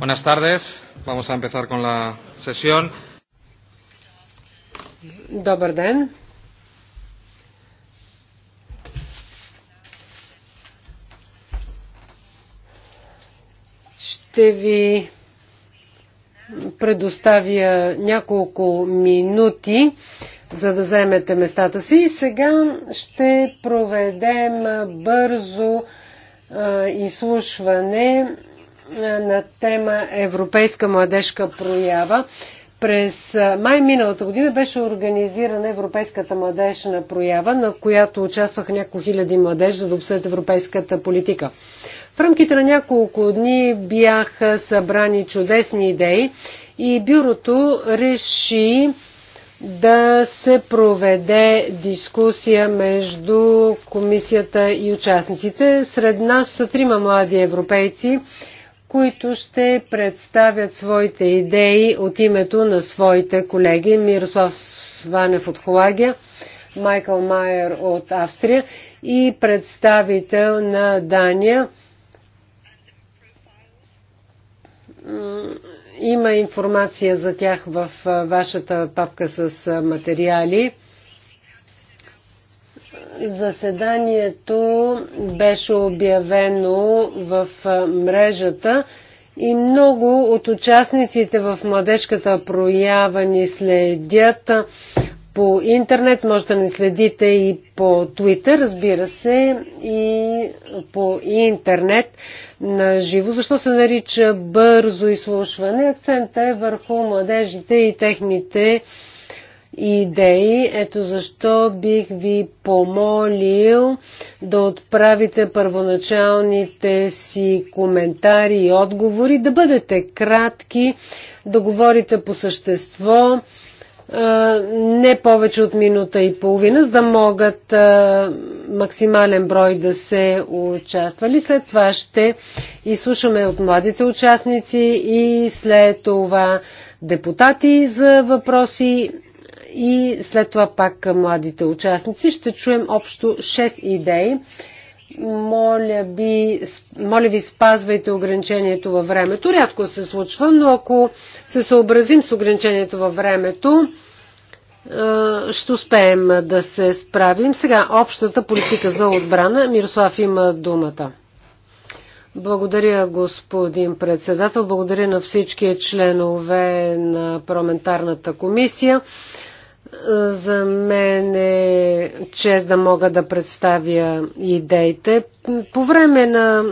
Buenas tardes. Vamos a empezar con la sesión. Добър ден. Ще ви предоставя няколко минути, за да вземете местата си. И сега ще проведем бързо изслушване на тема Европейска младежка проява. През май миналата година беше организирана Европейската младежна проява, на която участваха няколко хиляди младежи, за да обсъдят европейската политика. В рамките на няколко дни бяха събрани чудесни идеи и бюрото реши да се проведе дискусия между комисията и участниците. Сред нас са трима млади европейци, които ще представят своите идеи от името на своите колеги Мирослав Сванев от Холагия, Майкъл Майер от Австрия и представител на Дания. Има информация за тях в вашата папка с материали. Заседанието беше обявено в мрежата и много от участниците в младежката проява ни следят по интернет, може да ни следите и по Twitter, разбира се, и по интернет на живо. Защо се нарича бързо изслушване? Акцента е върху младежите и техните идеи. Ето защо бих ви помолил да отправите първоначалните си коментари и отговори, да бъдете кратки, да говорите по същество, не повече от минута и половина, за да могат максимален брой да се участвали. След това ще изслушаме от младите участници и след това депутати за въпроси и след това пак към младите участници. Ще чуем общо 6 идеи. Моля, би, моля ви, спазвайте ограничението във времето. Рядко се случва, но ако се съобразим с ограничението във времето, ще успеем да се справим. Сега общата политика за отбрана. Мирослав има думата. Благодаря, господин председател. Благодаря на всички членове на парламентарната комисия за мен е чест да мога да представя идеите. По време на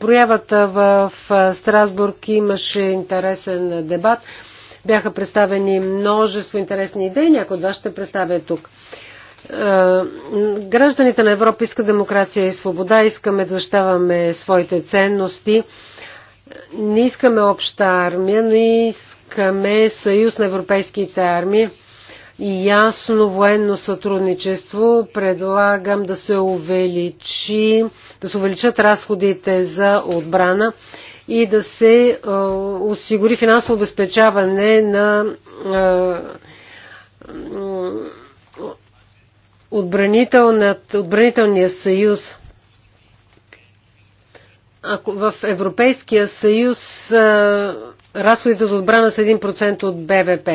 проявата в Страсбург имаше интересен дебат. Бяха представени множество интересни идеи, някои от вас ще представя тук. Е, гражданите на Европа искат демокрация и свобода, искаме да защитаваме своите ценности не искаме обща армия, но искаме съюз на европейските армии ясно военно сътрудничество. Предлагам да се, увеличи, да се увеличат разходите за отбрана и да се е, осигури финансово обезпечаване на е, отбранителния съюз. Ако в Европейския съюз е, разходите за отбрана са 1% от БВП.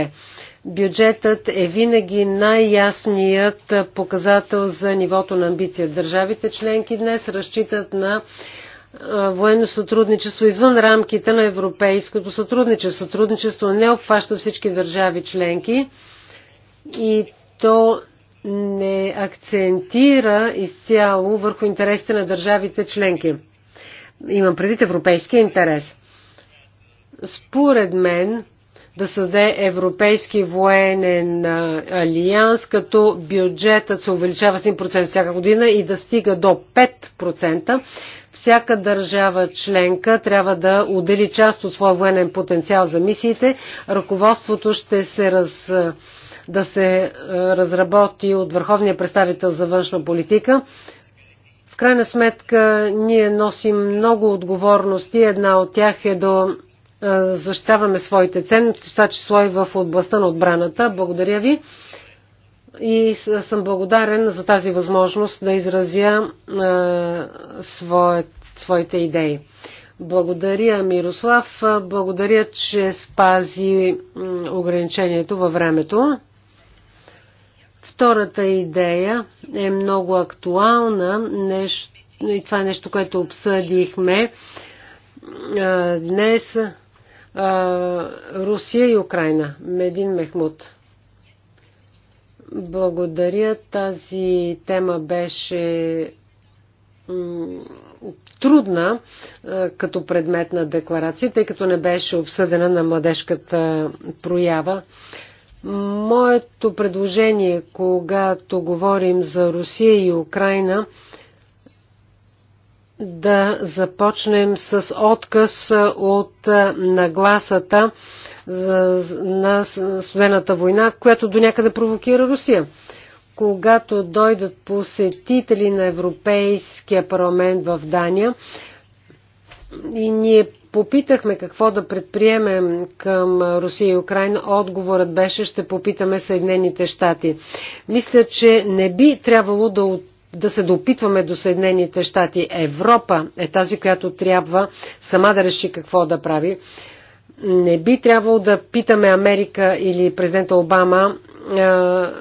Бюджетът е винаги най-ясният показател за нивото на амбиция. Държавите членки днес разчитат на военно сътрудничество извън рамките на европейското сътрудничество. Сътрудничество не обхваща всички държави членки и то не акцентира изцяло върху интересите на държавите членки. Имам предвид европейския интерес. Според мен, да създаде Европейски военен алианс, като бюджетът се увеличава с 1% всяка година и да стига до 5%. Всяка държава членка трябва да отдели част от своя военен потенциал за мисиите. Ръководството ще се раз, да се разработи от Върховния представител за външна политика. В крайна сметка ние носим много отговорности. Една от тях е да защитаваме своите ценности, това число и в областта на отбраната. Благодаря ви и съм благодарен за тази възможност да изразя своят, своите идеи. Благодаря, Мирослав. Благодаря, че спази ограничението във времето. Втората идея е много актуална. Нещо, и това е нещо, което обсъдихме днес. Русия и Украина. Медин Мехмуд. Благодаря. Тази тема беше трудна като предмет на декларация, тъй като не беше обсъдена на младежката проява. Моето предложение, когато говорим за Русия и Украина, да започнем с отказ от нагласата на студената война, която до някъде провокира Русия. Когато дойдат посетители на Европейския парламент в Дания и ние попитахме какво да предприемем към Русия и Украина, отговорът беше ще попитаме Съединените щати. Мисля, че не би трябвало да от да се допитваме до Съединените щати. Европа е тази, която трябва сама да реши какво да прави. Не би трябвало да питаме Америка или президента Обама а,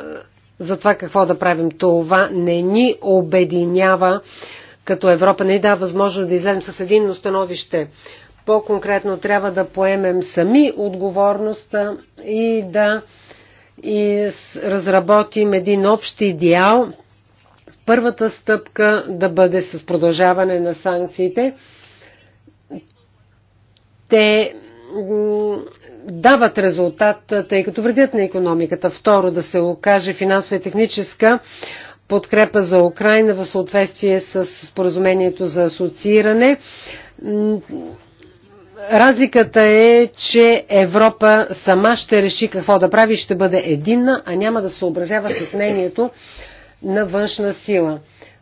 за това какво да правим. Това не ни обединява като Европа, не ни дава възможност да излезем с единно становище. По-конкретно трябва да поемем сами отговорността и да и разработим един общ идеал, първата стъпка да бъде с продължаване на санкциите. Те дават резултат, тъй като вредят на економиката. Второ, да се окаже финансова и техническа подкрепа за Украина в съответствие с споразумението за асоцииране. Разликата е, че Европа сама ще реши какво да прави, ще бъде единна, а няма да съобразява с мнението на външна сила.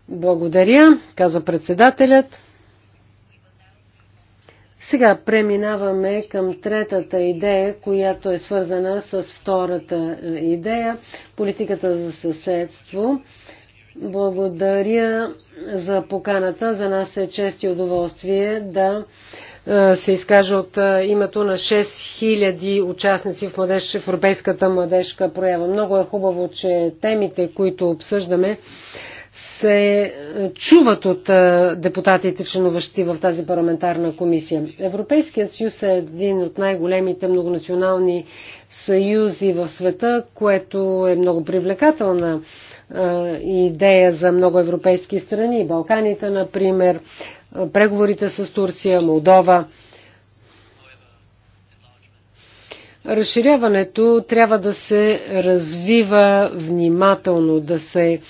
Благодаря, каза председателят. Сега преминаваме към третата идея, която е свързана с втората идея политиката за съседство. Благодаря за поканата. За нас е чест и удоволствие да е, се изкаже от е, името на 6000 участници в, младеж, в Европейската младежка проява. Много е хубаво, че темите, които обсъждаме, се е, чуват от депутатите, членуващи в тази парламентарна комисия. Европейският съюз е един от най-големите многонационални съюзи в света, което е много привлекателна идея за много европейски страни. Балканите, например, преговорите с Турция, Молдова. Разширяването трябва да се развива внимателно, да се.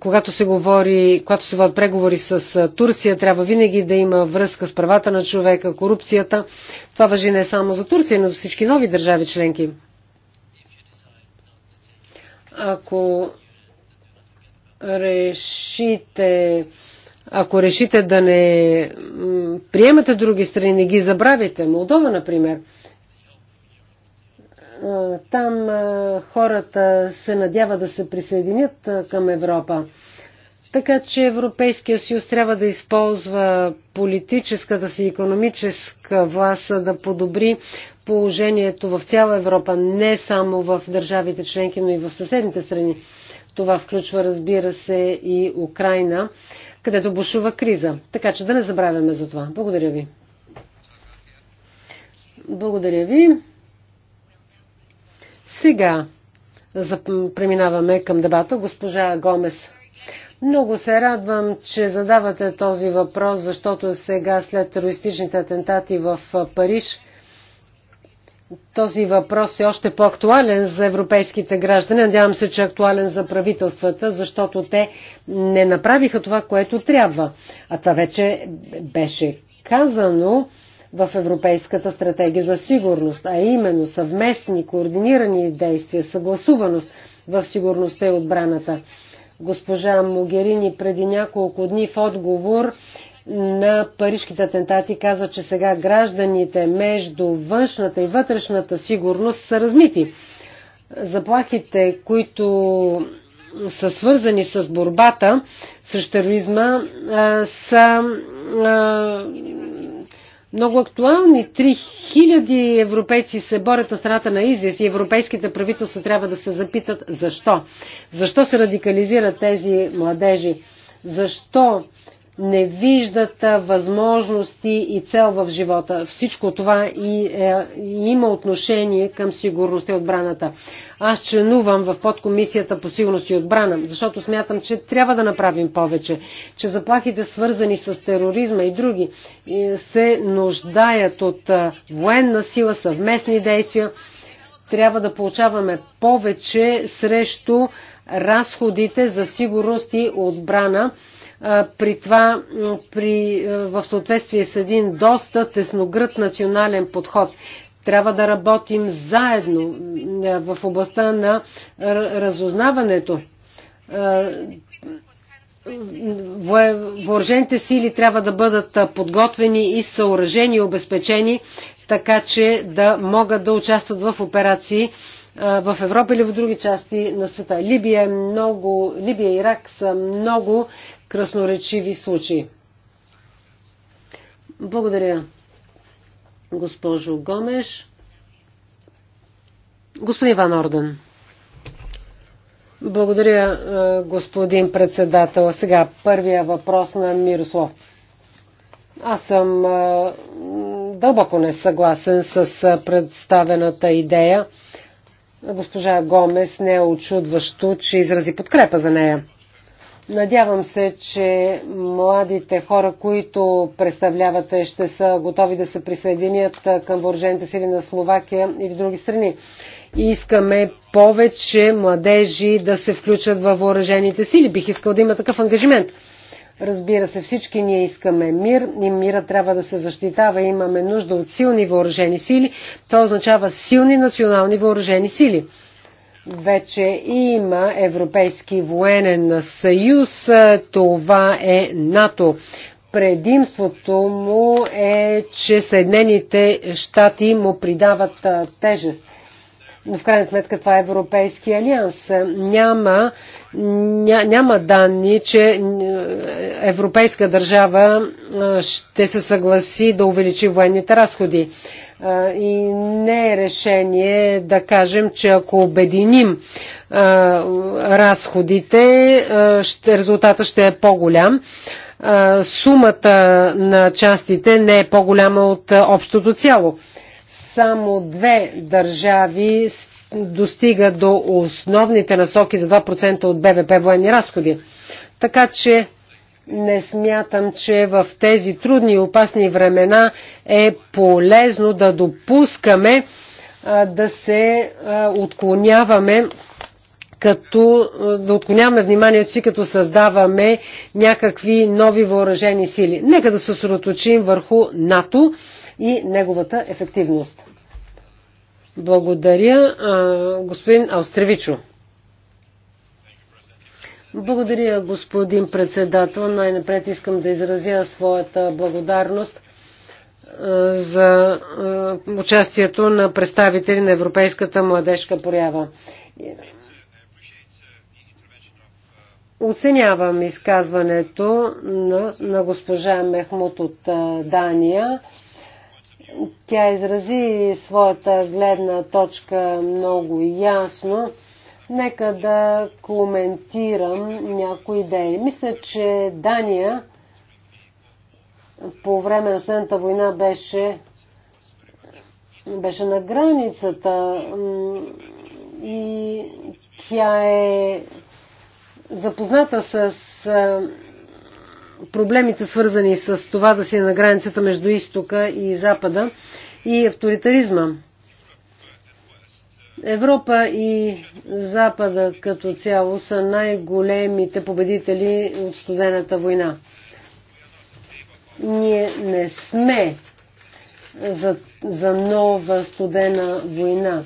Когато се говори, когато се водят преговори с Турция, трябва винаги да има връзка с правата на човека, корупцията. Това въжи не само за Турция, но за всички нови държави членки. Ако решите, ако решите да не приемате други страни, не ги забравяйте. Молдова, например, там хората се надяват да се присъединят към Европа. Така че Европейския съюз трябва да използва политическата си економическа власт да подобри положението в цяла Европа, не само в държавите членки, но и в съседните страни. Това включва, разбира се, и Украина, където бушува криза. Така че да не забравяме за това. Благодаря ви. Благодаря ви. Сега преминаваме към дебата. Госпожа Гомес. Много се радвам, че задавате този въпрос, защото сега след терористичните атентати в Париж – този въпрос е още по-актуален за европейските граждани. Надявам се, че е актуален за правителствата, защото те не направиха това, което трябва. А това вече беше казано в Европейската стратегия за сигурност, а именно съвместни, координирани действия, съгласуваност в сигурността и отбраната. Госпожа Могерини преди няколко дни в отговор на парижките атентати каза, че сега гражданите между външната и вътрешната сигурност са размити. Заплахите, които са свързани с борбата срещу тероризма, са много актуални. 3000 европейци се борят на страната на ИЗИС и европейските правителства трябва да се запитат защо. Защо се радикализират тези младежи? Защо не виждат възможности и цел в живота. Всичко това и, е, и има отношение към сигурността и отбраната. Аз членувам в подкомисията по сигурност и отбрана, защото смятам, че трябва да направим повече, че заплахите свързани с тероризма и други се нуждаят от военна сила, съвместни действия. Трябва да получаваме повече срещу разходите за сигурност и отбрана при това при, в съответствие с един доста тесногръд национален подход. Трябва да работим заедно в областта на разузнаването. Въоръжените сили трябва да бъдат подготвени и съоръжени обезпечени, така че да могат да участват в операции в Европа или в други части на света. Либия, е много, Либия и Ирак са много красноречиви случаи. Благодаря, госпожо Гомеш. Господин Ван Орден. Благодаря, е, господин председател. Сега първия въпрос на Мирослав. Аз съм е, дълбоко несъгласен с е, представената идея. Госпожа Гомес не е очудващо, че изрази подкрепа за нея. Надявам се, че младите хора, които представлявате, ще са готови да се присъединят към въоръжените сили на Словакия и в други страни. Искаме повече младежи да се включат във въоръжените сили. Бих искал да има такъв ангажимент. Разбира се, всички ние искаме мир и мира трябва да се защитава. Имаме нужда от силни въоръжени сили. Това означава силни национални въоръжени сили вече има Европейски военен съюз. Това е НАТО. Предимството му е, че Съединените щати му придават тежест но в крайна сметка това е Европейски алианс. Няма, ня, няма данни, че е, европейска държава е, ще се съгласи да увеличи военните разходи. Е, и не е решение да кажем, че ако обединим разходите, резултата ще е по-голям. Сумата на частите не е по-голяма от общото цяло само две държави достига до основните насоки за 2% от БВП военни разходи. Така че не смятам, че в тези трудни и опасни времена е полезно да допускаме да се отклоняваме като да отклоняваме вниманието си, като създаваме някакви нови въоръжени сили. Нека да се съсредоточим върху НАТО и неговата ефективност. Благодаря, господин Аустревичо. Благодаря, господин председател. Най-напред искам да изразя своята благодарност за участието на представители на Европейската младежка проява. Оценявам изказването на, на госпожа Мехмут от Дания. Тя изрази своята гледна точка много ясно. Нека да коментирам някои идеи. Мисля, че Дания по време на Следната война беше, беше на границата и тя е запозната с проблемите свързани с това да си е на границата между изтока и запада и авторитаризма. Европа и Запада като цяло са най-големите победители от студената война. Ние не сме за, за нова студена война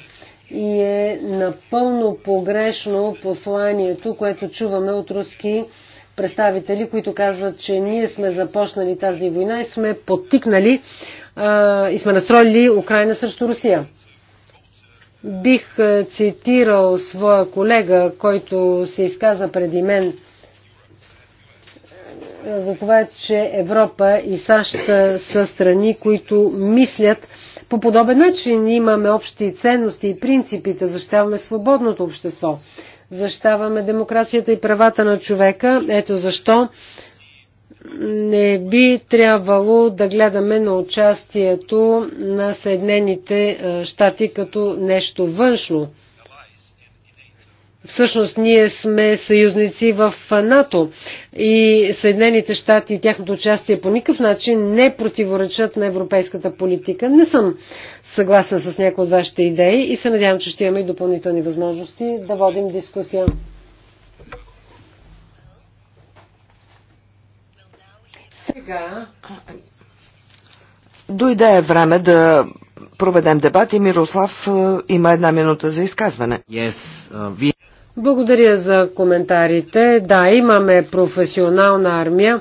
и е напълно погрешно посланието, което чуваме от руски представители, които казват, че ние сме започнали тази война и сме подтикнали а, и сме настроили Украина срещу Русия. Бих цитирал своя колега, който се изказа преди мен за това, че Европа и САЩ са страни, които мислят по подобен начин. Имаме общи ценности и принципите, защитаваме свободното общество защаваме демокрацията и правата на човека. Ето защо не би трябвало да гледаме на участието на Съединените щати като нещо външно. Всъщност ние сме съюзници в НАТО и Съединените щати и тяхното участие по никакъв начин не противоречат на европейската политика. Не съм съгласен с някои от вашите идеи и се надявам, че ще имаме и допълнителни възможности да водим дискусия. Сега дойде е време да проведем дебат и Мирослав е, има една минута за изказване. Yes, uh, е, we... Благодаря за коментарите. Да, имаме професионална армия.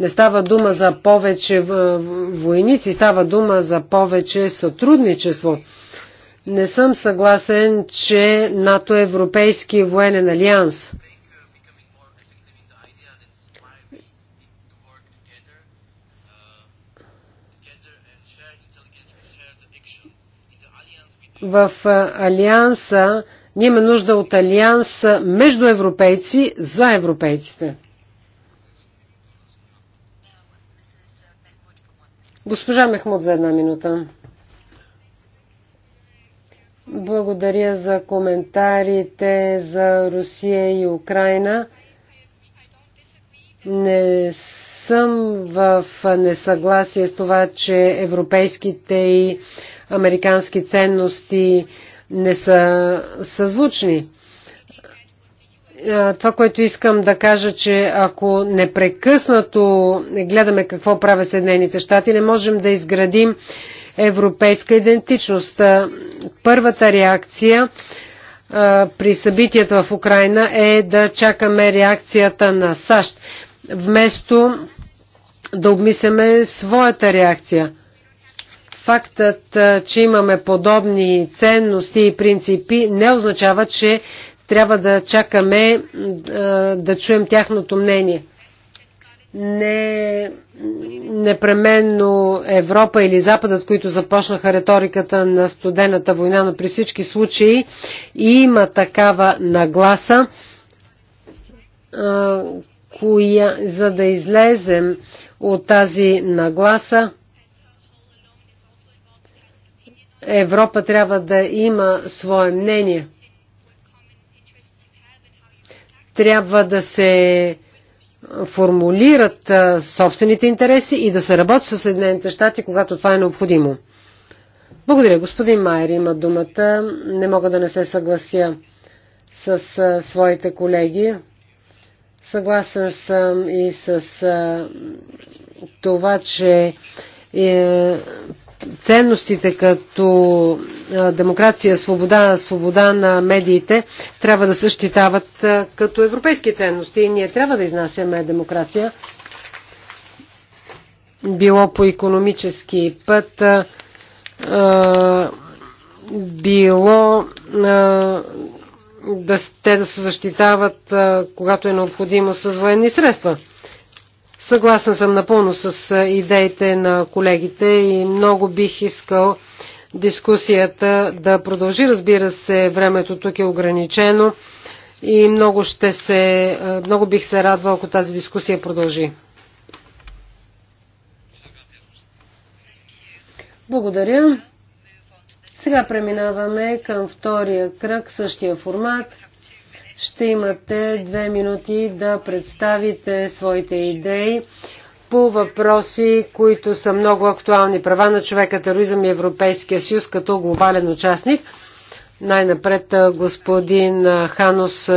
Не става дума за повече войници, става дума за повече сътрудничество. Не съм съгласен, че НАТО е Европейски военен алианс. В Алианса ние имаме нужда от алианс между европейци за европейците. Госпожа Мехмуд за една минута. Благодаря за коментарите за Русия и Украина. Не съм в несъгласие с това, че европейските и американски ценности не са съзвучни. Това, което искам да кажа, че ако непрекъснато гледаме какво правят Съединените щати, не можем да изградим европейска идентичност. Първата реакция при събитията в Украина е да чакаме реакцията на САЩ, вместо да обмисляме своята реакция. Фактът, че имаме подобни ценности и принципи не означава, че трябва да чакаме да чуем тяхното мнение. Не непременно Европа или Западът, които започнаха риториката на студената война, но при всички случаи има такава нагласа, коя, за да излезем от тази нагласа, Европа трябва да има свое мнение. Трябва да се формулират собствените интереси и да се работи с Съединените щати, когато това е необходимо. Благодаря. Господин Майер има думата. Не мога да не се съглася с своите колеги. Съгласен съм и с това, че е, ценностите като демокрация, свобода, свобода на медиите трябва да същитават като европейски ценности и ние трябва да изнасяме демокрация било по економически път, било да те да се защитават, когато е необходимо с военни средства. Съгласен съм напълно с идеите на колегите и много бих искал дискусията да продължи. Разбира се, времето тук е ограничено и много, ще се, много бих се радвал, ако тази дискусия продължи. Благодаря. Сега преминаваме към втория кръг, същия формат – ще имате две минути да представите своите идеи по въпроси, които са много актуални. Права на човека, тероризъм и Европейския съюз като глобален участник. Най-напред господин Ханос,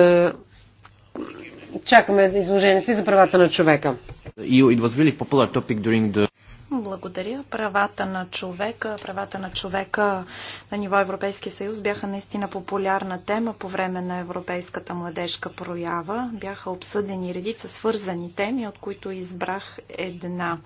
чакаме изложението ви за правата на човека. it was really popular topic during the благодаря. Правата на човека, правата на човека на ниво Европейския съюз бяха наистина популярна тема по време на Европейската младежка проява. Бяха обсъдени редица свързани теми, от които избрах една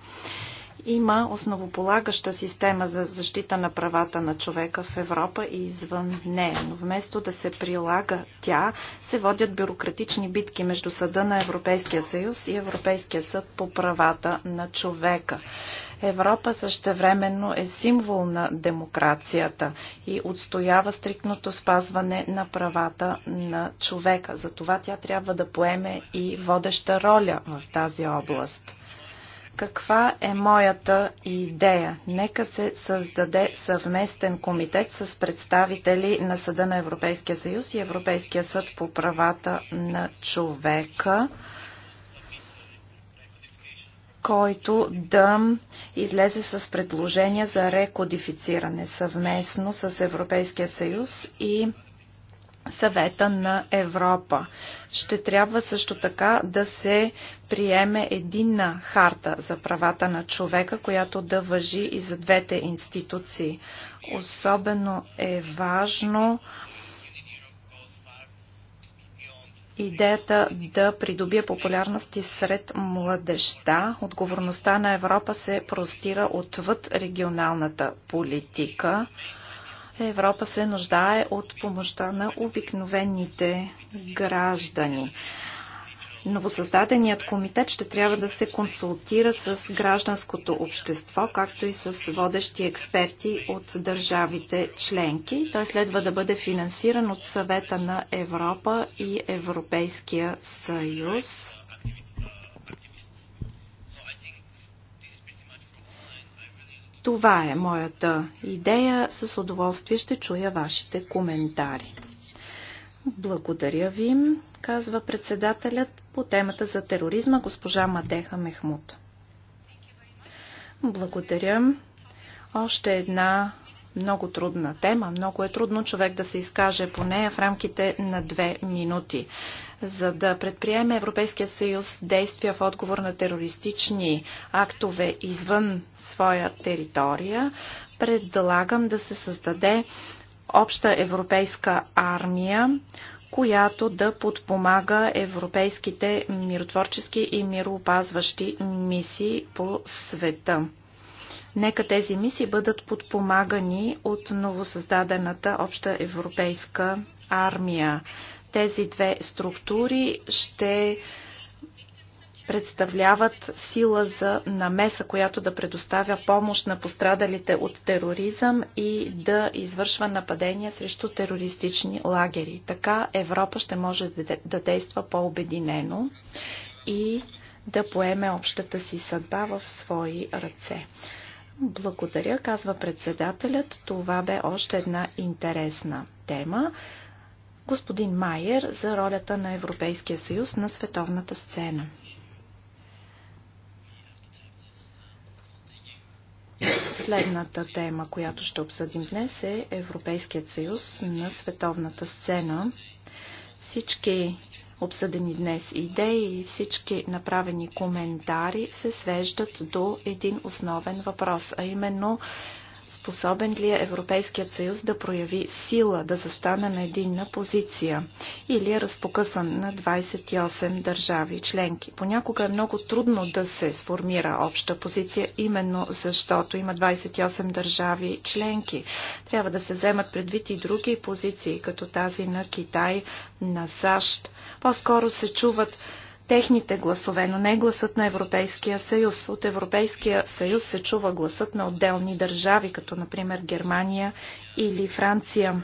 има основополагаща система за защита на правата на човека в Европа и извън нея. Но вместо да се прилага тя, се водят бюрократични битки между Съда на Европейския съюз и Европейския съд по правата на човека. Европа същевременно е символ на демокрацията и отстоява стрикното спазване на правата на човека. Затова тя трябва да поеме и водеща роля в тази област каква е моята идея. Нека се създаде съвместен комитет с представители на Съда на Европейския съюз и Европейския съд по правата на човека който да излезе с предложение за рекодифициране съвместно с Европейския съюз и съвета на Европа. Ще трябва също така да се приеме единна харта за правата на човека, която да въжи и за двете институции. Особено е важно идеята да придобие популярности сред младежта. Отговорността на Европа се простира отвъд регионалната политика. Европа се нуждае от помощта на обикновените граждани. Новосъздаденият комитет ще трябва да се консултира с гражданското общество, както и с водещи експерти от държавите членки. Той следва да бъде финансиран от съвета на Европа и Европейския съюз. Това е моята идея. С удоволствие ще чуя вашите коментари. Благодаря ви, казва председателят по темата за тероризма госпожа Мадеха Мехмут. Благодаря. Още една много трудна тема. Много е трудно човек да се изкаже по нея в рамките на две минути. За да предприеме Европейския съюз действия в отговор на терористични актове извън своя територия, предлагам да се създаде обща европейска армия, която да подпомага европейските миротворчески и мироопазващи мисии по света. Нека тези мисии бъдат подпомагани от новосъздадената обща европейска армия. Тези две структури ще представляват сила за намеса, която да предоставя помощ на пострадалите от тероризъм и да извършва нападения срещу терористични лагери. Така Европа ще може да действа по-обединено и да поеме общата си съдба в свои ръце. Благодаря, казва председателят. Това бе още една интересна тема. Господин Майер за ролята на Европейския съюз на световната сцена. Последната тема, която ще обсъдим днес е Европейският съюз на световната сцена. Всички обсъдени днес идеи и всички направени коментари се свеждат до един основен въпрос, а именно Способен ли е Европейският съюз да прояви сила, да застане на единна позиция? Или е разпокъсан на 28 държави членки? Понякога е много трудно да се сформира обща позиция, именно защото има 28 държави членки. Трябва да се вземат предвид и други позиции, като тази на Китай, на САЩ. По-скоро се чуват техните гласове, но не гласът на Европейския съюз. От Европейския съюз се чува гласът на отделни държави, като например Германия или Франция.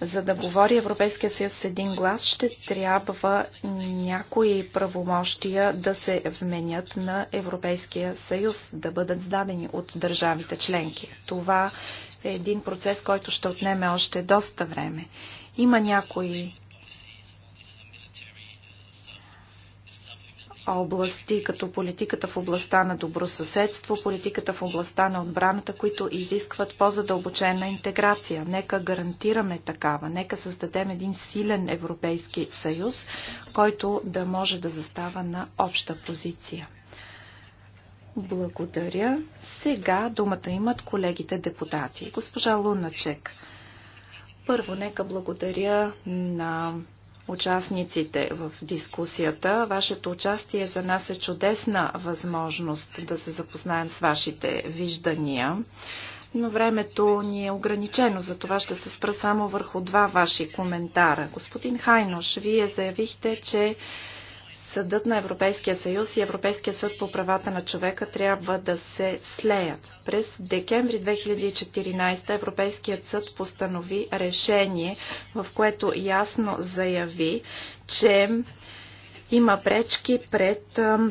За да говори Европейския съюз с един глас, ще трябва някои правомощия да се вменят на Европейския съюз, да бъдат сдадени от държавите членки. Това е един процес, който ще отнеме още доста време. Има някои области, като политиката в областта на добросъседство, политиката в областта на отбраната, които изискват по-задълбочена интеграция. Нека гарантираме такава, нека създадем един силен Европейски съюз, който да може да застава на обща позиция. Благодаря. Сега думата имат колегите депутати. Госпожа Луначек. Първо, нека благодаря на участниците в дискусията. Вашето участие за нас е чудесна възможност да се запознаем с вашите виждания, но времето ни е ограничено, за това ще се спра само върху два ваши коментара. Господин Хайнош, вие заявихте, че Съдът на Европейския съюз и Европейския съд по правата на човека трябва да се слеят. През декември 2014 Европейският съд постанови решение, в което ясно заяви, че има пречки пред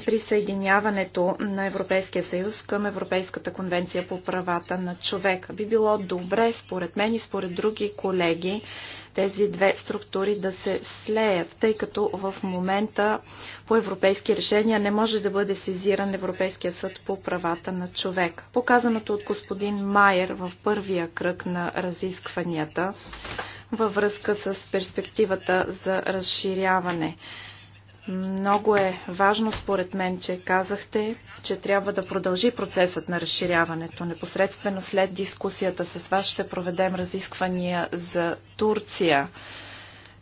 присъединяването на Европейския съюз към Европейската конвенция по правата на човека. Би било добре, според мен и според други колеги, тези две структури да се слеят, тъй като в момента по европейски решения не може да бъде сезиран Европейския съд по правата на човек. Показаното от господин Майер в първия кръг на разискванията във връзка с перспективата за разширяване. Много е важно, според мен, че казахте, че трябва да продължи процесът на разширяването. Непосредствено след дискусията с вас ще проведем разисквания за Турция.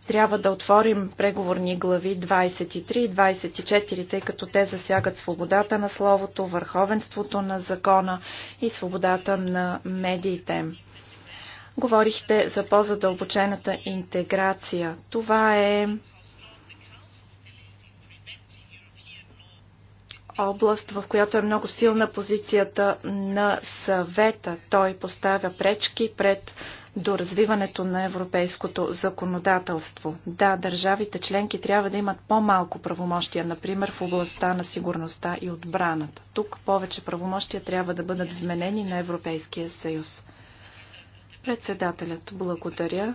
Трябва да отворим преговорни глави 23 и 24, тъй като те засягат свободата на словото, върховенството на закона и свободата на медиите. Говорихте за по-задълбочената интеграция. Това е област, в която е много силна позицията на съвета. Той поставя пречки пред до развиването на европейското законодателство. Да, държавите членки трябва да имат по-малко правомощия, например в областта на сигурността и отбраната. Тук повече правомощия трябва да бъдат вменени на Европейския съюз. Председателят благодаря.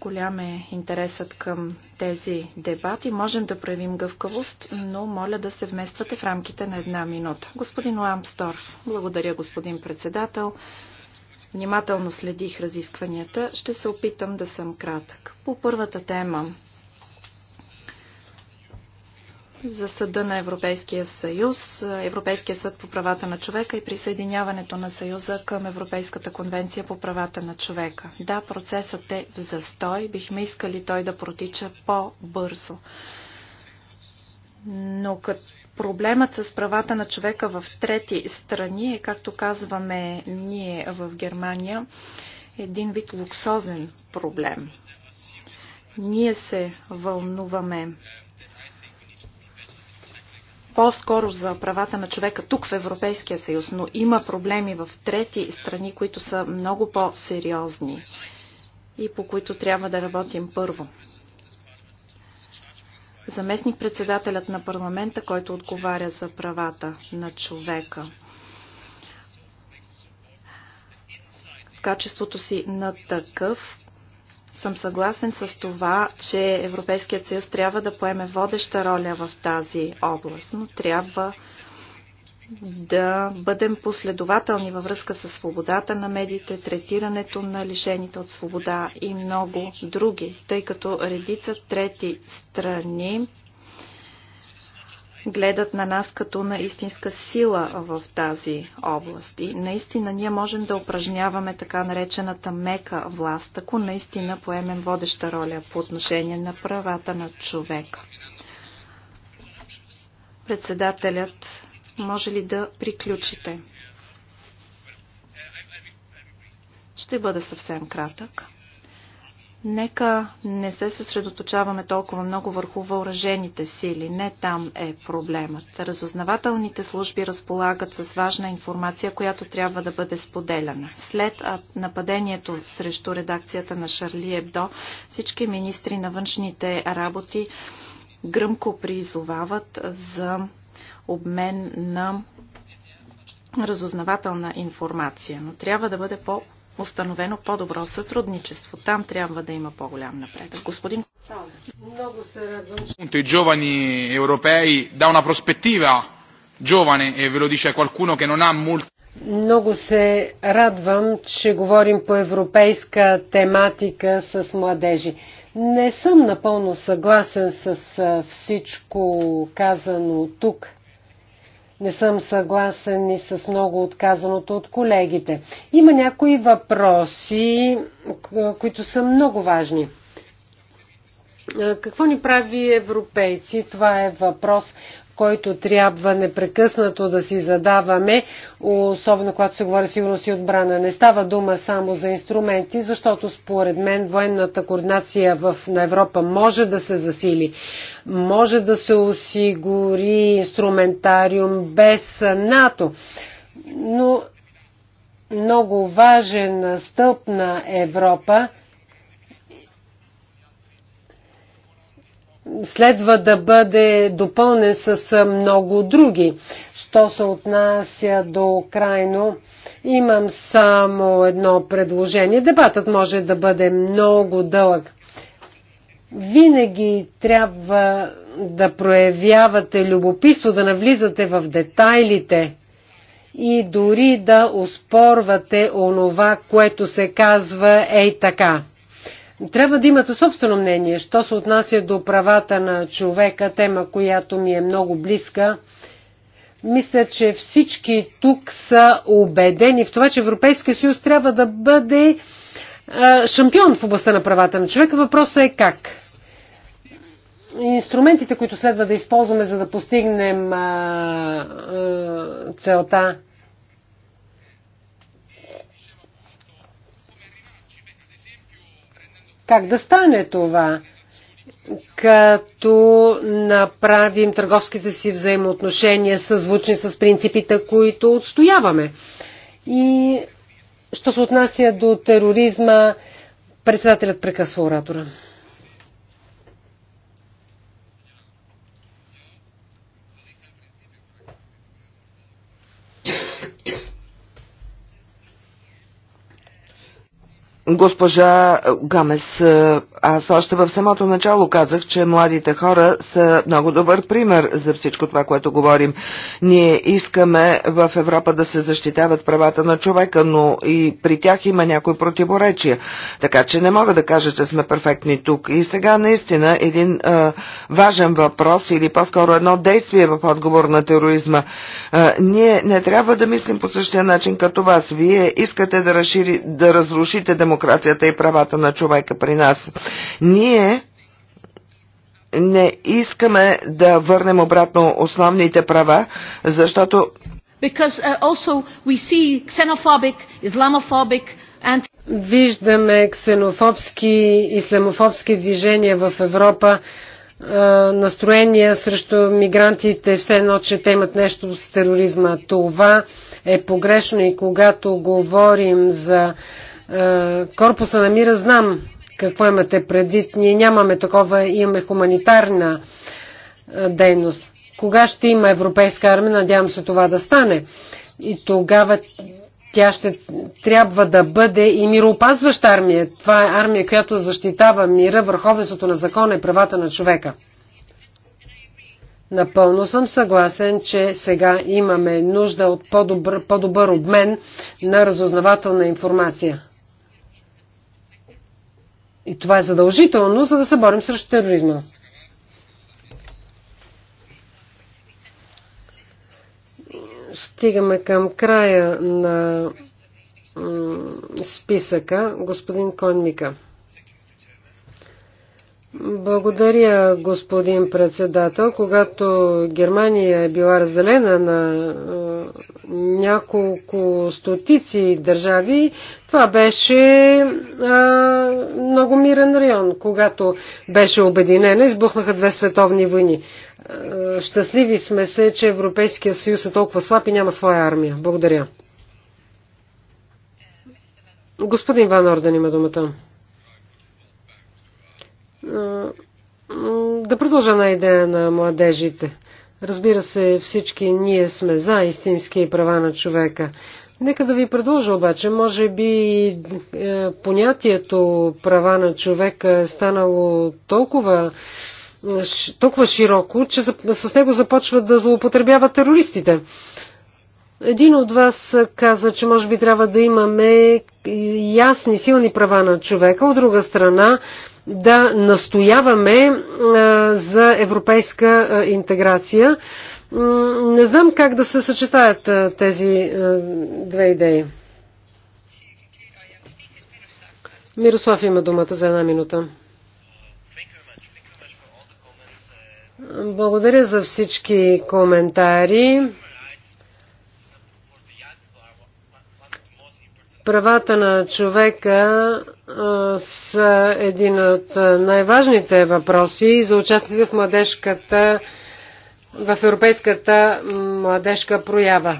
Голям е интересът към тези дебати. Можем да проявим гъвкавост, но моля да се вмествате в рамките на една минута. Господин Ламсторф, благодаря господин председател. Внимателно следих разискванията. Ще се опитам да съм кратък. По първата тема за Съда на Европейския съюз, Европейския съд по правата на човека и присъединяването на съюза към Европейската конвенция по правата на човека. Да, процесът е в застой, бихме искали той да протича по-бързо. Но като проблемът с правата на човека в трети страни е, както казваме ние в Германия, един вид луксозен проблем. Ние се вълнуваме по-скоро за правата на човека тук в Европейския съюз, но има проблеми в трети страни, които са много по-сериозни и по които трябва да работим първо. Заместник председателят на парламента, който отговаря за правата на човека. В качеството си на такъв съм съгласен с това, че Европейският съюз трябва да поеме водеща роля в тази област, но трябва да бъдем последователни във връзка с свободата на медиите, третирането на лишените от свобода и много други, тъй като редица трети страни гледат на нас като на истинска сила в тази област. И наистина ние можем да упражняваме така наречената мека власт, ако наистина поемем водеща роля по отношение на правата на човека. Председателят, може ли да приключите? Ще бъда съвсем кратък. Нека не се съсредоточаваме толкова много върху въоръжените сили. Не там е проблемът. Разузнавателните служби разполагат с важна информация, която трябва да бъде споделяна. След нападението срещу редакцията на Шарли Ебдо, всички министри на външните работи гръмко призовават за обмен на разузнавателна информация, но трябва да бъде по установено по-добро сътрудничество. Там трябва да има по-голям напредък. Господин много се радвам. I giovani europei da una prospettiva giovane e ve lo dice qualcuno che non ha molto много се радвам, че говорим по европейска тематика с младежи. Не съм напълно съгласен с всичко казано тук. Не съм съгласен и с много отказаното от колегите. Има някои въпроси, които са много важни. Е, какво ни прави европейци? Това е въпрос, който трябва непрекъснато да си задаваме, особено когато се говори сигурност и отбрана. Не става дума само за инструменти, защото според мен военната координация в, на Европа може да се засили, може да се осигури инструментариум без НАТО. Но много важен стълб на Европа – следва да бъде допълнен с много други. Що се отнася до крайно, имам само едно предложение. Дебатът може да бъде много дълъг. Винаги трябва да проявявате любопитство, да навлизате в детайлите и дори да успорвате онова, което се казва ей така трябва да имате собствено мнение, що се отнася до правата на човека, тема, която ми е много близка. Мисля, че всички тук са убедени в това, че Европейския съюз трябва да бъде шампион в областта на правата на човека. Въпросът е как? Инструментите, които следва да използваме, за да постигнем целта Как да стане това? като направим търговските си взаимоотношения съзвучни с принципите, които отстояваме. И що се отнася до тероризма, председателят прекъсва оратора. Госпожа Гамес, аз още в самото начало казах, че младите хора са много добър пример за всичко това, което говорим. Ние искаме в Европа да се защитават правата на човека, но и при тях има някои противоречия. Така че не мога да кажа, че сме перфектни тук. И сега наистина един а, важен въпрос или по-скоро едно действие в отговор на тероризма. А, ние не трябва да мислим по същия начин като вас. Вие искате да, разшири, да разрушите демократията демокрацията и правата на човека при нас. Ние не искаме да върнем обратно основните права, защото Because, uh, also we see xenophobic, Islamophobic, and... Виждаме ксенофобски, исламофобски движения в Европа, настроения срещу мигрантите, все едно, че те имат нещо с тероризма. Това е погрешно и когато говорим за uh, е, корпуса на мира знам какво имате предвид. Ние нямаме такова, имаме хуманитарна е, дейност. Кога ще има европейска армия, надявам се това да стане. И тогава тя ще трябва да бъде и мироопазваща армия. Това е армия, която защитава мира, върховенството на закона и правата на човека. Напълно съм съгласен, че сега имаме нужда от по-добър, по-добър обмен на разузнавателна информация. И това е задължително, за да се борим срещу тероризма. Стигаме към края на списъка господин Конмика. Благодаря, господин председател. Когато Германия е била разделена на няколко стотици държави, това беше а, много мирен район. Когато беше обединена, избухнаха две световни войни. А, щастливи сме се, че Европейския съюз е толкова слаб и няма своя армия. Благодаря. Господин Ван Орден има думата. да продължа на идея на младежите. Разбира се, всички ние сме за истински права на човека. Нека да ви предложа обаче, може би е, понятието права на човека е станало толкова, е, толкова широко, че с него започват да злоупотребяват терористите. Един от вас каза, че може би трябва да имаме ясни, силни права на човека. От друга страна, да настояваме за европейска интеграция. Не знам как да се съчетаят тези две идеи. Мирослав има думата за една минута. Благодаря за всички коментари. Правата на човека с един от най-важните въпроси за участие в младежката в европейската младежка проява.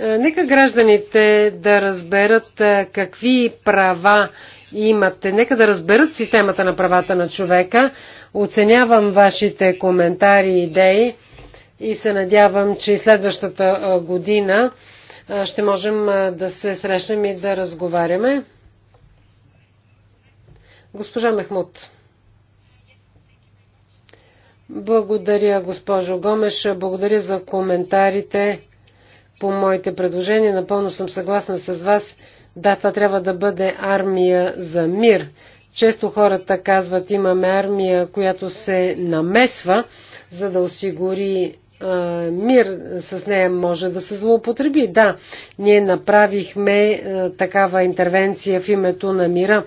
Нека гражданите да разберат какви права имате. Нека да разберат системата на правата на човека. Оценявам вашите коментари и идеи и се надявам, че следващата година ще можем да се срещнем и да разговаряме. Госпожа Мехмут. Благодаря, госпожо Гомеш. Благодаря за коментарите по моите предложения. Напълно съм съгласна с вас. Да, това трябва да бъде армия за мир. Често хората казват, имаме армия, която се намесва, за да осигури мир с нея може да се злоупотреби. Да, ние направихме такава интервенция в името на мира.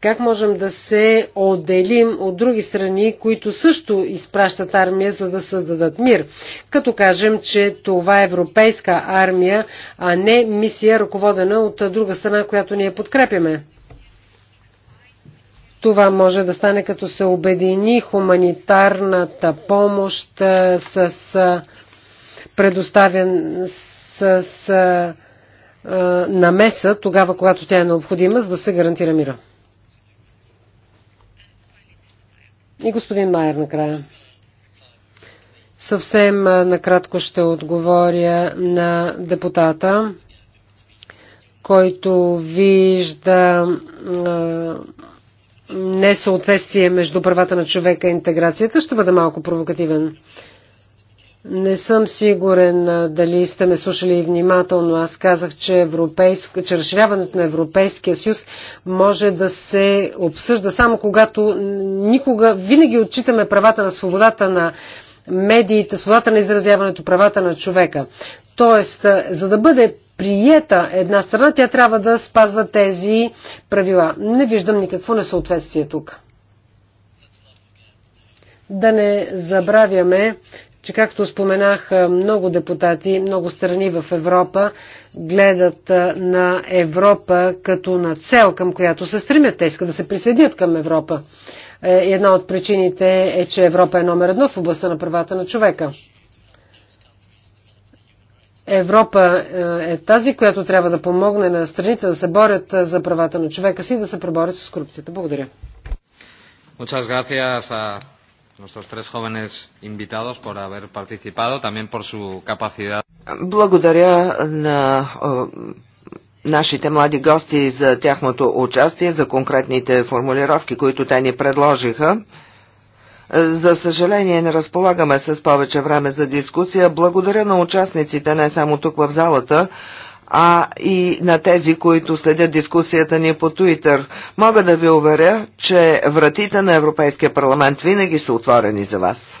Как можем да се отделим от други страни, които също изпращат армия, за да създадат мир? Като кажем, че това е европейска армия, а не мисия, ръководена от друга страна, която ние подкрепяме. Това може да стане като се обедини хуманитарната помощ с предоставен с, с намеса тогава, когато тя е необходима, за да се гарантира мира. И господин Майер накрая. Съвсем накратко ще отговоря на депутата, който вижда несъответствие между правата на човека и интеграцията. Ще бъда малко провокативен. Не съм сигурен дали сте ме слушали внимателно. Аз казах, че, европейск... че разширяването на Европейския съюз може да се обсъжда само когато никога, винаги отчитаме правата на свободата на медиите, свободата на изразяването, правата на човека. Тоест, за да бъде приета една страна, тя трябва да спазва тези правила. Не виждам никакво несъответствие тук. Да не забравяме, че както споменах, много депутати, много страни в Европа гледат на Европа като на цел, към която се стремят. Те искат да се присъединят към Европа. Е, една от причините е, че Европа е номер едно в областта на правата на човека. Европа е, е тази, която трябва да помогне на страните да се борят е, за правата на човека си и да се преборят с корупцията. Благодаря. Muchas gracias a nuestros tres jóvenes invitados por haber participado, también por su capacidad. Благодаря на нашите млади гости за тяхното участие, за конкретните формулировки, които те ни предложиха. За съжаление не разполагаме с повече време за дискусия. Благодаря на участниците не само тук в залата, а и на тези, които следят дискусията ни по Туитър. Мога да ви уверя, че вратите на Европейския парламент винаги са отворени за вас.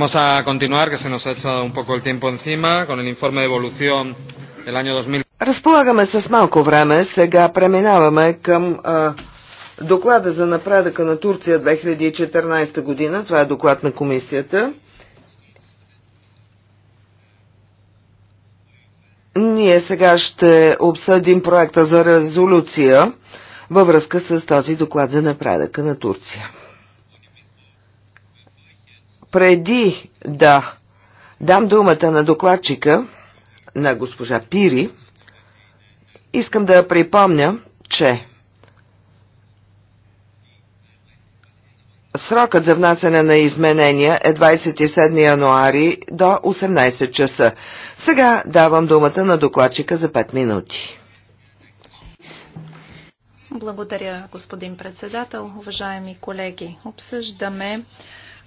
Vamos a continuar, que se nos ha echado un poco el tiempo encima, con el informe de evolución del año 2000. Разполагаме с малко време. Сега преминаваме към а, доклада за напредъка на Турция 2014 година. Това е доклад на комисията. Ние сега ще обсъдим проекта за резолюция във връзка с този доклад за напредъка на Турция. Преди да дам думата на докладчика, на госпожа Пири, искам да припомня, че Срокът за внасяне на изменения е 27 януари до 18 часа. Сега давам думата на докладчика за 5 минути. Благодаря, господин председател. Уважаеми колеги, обсъждаме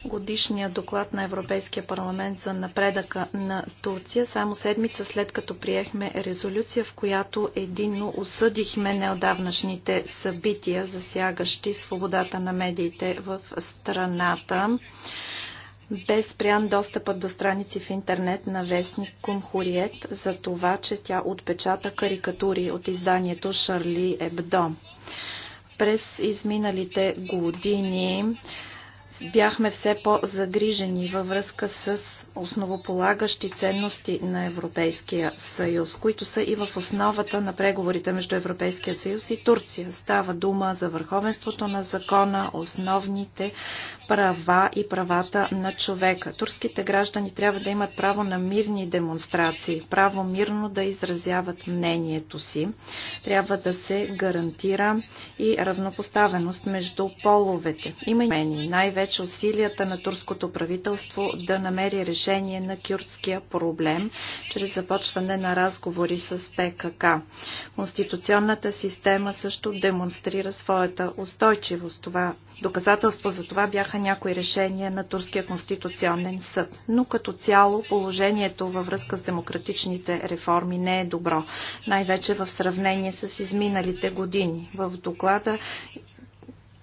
годишния доклад на Европейския парламент за напредъка на Турция, само седмица след като приехме резолюция, в която единно осъдихме неодавнашните събития, засягащи свободата на медиите в страната без спрян достъпът до страници в интернет на вестник Кумхуриет за това, че тя отпечата карикатури от изданието Шарли Ебдо. През изминалите години бяхме все по-загрижени във връзка с основополагащи ценности на Европейския съюз, които са и в основата на преговорите между Европейския съюз и Турция. Става дума за върховенството на закона, основните права и правата на човека. Турските граждани трябва да имат право на мирни демонстрации, право мирно да изразяват мнението си. Трябва да се гарантира и равнопоставеност между половете. Има и най-вече усилията на турското правителство да намери решение на кюртския проблем чрез започване на разговори с ПКК. Конституционната система също демонстрира своята устойчивост. Това доказателство за това бяха някои решения на Турския конституционен съд. Но като цяло положението във връзка с демократичните реформи не е добро, най-вече в сравнение с изминалите години. В доклада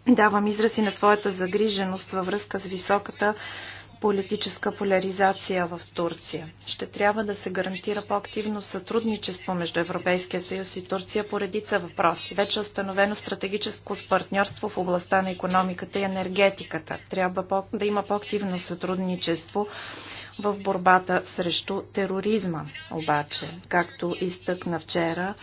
давам изрази на своята загриженост във връзка с високата политическа поляризация в Турция. Ще трябва да се гарантира по-активно сътрудничество между Европейския съюз и Турция по редица въпроси. Вече е установено стратегическо партньорство в областта на економиката и енергетиката. Трябва по- да има по-активно сътрудничество в борбата срещу тероризма, обаче, както изтъкна вчера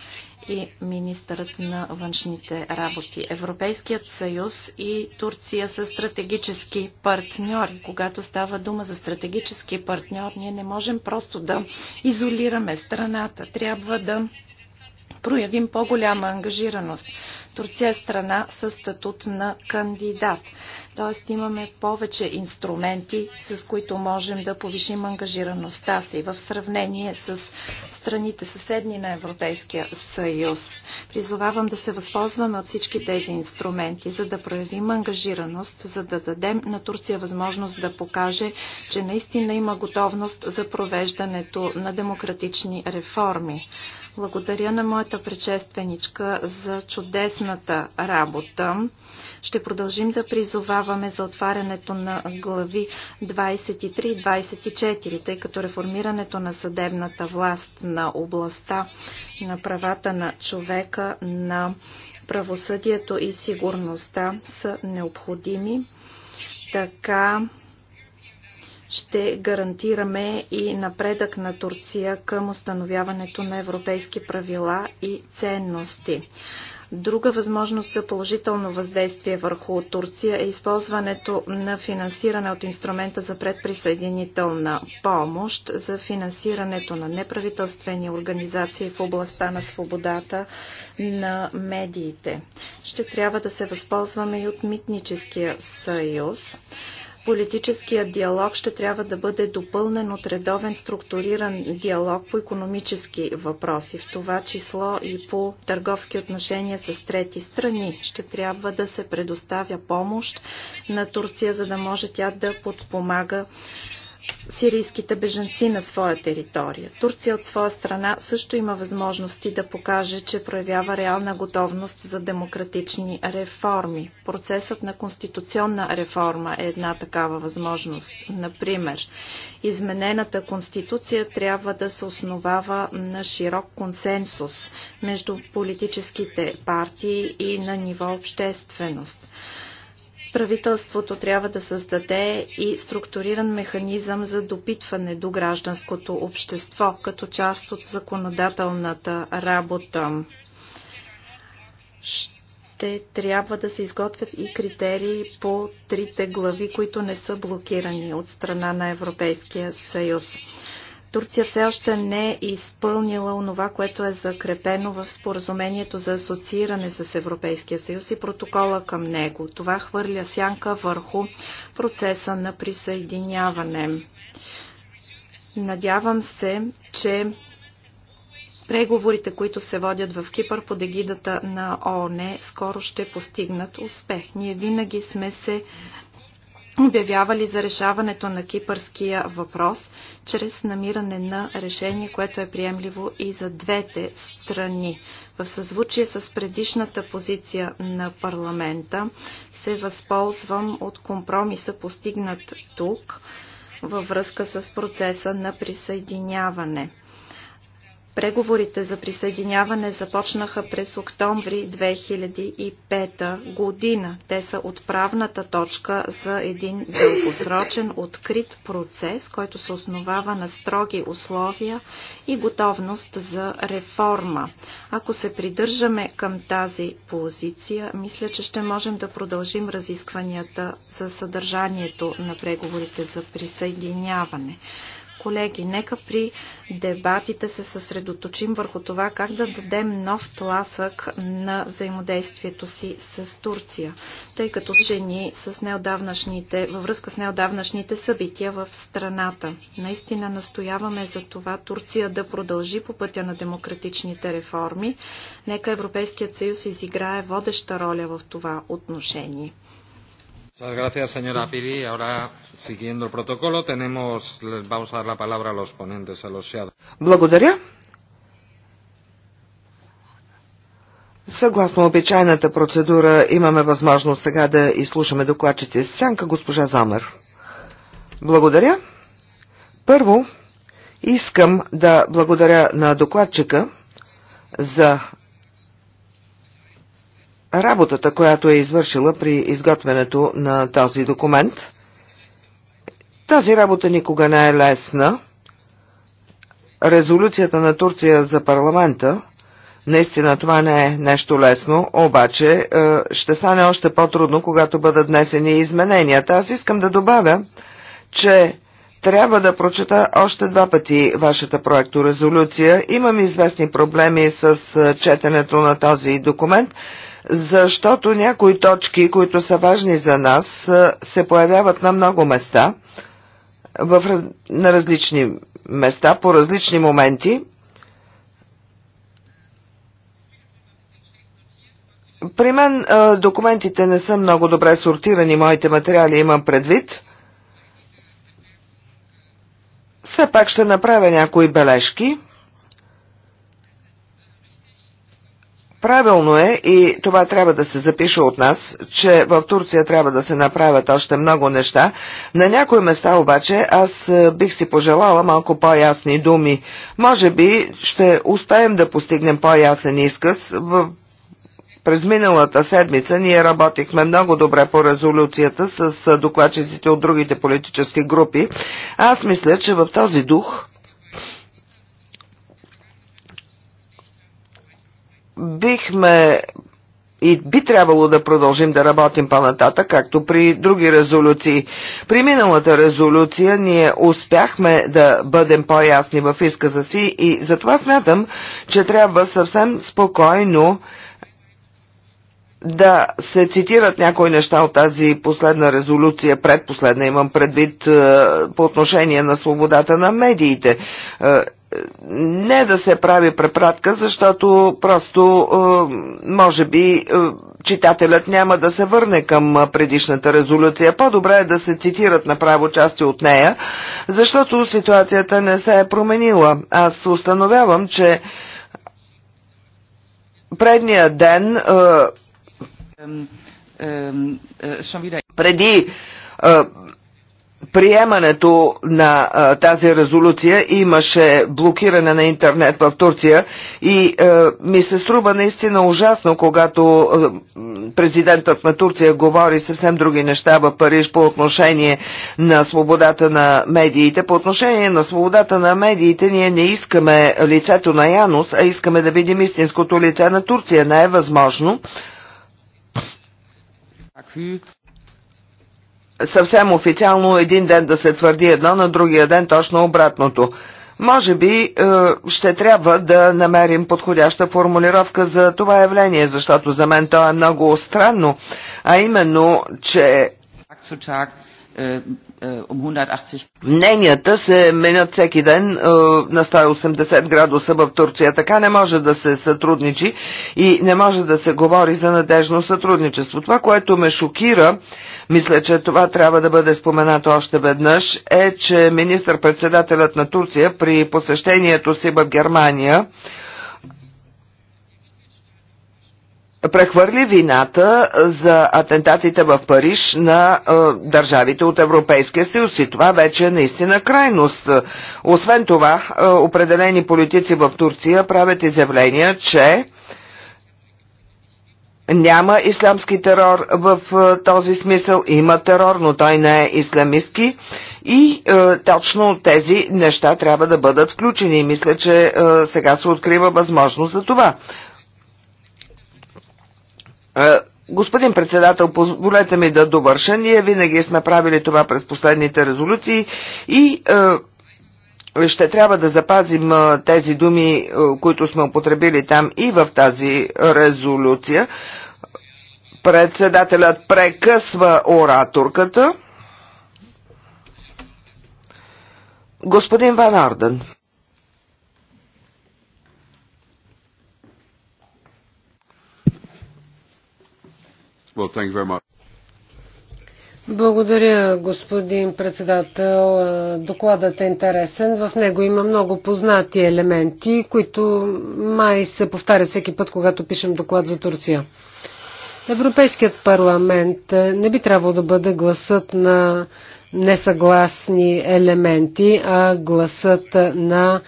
и министърът на външните работи. Европейският съюз и Турция са стратегически партньори. Когато става дума за стратегически партньор, ние не можем просто да изолираме страната. Трябва да проявим по-голяма ангажираност. Турция е страна с статут на кандидат. Тоест имаме повече инструменти, с които можем да повишим ангажираността си в сравнение с страните съседни на Европейския съюз. Призовавам да се възползваме от всички тези инструменти, за да проявим ангажираност, за да дадем на Турция възможност да покаже, че наистина има готовност за провеждането на демократични реформи. Благодаря на моята предшественичка за чудесната работа. Ще продължим да призоваваме за отварянето на глави 23 и 24, тъй като реформирането на съдебната власт на областта на правата на човека, на правосъдието и сигурността са необходими. Така ще гарантираме и напредък на Турция към установяването на европейски правила и ценности. Друга възможност за положително въздействие върху Турция е използването на финансиране от инструмента за предприсъединителна помощ за финансирането на неправителствени организации в областта на свободата на медиите. Ще трябва да се възползваме и от Митническия съюз. Политическият диалог ще трябва да бъде допълнен от редовен структуриран диалог по економически въпроси, в това число и по търговски отношения с трети страни. Ще трябва да се предоставя помощ на Турция, за да може тя да подпомага сирийските бежанци на своя територия. Турция от своя страна също има възможности да покаже, че проявява реална готовност за демократични реформи. Процесът на конституционна реформа е една такава възможност. Например, изменената конституция трябва да се основава на широк консенсус между политическите партии и на ниво общественост. Правителството трябва да създаде и структуриран механизъм за допитване до гражданското общество като част от законодателната работа. Ще трябва да се изготвят и критерии по трите глави, които не са блокирани от страна на Европейския съюз. Турция все още не е изпълнила онова, което е закрепено в споразумението за асоцииране с Европейския съюз и протокола към него. Това хвърля сянка върху процеса на присъединяване. Надявам се, че преговорите, които се водят в Кипър под егидата на ООН, скоро ще постигнат успех. Ние винаги сме се обявявали за решаването на кипърския въпрос чрез намиране на решение, което е приемливо и за двете страни. В съзвучие с предишната позиция на парламента се възползвам от компромиса постигнат тук във връзка с процеса на присъединяване. Преговорите за присъединяване започнаха през октомври 2005 година. Те са отправната точка за един дългосрочен, открит процес, който се основава на строги условия и готовност за реформа. Ако се придържаме към тази позиция, мисля, че ще можем да продължим разискванията за съдържанието на преговорите за присъединяване. Колеги, нека при дебатите се съсредоточим върху това как да дадем нов тласък на взаимодействието си с Турция, тъй като жени с неодавнашните, във връзка с неодавнашните събития в страната. Наистина настояваме за това Турция да продължи по пътя на демократичните реформи. Нека Европейският съюз изиграе водеща роля в това отношение. Muchas gracias, señora Piri. Ahora, siguiendo el protocolo, tenemos, les vamos a dar la palabra a los ponentes, a los shadows. Благодаря. Съгласно обичайната процедура, имаме възможност сега да изслушаме докладчите с сянка госпожа Замер. Благодаря. Първо, искам да благодаря на докладчика за работата, която е извършила при изготвянето на този документ. Тази работа никога не е лесна. Резолюцията на Турция за парламента, наистина това не е нещо лесно, обаче е, ще стане още по-трудно, когато бъдат внесени измененията. Аз искам да добавя, че трябва да прочета още два пъти вашата проекторезолюция. Имам известни проблеми с е, четенето на този документ защото някои точки, които са важни за нас, се появяват на много места, в, на различни места, по различни моменти. При мен документите не са много добре сортирани, моите материали имам предвид. Все пак ще направя някои бележки. Правилно е и това трябва да се запише от нас, че в Турция трябва да се направят още много неща. На някои места обаче аз е, бих си пожелала малко по-ясни думи. Може би ще успеем да постигнем по-ясен изказ в през миналата седмица ние работихме много добре по резолюцията с е, докладчиците от другите политически групи. Аз мисля, че в този дух бихме и би трябвало да продължим да работим по-нататък, както при други резолюции. При миналата резолюция ние успяхме да бъдем по-ясни в изказа си и затова смятам, че трябва съвсем спокойно да се цитират някои неща от тази последна резолюция, предпоследна имам предвид е, по отношение на свободата на медиите. Е, не да се прави препратка, защото просто е, може би е, читателят няма да се върне към е, предишната резолюция. По-добре е да се цитират направо части от нея, защото ситуацията не се е променила. Аз установявам, че предния ден преди приемането на а, тази резолюция имаше блокиране на интернет в Турция и а, ми се струва наистина ужасно, когато а, президентът на Турция говори съвсем други неща в Париж по отношение на свободата на медиите. По отношение на свободата на медиите ние не искаме лицето на Янус, а искаме да видим истинското лице на Турция. Не е възможно съвсем официално един ден да се твърди едно, на другия ден точно обратното. Може би е, ще трябва да намерим подходяща формулировка за това явление, защото за мен то е много странно, а именно, че мненията се менят всеки ден е, на 180 градуса в Турция. Така не може да се сътрудничи и не може да се говори за надежно сътрудничество. Това, което ме шокира, мисля, че това трябва да бъде споменато още веднъж, е, че министър-председателят на Турция при посещението си в Германия прехвърли вината за атентатите в Париж на е, държавите от Европейския съюз и това вече е наистина крайност. Освен това, е, определени политици в Турция правят изявления, че няма ислямски терор в е, този смисъл, има терор, но той не е исламистки и е, точно тези неща трябва да бъдат включени. Мисля, че е, сега се открива възможност за това. Е, господин председател, позволете ми да довърша. Ние винаги сме правили това през последните резолюции и е, ще трябва да запазим тези думи, които сме употребили там и в тази резолюция. Председателят прекъсва ораторката. Господин Ван Орден. Well, thank you very much. Благодаря, господин председател. Докладът е интересен. В него има много познати елементи, които май се повтарят всеки път, когато пишем доклад за Турция. Европейският парламент не би трябвало да бъде гласът на несъгласни елементи, а гласът на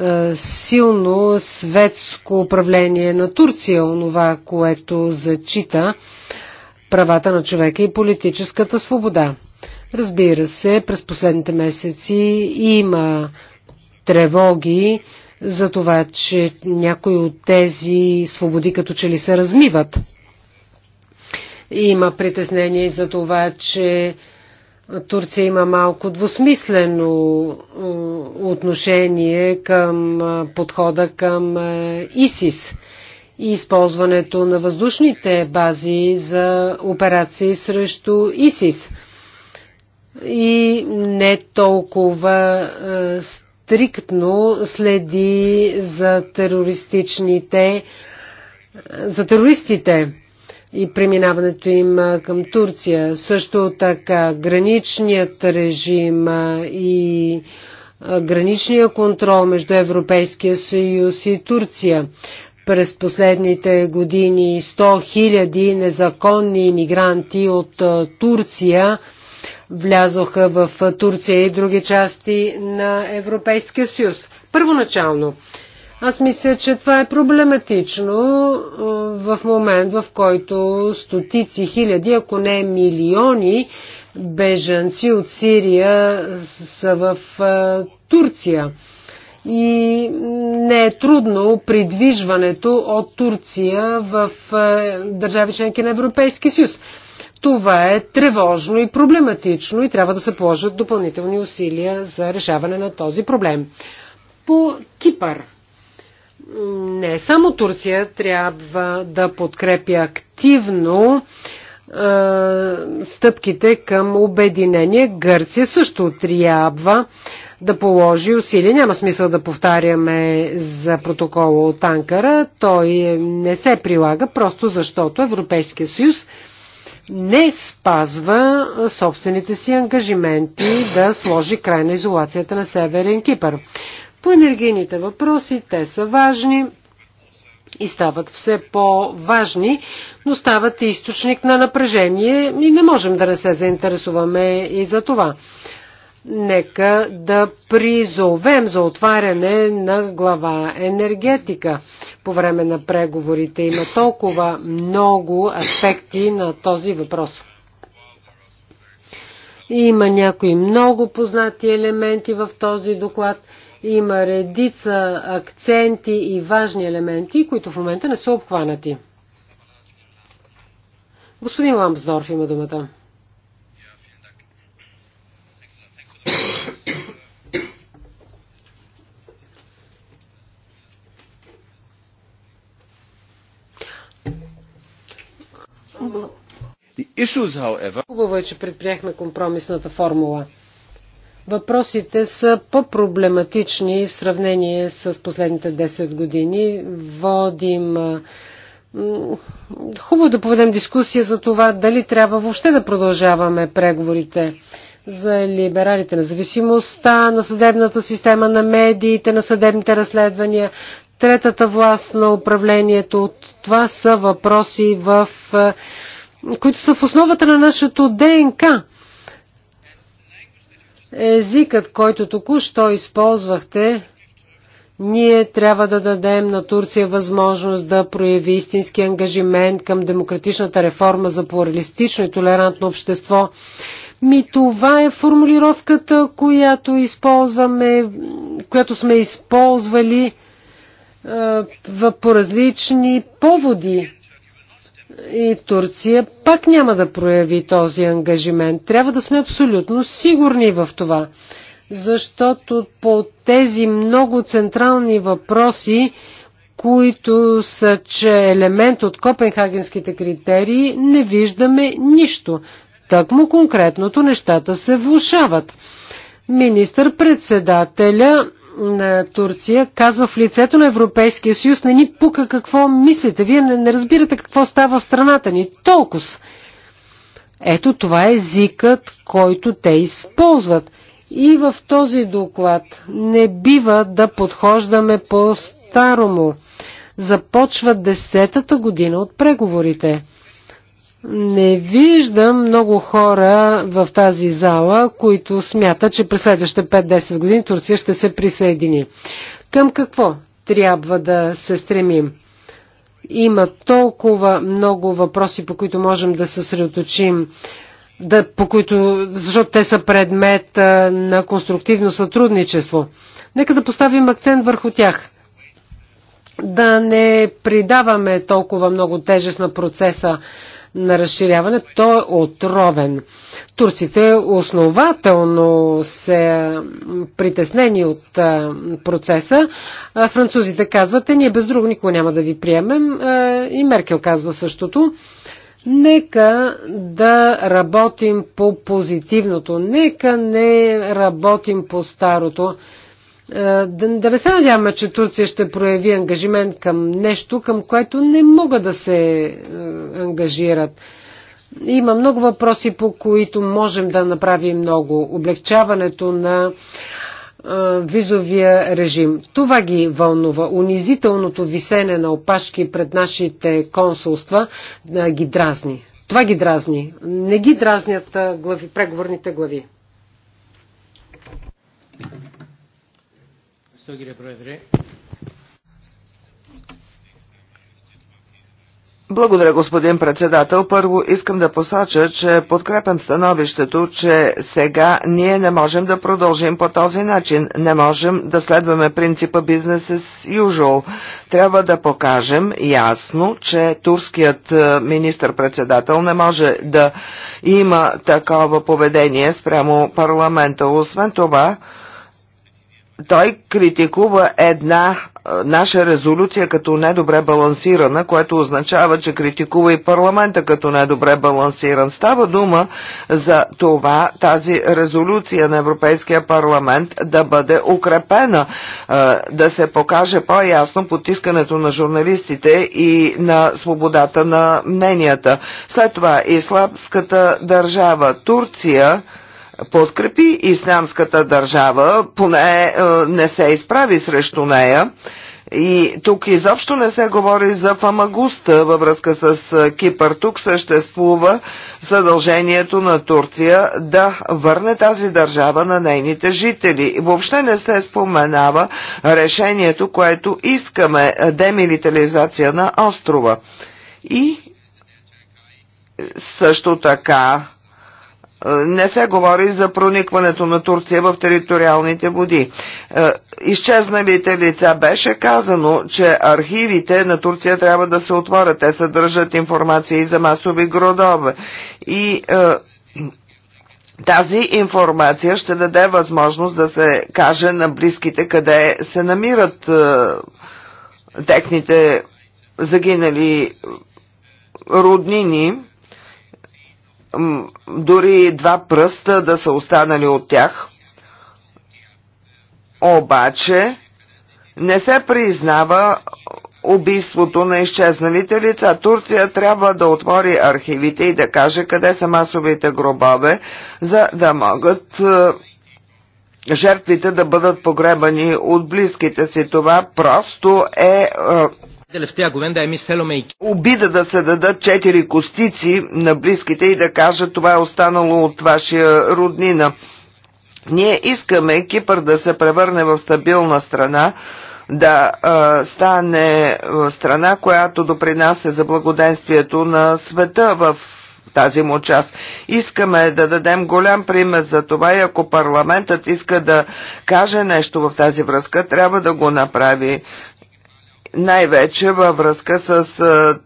е, силно светско управление на Турция, онова, което зачита правата на човека и политическата свобода. Разбира се, през последните месеци има тревоги за това, че някои от тези свободи като че ли се размиват. Има притеснение за това, че Турция има малко двусмислено отношение към подхода към ИСИС и използването на въздушните бази за операции срещу ИСИС. И не толкова е, стриктно следи за терористичните е, за терористите и преминаването им е, към Турция. Също така граничният режим е, и граничния контрол между Европейския съюз и Турция. През последните години 100 000 незаконни иммигранти от Турция влязоха в Турция и други части на Европейския съюз. Първоначално. Аз мисля, че това е проблематично в момент, в който стотици хиляди, ако не милиони бежанци от Сирия са в Турция и не е трудно придвижването от Турция в е, държави членки на Европейски съюз. Това е тревожно и проблематично и трябва да се положат допълнителни усилия за решаване на този проблем. По Кипър. Не само Турция трябва да подкрепя активно е, стъпките към обединение. Гърция също трябва да положи усилия. Няма смисъл да повтаряме за протокола от Анкара. Той не се прилага просто защото Европейския съюз не спазва собствените си ангажименти да сложи край на изолацията на Северен Кипър. По енергийните въпроси те са важни и стават все по-важни, но стават и източник на напрежение и не можем да не се заинтересуваме и за това нека да призовем за отваряне на глава енергетика. По време на преговорите има толкова много аспекти на този въпрос. Има някои много познати елементи в този доклад. Има редица акценти и важни елементи, които в момента не са обхванати. Господин Ламсдорф има думата. Хубаво е, че предприехме компромисната формула. Въпросите са по-проблематични в сравнение с последните 10 години. Водим. Хубаво е да поведем дискусия за това дали трябва въобще да продължаваме преговорите за либералите, на зависимостта на съдебната система, на медиите, на съдебните разследвания, третата власт на управлението. Това са въпроси в които са в основата на нашето ДНК. Езикът, който току-що използвахте, ние трябва да дадем на Турция възможност да прояви истински ангажимент към демократичната реформа за плуралистично и толерантно общество. Ми това е формулировката, която използваме, която сме използвали е, по различни поводи и Турция пак няма да прояви този ангажимент. Трябва да сме абсолютно сигурни в това, защото по тези много централни въпроси, които са, че елемент от копенхагенските критерии, не виждаме нищо. Так му конкретното нещата се влушават. Министър-председателя на Турция казва в лицето на Европейския съюз не ни пука какво мислите. Вие не, не разбирате какво става в страната ни. Толкова. Ето това е езикът, който те използват. И в този доклад не бива да подхождаме по-старому. Започва десетата година от преговорите. Не виждам много хора в тази зала, които смятат, че през следващите 5-10 години Турция ще се присъедини. Към какво трябва да се стремим? Има толкова много въпроси, по които можем да се средоточим да, по които, защото те са предмет на конструктивно сътрудничество. Нека да поставим акцент върху тях. Да не придаваме толкова много тежест на процеса на разширяване, той е отровен. Турците основателно са притеснени от процеса. Французите казват, е, ние без друго никога няма да ви приемем. И Меркел казва същото. Нека да работим по позитивното, нека не работим по старото. Е, да, да не се надяваме, че Турция ще прояви ангажимент към нещо, към което не могат да се е, ангажират. Има много въпроси, по които можем да направим много. Облегчаването на е, визовия режим. Това ги вълнува. Унизителното висене на опашки пред нашите консулства ги дразни. Това ги дразни. Не ги дразнят глави, преговорните глави. Ευχαριστώ κύριε Πρόεδρε. Благодаря, господин председател. Първо искам да посоча, че подкрепям становището, че сега ние не можем да продължим по този начин. Не можем да следваме принципа бизнес as usual. Трябва да покажем ясно, че турският е, министр-председател не може да има такова поведение спрямо парламента. Освен това, той критикува една наша резолюция като недобре балансирана, което означава, че критикува и парламента като недобре балансиран. Става дума за това тази резолюция на Европейския парламент да бъде укрепена, да се покаже по-ясно потискането на журналистите и на свободата на мненията. След това исламската държава Турция подкрепи ислямската държава, поне е, не се изправи срещу нея. И тук изобщо не се говори за фамагуста във връзка с е, Кипър. Тук съществува задължението на Турция да върне тази държава на нейните жители. Въобще не се споменава решението, което искаме е, демилитаризация на острова. И също така е, не се говори за проникването на Турция в териториалните води. Е, изчезналите лица беше казано, че архивите на Турция трябва да се отворят. Те съдържат информация и за масови гродове. И е, тази информация ще даде възможност да се каже на близките къде се намират техните загинали роднини дори два пръста да са останали от тях. Обаче не се признава убийството на изчезналите лица. Турция трябва да отвори архивите и да каже къде са масовите гробове, за да могат е, жертвите да бъдат погребани от близките си. Това просто е, е Обида да се дадат четири костици на близките и да кажат това е останало от вашия роднина. Ние искаме Кипър да се превърне в стабилна страна, да а, стане страна, която допринася за благоденствието на света в тази му част. Искаме да дадем голям пример за това и ако парламентът иска да каже нещо в тази връзка, трябва да го направи най-вече във връзка с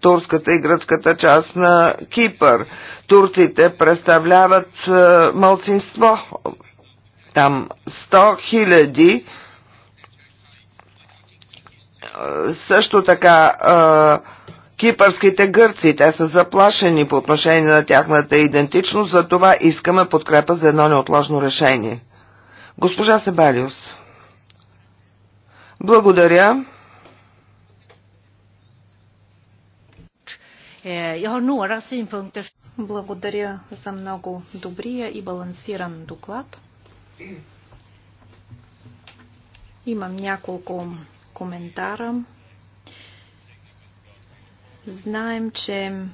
турската и гръцката част на Кипър. Турците представляват мълцинство. Там 100 хиляди също така кипърските гърци, те са заплашени по отношение на тяхната идентичност, затова искаме подкрепа за едно неотложно решение. Госпожа Себалиус. Благодаря. Я eh, Благодаря за много добрия и балансиран доклад. Имам няколко коментара. Знаем, че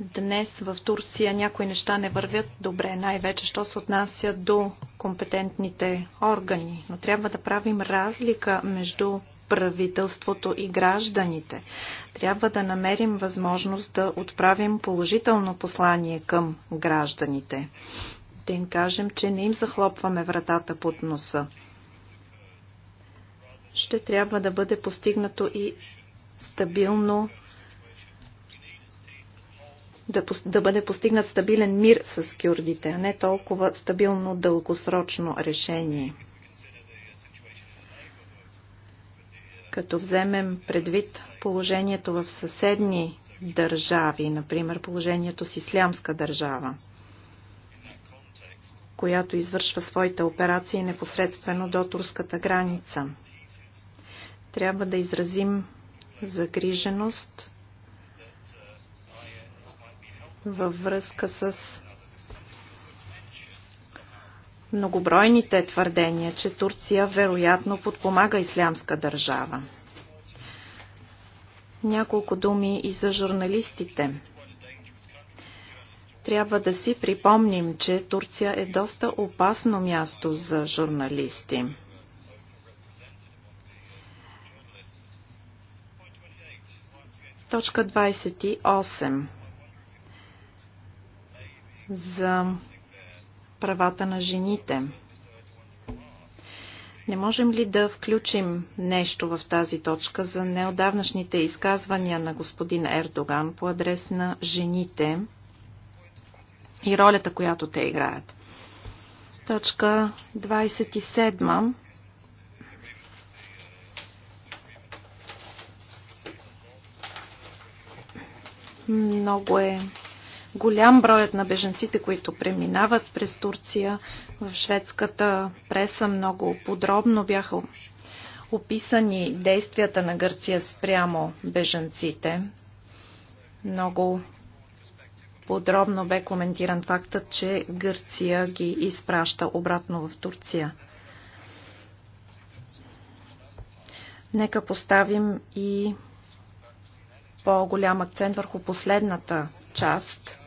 днес в Турция някои неща не вървят добре, най-вече, що се отнася до компетентните органи. Но трябва да правим разлика между правителството и гражданите. Трябва да намерим възможност да отправим положително послание към гражданите. Да им кажем, че не им захлопваме вратата под носа. Ще трябва да бъде постигнато и стабилно да, да бъде постигнат стабилен мир с кюрдите, а не толкова стабилно дългосрочно решение. Като вземем предвид положението в съседни държави, например положението с ислямска държава, която извършва своите операции непосредствено до турската граница. Трябва да изразим загриженост във връзка с многобройните твърдения, че Турция вероятно подпомага ислямска държава. Няколко думи и за журналистите. Трябва да си припомним, че Турция е доста опасно място за журналисти. Точка 28 за правата на жените. Не можем ли да включим нещо в тази точка за неодавнашните изказвания на господин Ердоган по адрес на жените и ролята, която те играят? Точка 27. Много е голям броят на беженците, които преминават през Турция. В шведската преса много подробно бяха описани действията на Гърция спрямо беженците. Много подробно бе коментиран фактът, че Гърция ги изпраща обратно в Турция. Нека поставим и по-голям акцент върху последната част,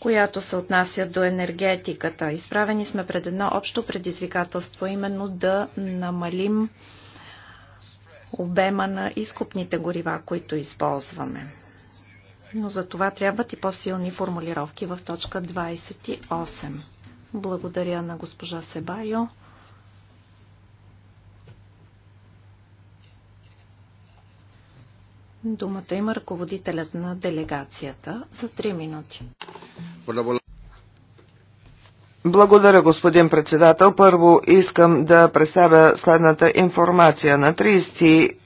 която се отнася до енергетиката. Изправени сме пред едно общо предизвикателство, именно да намалим обема на изкупните горива, които използваме. Но за това трябват и по-силни формулировки в точка 28. Благодаря на госпожа Себайо. Думата има ръководителят на делегацията за 3 минути. Благодаря, господин председател. Първо искам да представя следната информация. На 30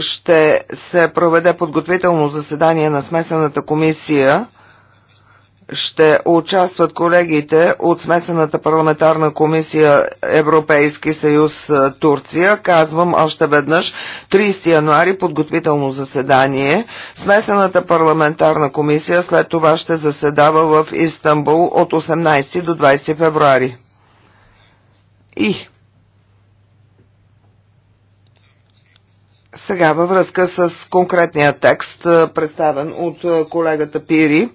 ще се проведе подготвително заседание на смесената комисия ще участват колегите от смесената парламентарна комисия Европейски съюз е, Турция. Казвам още веднъж 30 януари подготвително заседание. Смесената парламентарна комисия след това ще заседава в Истанбул от 18 до 20 февруари. И сега във връзка с конкретния текст, е, представен от е, колегата Пири,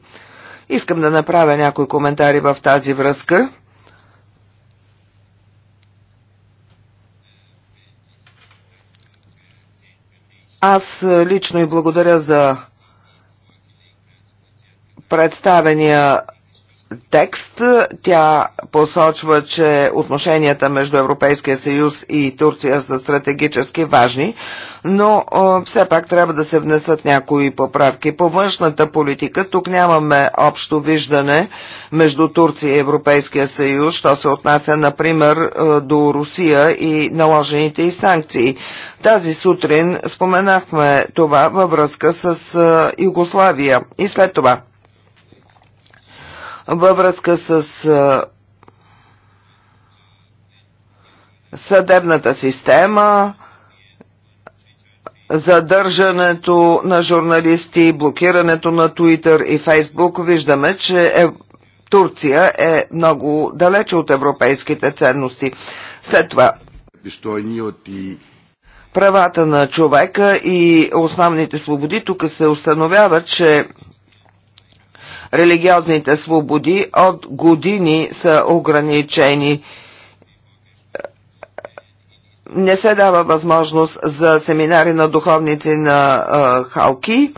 Искам да направя някои коментари в тази връзка. Аз е, лично и благодаря за представения текст. Тя посочва, че отношенията между Европейския съюз и Турция са стратегически важни, но все пак трябва да се внесат някои поправки. По външната политика тук нямаме общо виждане между Турция и Европейския съюз, що се отнася, например, до Русия и наложените и санкции. Тази сутрин споменахме това във връзка с Югославия и след това във връзка с съдебната система, задържането на журналисти, блокирането на Twitter и Фейсбук, виждаме, че е, Турция е много далече от европейските ценности. След това правата на човека и основните свободи тук се установява, че религиозните свободи от години са ограничени не се дава възможност за семинари на духовници на а, Халки.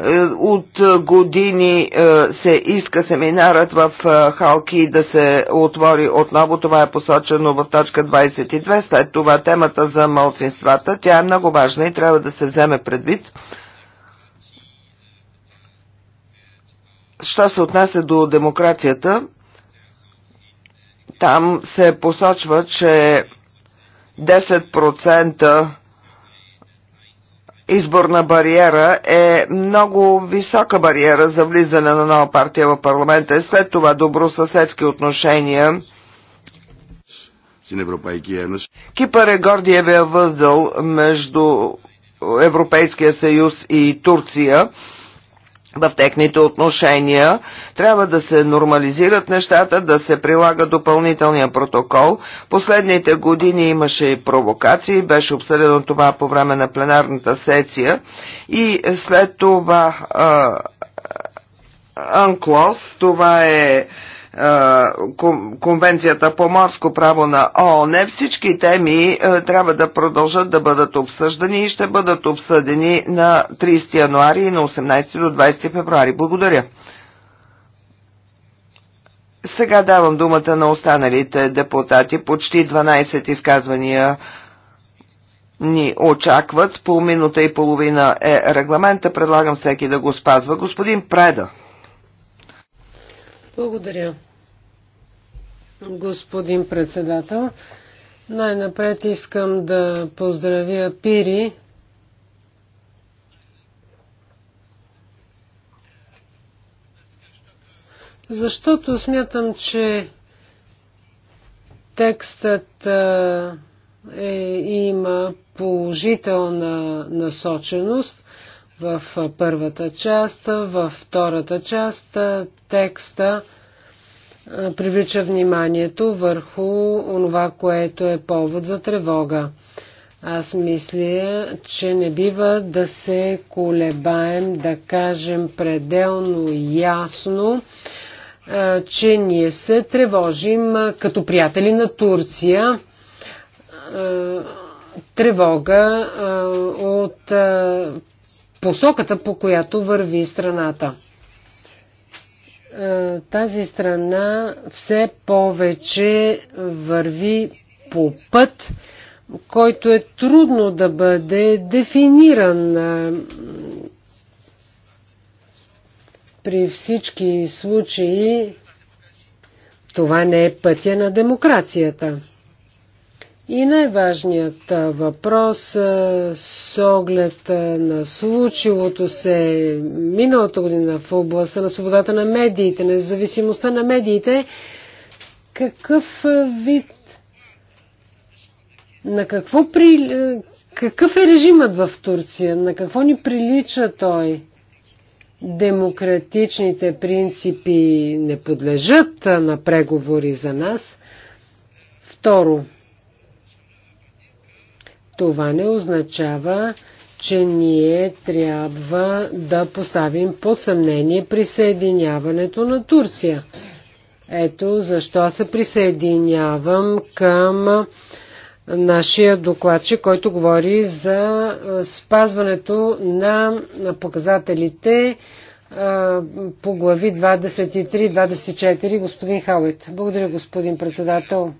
Е, от години е, се иска семинарът в е, Халки да се отвори отново. Това е посочено в точка 22. След това темата за малцинствата. Тя е много важна и трябва да се вземе предвид. Що се отнася до демокрацията, там се посочва, че 10% изборна бариера е много висока бариера за влизане на нова партия в парламента и е, след това добросъседски отношения. Е Кипър е гордиевия възел между Европейския съюз и Турция в техните отношения. Трябва да се нормализират нещата, да се прилага допълнителния протокол. Последните години имаше и провокации, беше обсъдено това по време на пленарната сесия и след това Анклос, това е Конвенцията по морско право на ООН, всички теми трябва да продължат да бъдат обсъждани и ще бъдат обсъдени на 30 януари и на 18 до 20 февруари. Благодаря. Сега давам думата на останалите депутати. Почти 12 изказвания ни очакват. По минута и половина е регламента. Предлагам всеки да го спазва. Господин Преда. Благодаря господин председател. Най-напред искам да поздравя Пири. Защото смятам, че текстът е, има положителна насоченост в първата част, във втората част текста привлича вниманието върху това, което е повод за тревога. Аз мисля, че не бива да се колебаем, да кажем пределно ясно, че ние се тревожим като приятели на Турция тревога от посоката, по която върви страната. Е, тази страна все повече върви по път, който е трудно да бъде дефиниран. Е, при всички случаи това не е пътя на демокрацията. И най-важният въпрос с оглед на случилото се миналата година в областта на свободата на медиите, независимостта на медиите, какъв вид на какво при... Какъв е режимът в Турция? На какво ни прилича той? Демократичните принципи не подлежат на преговори за нас. Второ, това не означава, че ние трябва да поставим под съмнение присъединяването на Турция. Ето защо се присъединявам към нашия докладчик, който говори за спазването на показателите по глави 23-24. Господин Хауит. Благодаря, господин председател.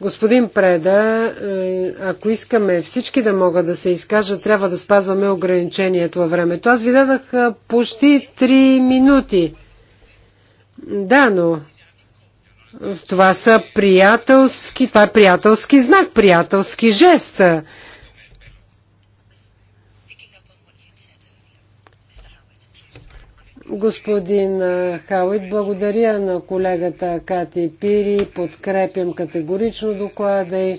Господин Преда, е, ако искаме всички да могат да се изкажат, трябва да спазваме ограничението във времето. Аз ви дадах е, почти 3 минути. Да, но това са приятелски, това е приятелски знак, приятелски жест. Господин Хауит, благодаря на колегата Кати Пири, подкрепям категорично доклада и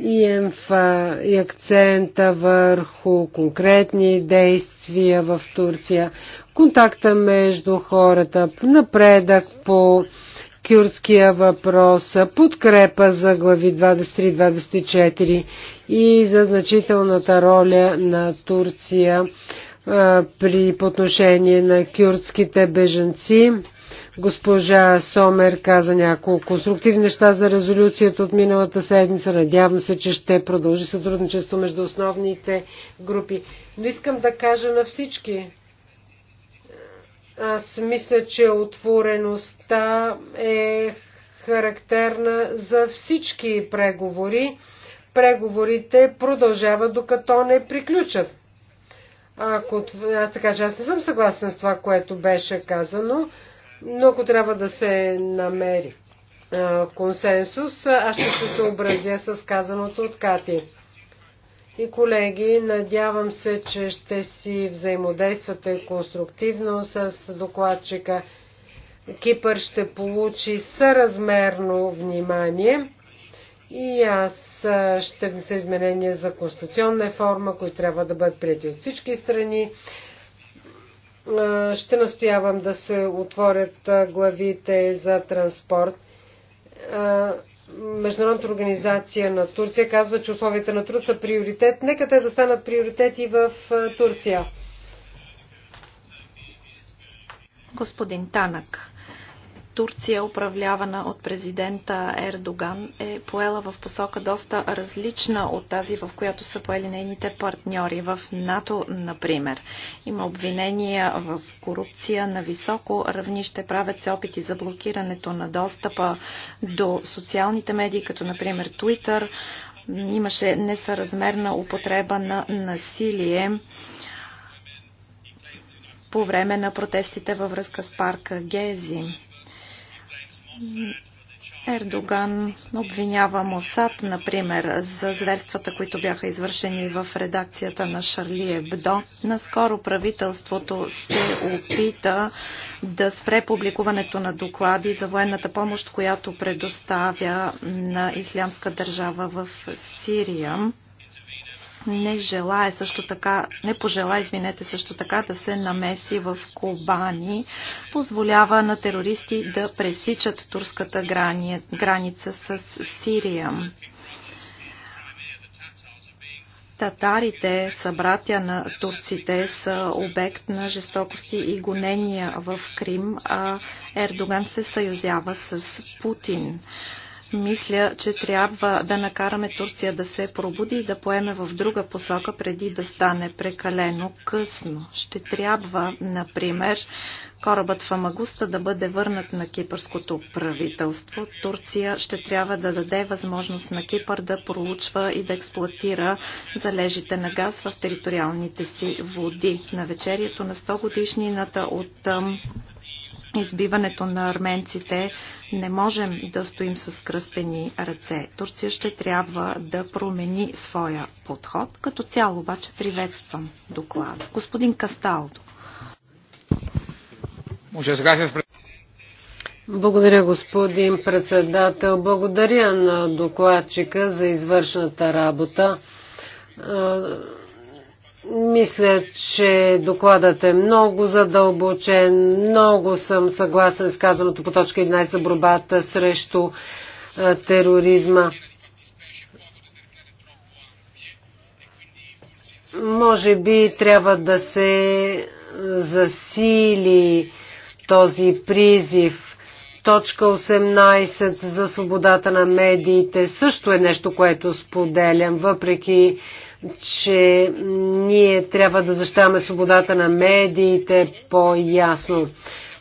и емфа и акцента върху конкретни действия в Турция, контакта между хората, напредък по кюрдския въпрос, подкрепа за глави 23-24 и за значителната роля на Турция при потношение на кюрдските беженци. Госпожа Сомер каза няколко конструктивни неща за резолюцията от миналата седмица. Надявам се, че ще продължи сътрудничество между основните групи. Но искам да кажа на всички. Аз мисля, че отвореността е характерна за всички преговори. Преговорите продължават докато не приключат. Ако, аз така че аз не съм съгласен с това, което беше казано, но ако трябва да се намери а, консенсус, аз ще се съобразя с казаното от Кати. И колеги, надявам се, че ще си взаимодействате конструктивно с докладчика. Кипър ще получи съразмерно внимание и аз ще внеса изменения за конституционна реформа, които трябва да бъдат прияти от всички страни. Ще настоявам да се отворят главите за транспорт. Международната организация на Турция казва, че условията на труд са приоритет. Нека те да станат приоритети в Турция. Господин Танък, Турция, управлявана от президента Ердоган, е поела в посока доста различна от тази, в която са поели нейните партньори в НАТО, например. Има обвинения в корупция на високо равнище, правят се опити за блокирането на достъпа до социалните медии, като например Twitter. Имаше несъразмерна употреба на насилие по време на протестите във връзка с парка Гези. Ердоган обвинява Мосад, например, за зверствата, които бяха извършени в редакцията на Шарли Ебдо. Наскоро правителството се опита да спре публикуването на доклади за военната помощ, която предоставя на Ислямска държава в Сирия не желая също така, не пожела, извинете, също така да се намеси в Кобани, позволява на терористи да пресичат турската граница с Сирия. Татарите, събратя на турците, са обект на жестокости и гонения в Крим, а Ердоган се съюзява с Путин. Мисля, че трябва да накараме Турция да се пробуди и да поеме в друга посока, преди да стане прекалено късно. Ще трябва, например, корабът в Амагуста да бъде върнат на кипърското правителство. Турция ще трябва да даде възможност на Кипър да проучва и да експлуатира залежите на газ в териториалните си води. На вечерието на 100 годишнината от избиването на арменците не можем да стоим с кръстени ръце. Турция ще трябва да промени своя подход. Като цяло обаче приветствам доклада. Господин Касталдо. Благодаря, господин председател. Благодаря на докладчика за извършната работа мисля, че докладът е много задълбочен. Много съм съгласен с казаното по точка 11 за борбата срещу тероризма. Може би трябва да се засили този призив. Точка 18 за свободата на медиите също е нещо, което споделям, въпреки че ние трябва да защитаваме свободата на медиите по-ясно.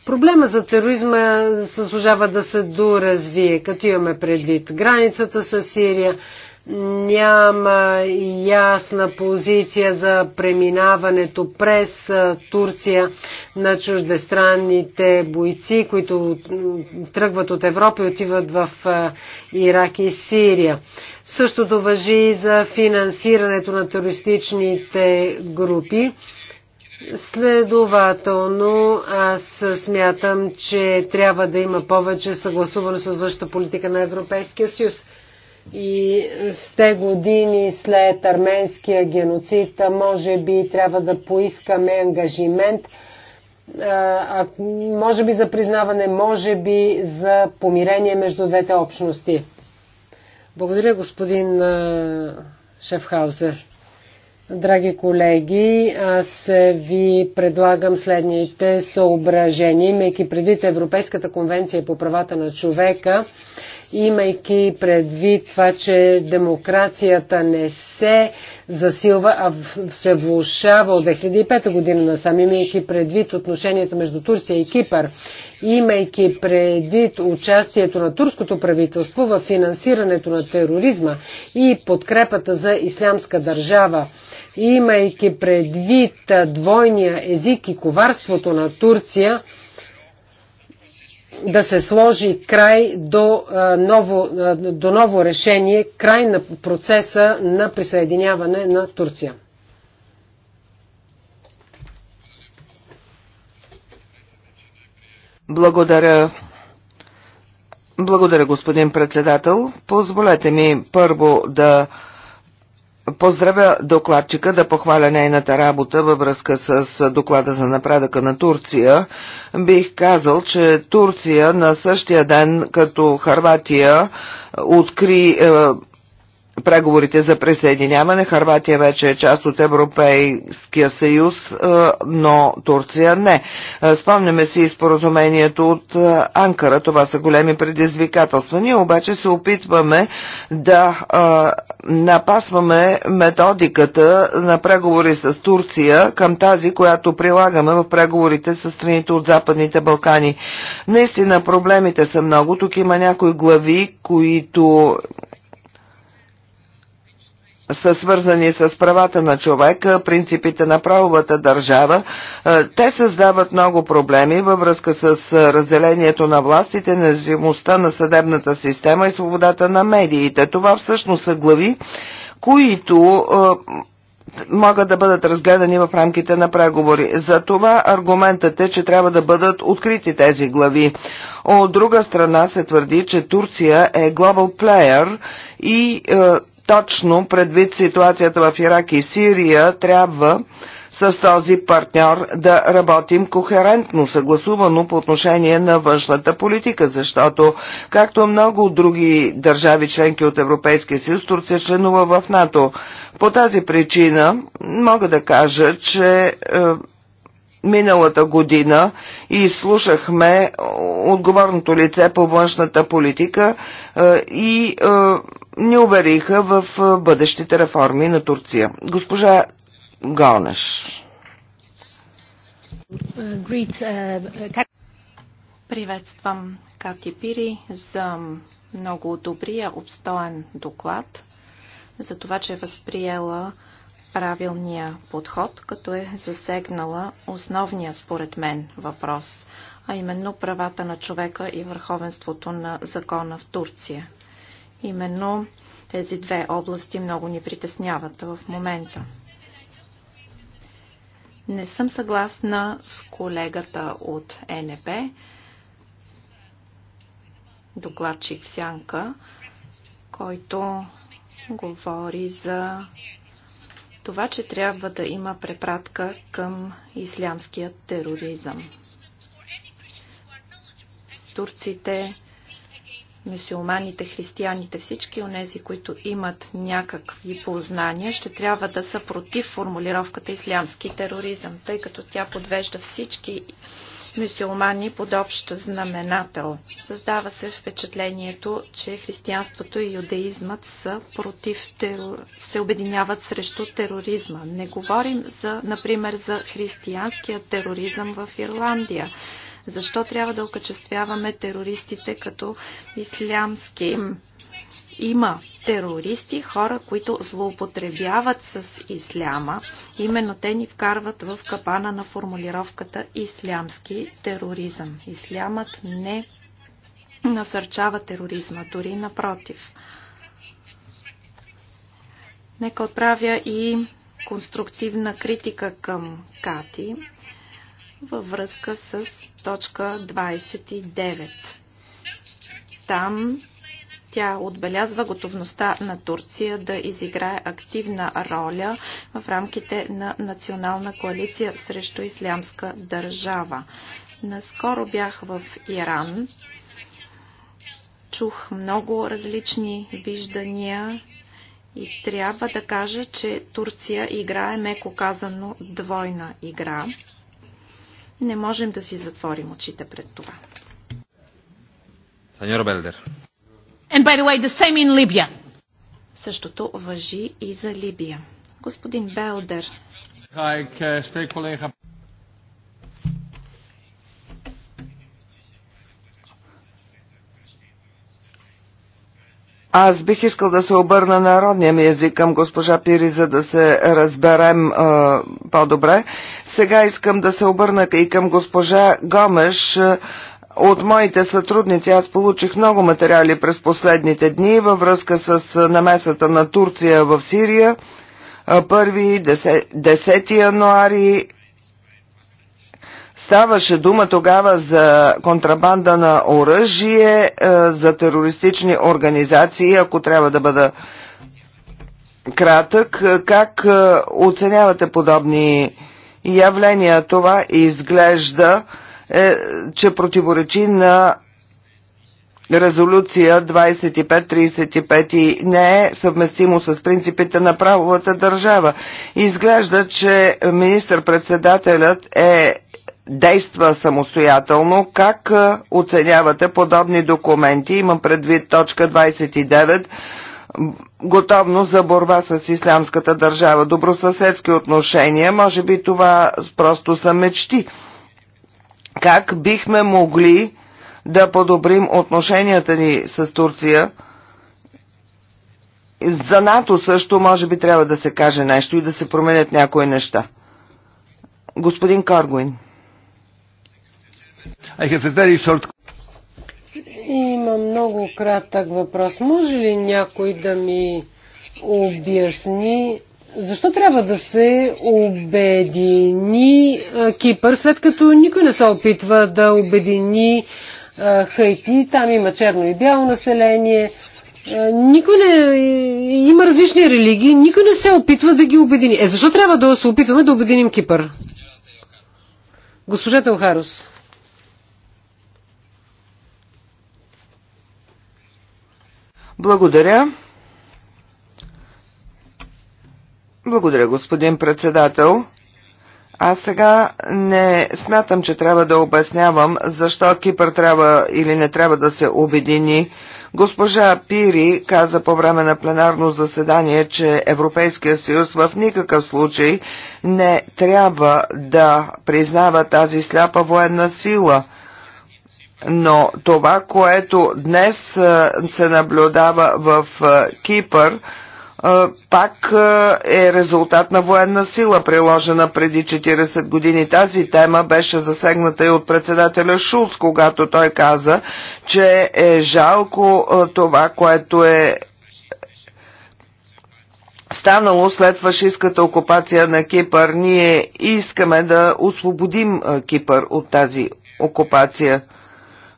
Проблема за тероризма заслужава да се доразвие, като имаме предвид границата с Сирия, няма ясна позиция за преминаването през Турция на чуждестранните бойци, които тръгват от Европа и отиват в Ирак и Сирия. Същото въжи и за финансирането на терористичните групи. Следователно, аз смятам, че трябва да има повече съгласуване с външната политика на Европейския съюз и сте години след арменския геноцид, може би трябва да поискаме ангажимент, а, може би за признаване, може би за помирение между двете общности. Благодаря, господин Шефхаузер. Драги колеги, аз ви предлагам следните съображения, имайки предвид Европейската конвенция по правата на човека имайки предвид това, че демокрацията не се засилва, а се влушава от 2005 година насам, имайки предвид отношенията между Турция и Кипър, имайки предвид участието на турското правителство в финансирането на тероризма и подкрепата за ислямска държава, имайки предвид двойния език и коварството на Турция, да се сложи край до ново, до ново решение, край на процеса на присъединяване на Турция. Благодаря. Благодаря, господин председател. Позволете ми първо да Поздравя докладчика да похваля нейната работа във връзка с доклада за напредъка на Турция. Бих казал, че Турция на същия ден като Харватия откри е, преговорите за присъединяване. Харватия вече е част от Европейския съюз, но Турция не. Спомняме си и споразумението от Анкара. Това са големи предизвикателства. Ние обаче се опитваме да напасваме методиката на преговори с Турция към тази, която прилагаме в преговорите с страните от Западните Балкани. Наистина проблемите са много. Тук има някои глави, които са свързани с правата на човека, принципите на правовата държава. Е, те създават много проблеми във връзка с е, разделението на властите, независимостта на съдебната система и свободата на медиите. Това всъщност са глави, които е, могат да бъдат разгледани в рамките на преговори. За това аргументът е, че трябва да бъдат открити тези глави. От друга страна се твърди, че Турция е глобал плеер и е, точно предвид ситуацията в Ирак и Сирия, трябва с този партньор да работим кохерентно, съгласувано по отношение на външната политика, защото, както много други държави членки от Европейския съюз, Турция членува в НАТО. По тази причина мога да кажа, че е, миналата година и слушахме отговорното лице по външната политика е, и е, ни увериха в е, бъдещите реформи на Турция. Госпожа Галнеш. Приветствам Кати Пири за много добрия обстоен доклад за това, че е възприела правилния подход, като е засегнала основния, според мен, въпрос, а именно правата на човека и върховенството на закона в Турция. Именно тези две области много ни притесняват в момента. Не съм съгласна с колегата от НП, докладчик в Сянка, който говори за това, че трябва да има препратка към ислямския тероризъм. Турците, мусулманите, християните, всички онези, които имат някакви познания, ще трябва да са против формулировката ислямски тероризъм, тъй като тя подвежда всички мюсюлмани под общ знаменател. Създава се впечатлението, че християнството и юдеизмът са против терор... се обединяват срещу тероризма. Не говорим, за, например, за християнския тероризъм в Ирландия. Защо трябва да окачествяваме терористите като ислямски? Има терористи, хора, които злоупотребяват с исляма. Именно те ни вкарват в капана на формулировката ислямски тероризъм. Ислямът не насърчава тероризма, дори напротив. Нека отправя и конструктивна критика към Кати във връзка с точка 29. Там тя отбелязва готовността на Турция да изиграе активна роля в рамките на национална коалиция срещу ислямска държава. Наскоро бях в Иран. Чух много различни виждания и трябва да кажа, че Турция играе, меко казано, двойна игра. Не можем да си затворим очите пред това. Сеньор Белдер. And by the way, the same in Libya. Същото въжи и за Либия. Господин Белдер. Аз бих искал да се обърна на родния ми език към госпожа Пири, за да се разберем е, по-добре. Сега искам да се обърна и към госпожа Гомеш. Е, от моите сътрудници аз получих много материали през последните дни във връзка с намесата на Турция в Сирия. 1 10 януари Ставаше дума тогава за контрабанда на оръжие, за терористични организации, ако трябва да бъда кратък. Как оценявате подобни явления? Това изглежда е, че противоречи на резолюция 2535 и не е съвместимо с принципите на правовата държава. Изглежда, че министър-председателят е действа самостоятелно. Как е, оценявате подобни документи? Имам предвид точка 29 готовност за борба с ислямската държава, добросъседски отношения. Може би това просто са мечти как бихме могли да подобрим отношенията ни с Турция. За НАТО също може би трябва да се каже нещо и да се променят някои неща. Господин Каргуин. Има много кратък въпрос. Може ли някой да ми обясни защо трябва да се обедини Кипър, след като никой не се опитва да обедини Хайти. Там има черно и бяло население. Никой не... Има различни религии. Никой не се опитва да ги обедини. Е, защо трябва да се опитваме да обединим Кипър? Госпожа Телхарус. Благодаря. Благодаря, господин председател. Аз сега не смятам, че трябва да обяснявам защо Кипър трябва или не трябва да се обедини. Госпожа Пири каза по време на пленарно заседание, че Европейския съюз в никакъв случай не трябва да признава тази сляпа военна сила. Но това, което днес се наблюдава в Кипър, пак е резултат на военна сила, приложена преди 40 години. Тази тема беше засегната и от председателя Шулц, когато той каза, че е жалко това, което е станало след фашистската окупация на Кипър. Ние искаме да освободим Кипър от тази окупация.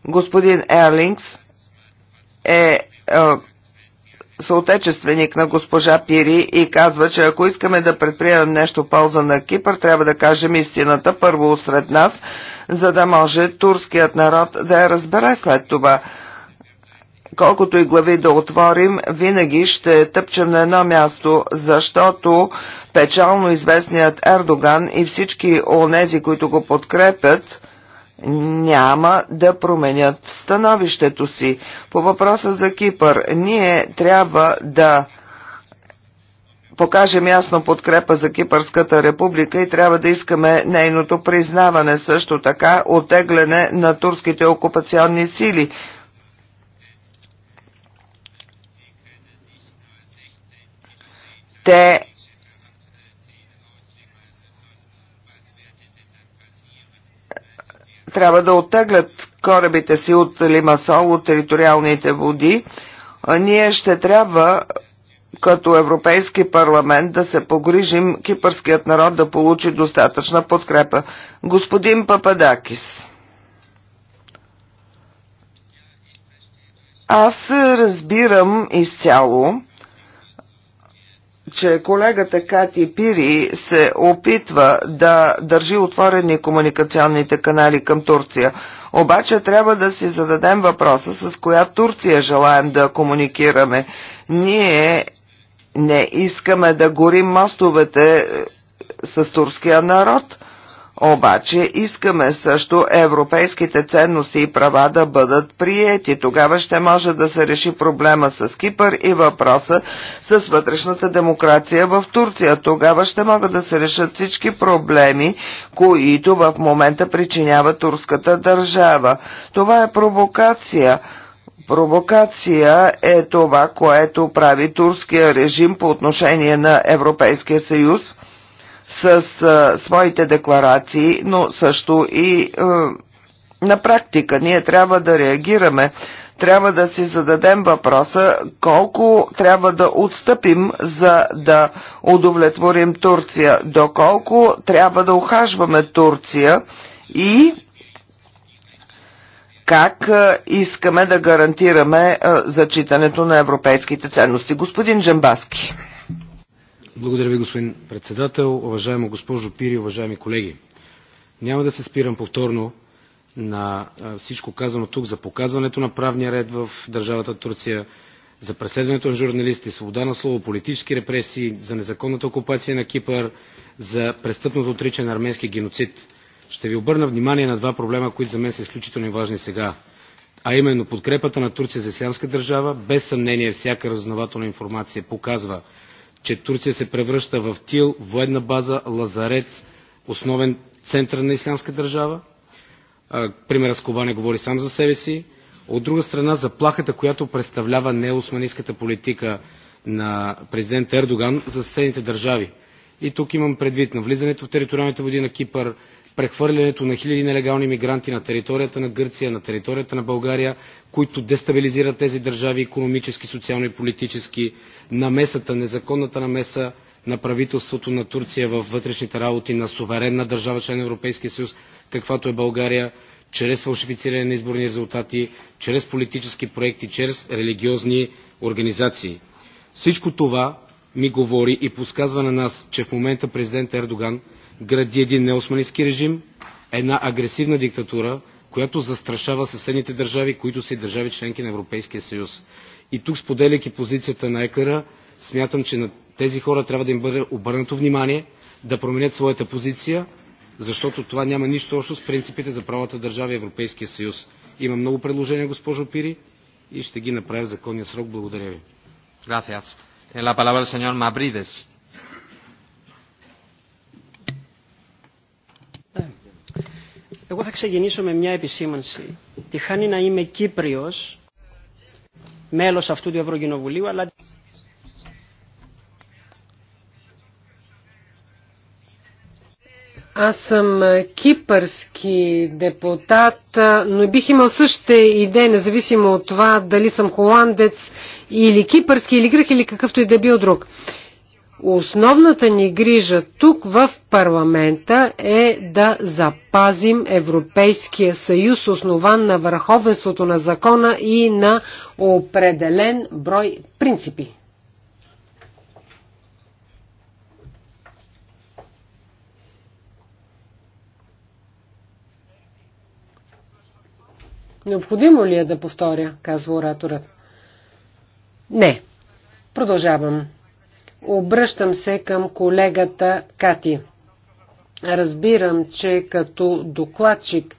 Господин Ерлингс е, е съотечественик на госпожа Пири и казва, че ако искаме да предприемем нещо полза на Кипър, трябва да кажем истината първо сред нас, за да може турският народ да я разбере след това. Колкото и глави да отворим, винаги ще тъпчем на едно място, защото печално известният Ердоган и всички онези, които го подкрепят – няма да променят становището си. По въпроса за Кипър, ние трябва да покажем ясно подкрепа за Кипърската република и трябва да искаме нейното признаване, също така отегляне на турските окупационни сили. Те трябва да оттеглят корабите си от Лимасол, от териториалните води, ние ще трябва като Европейски парламент да се погрижим кипърският народ да получи достатъчна подкрепа. Господин Пападакис. Аз разбирам изцяло че колегата Кати Пири се опитва да държи отворени комуникационните канали към Турция. Обаче трябва да си зададем въпроса с коя Турция желаем да комуникираме. Ние не искаме да горим мостовете е, с турския народ – обаче искаме също европейските ценности и права да бъдат приети. Тогава ще може да се реши проблема с Кипър и въпроса с вътрешната демокрация в Турция. Тогава ще могат да се решат всички проблеми, които в момента причинява турската държава. Това е провокация. Провокация е това, което прави турския режим по отношение на Европейския съюз – с а, своите декларации, но също и а, на практика ние трябва да реагираме. Трябва да си зададем въпроса колко трябва да отстъпим, за да удовлетворим Турция, доколко трябва да ухажваме Турция и как искаме да гарантираме зачитането на европейските ценности. Господин Джембаски. Благодаря ви, господин председател. Уважаема госпожо Пири, уважаеми колеги. Няма да се спирам повторно на всичко казано тук за показването на правния ред в държавата Турция, за преследването на журналисти, свобода на слово, политически репресии, за незаконната окупация на Кипър, за престъпното отричане на арменски геноцид. Ще ви обърна внимание на два проблема, които за мен са изключително важни сега. А именно подкрепата на Турция за ислямска държава, без съмнение всяка разнователна информация показва че Турция се превръща в тил, военна база, лазарет, основен център на ислямска държава. Примера с Кобане говори сам за себе си. От друга страна, заплахата, която представлява неосманистската политика на президента Ердоган за съседните държави. И тук имам предвид на влизането в териториалните води на Кипър, прехвърлянето на хиляди нелегални мигранти на територията на Гърция, на територията на България, които дестабилизират тези държави економически, социално и политически, намесата, незаконната намеса на правителството на Турция във вътрешните работи на суверенна държава, член на Европейския съюз, каквато е България, чрез фалшифициране на изборни резултати, чрез политически проекти, чрез религиозни организации. Всичко това ми говори и подсказва на нас, че в момента президент Ердоган гради един неосманистки режим, една агресивна диктатура, която застрашава съседните държави, които са и държави членки на Европейския съюз. И тук, споделяйки позицията на екара, смятам, че на тези хора трябва да им бъде обърнато внимание, да променят своята позиция, защото това няма нищо общо с принципите за правата държава и Европейския съюз. Има много предложения, госпожо Пири, и ще ги направя в законния срок. Благодаря ви. Gracias. Tiene la palabra el señor Εγώ θα ξεκινήσω με μια επισήμανση. Τυχάνει να είμαι Κύπριος, μέλος αυτού του Ευρωκοινοβουλίου, αλλά... Аз съм кипърски депутат, но бих имал същите идеи, независимо от това дали съм холандец или кипърски или грък или какъвто и да е бил друг. Основната ни грижа тук в парламента е да запазим Европейския съюз, основан на върховенството на закона и на определен брой принципи. Необходимо ли е да повторя, казва ораторът. Не. Продължавам. Обръщам се към колегата Кати. Разбирам, че като докладчик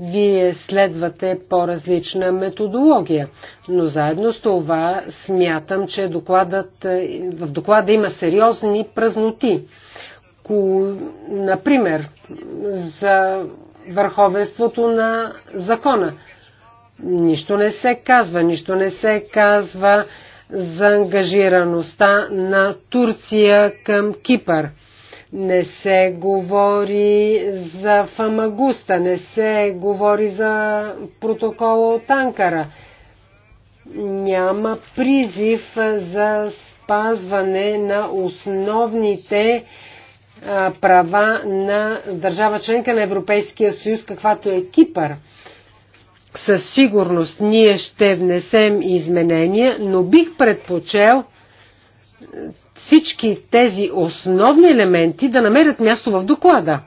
вие следвате по-различна методология, но заедно с това смятам, че докладът, в доклада има сериозни празноти. Ко, например, за върховенството на закона. Нищо не се казва, нищо не се казва за ангажираността на Турция към Кипър. Не се говори за Фамагуста, не се говори за протокола от Анкара. Няма призив за спазване на основните права на държава членка на Европейския съюз, каквато е Кипър със сигурност ние ще внесем изменения, но бих предпочел е, всички тези основни елементи да намерят място в доклада.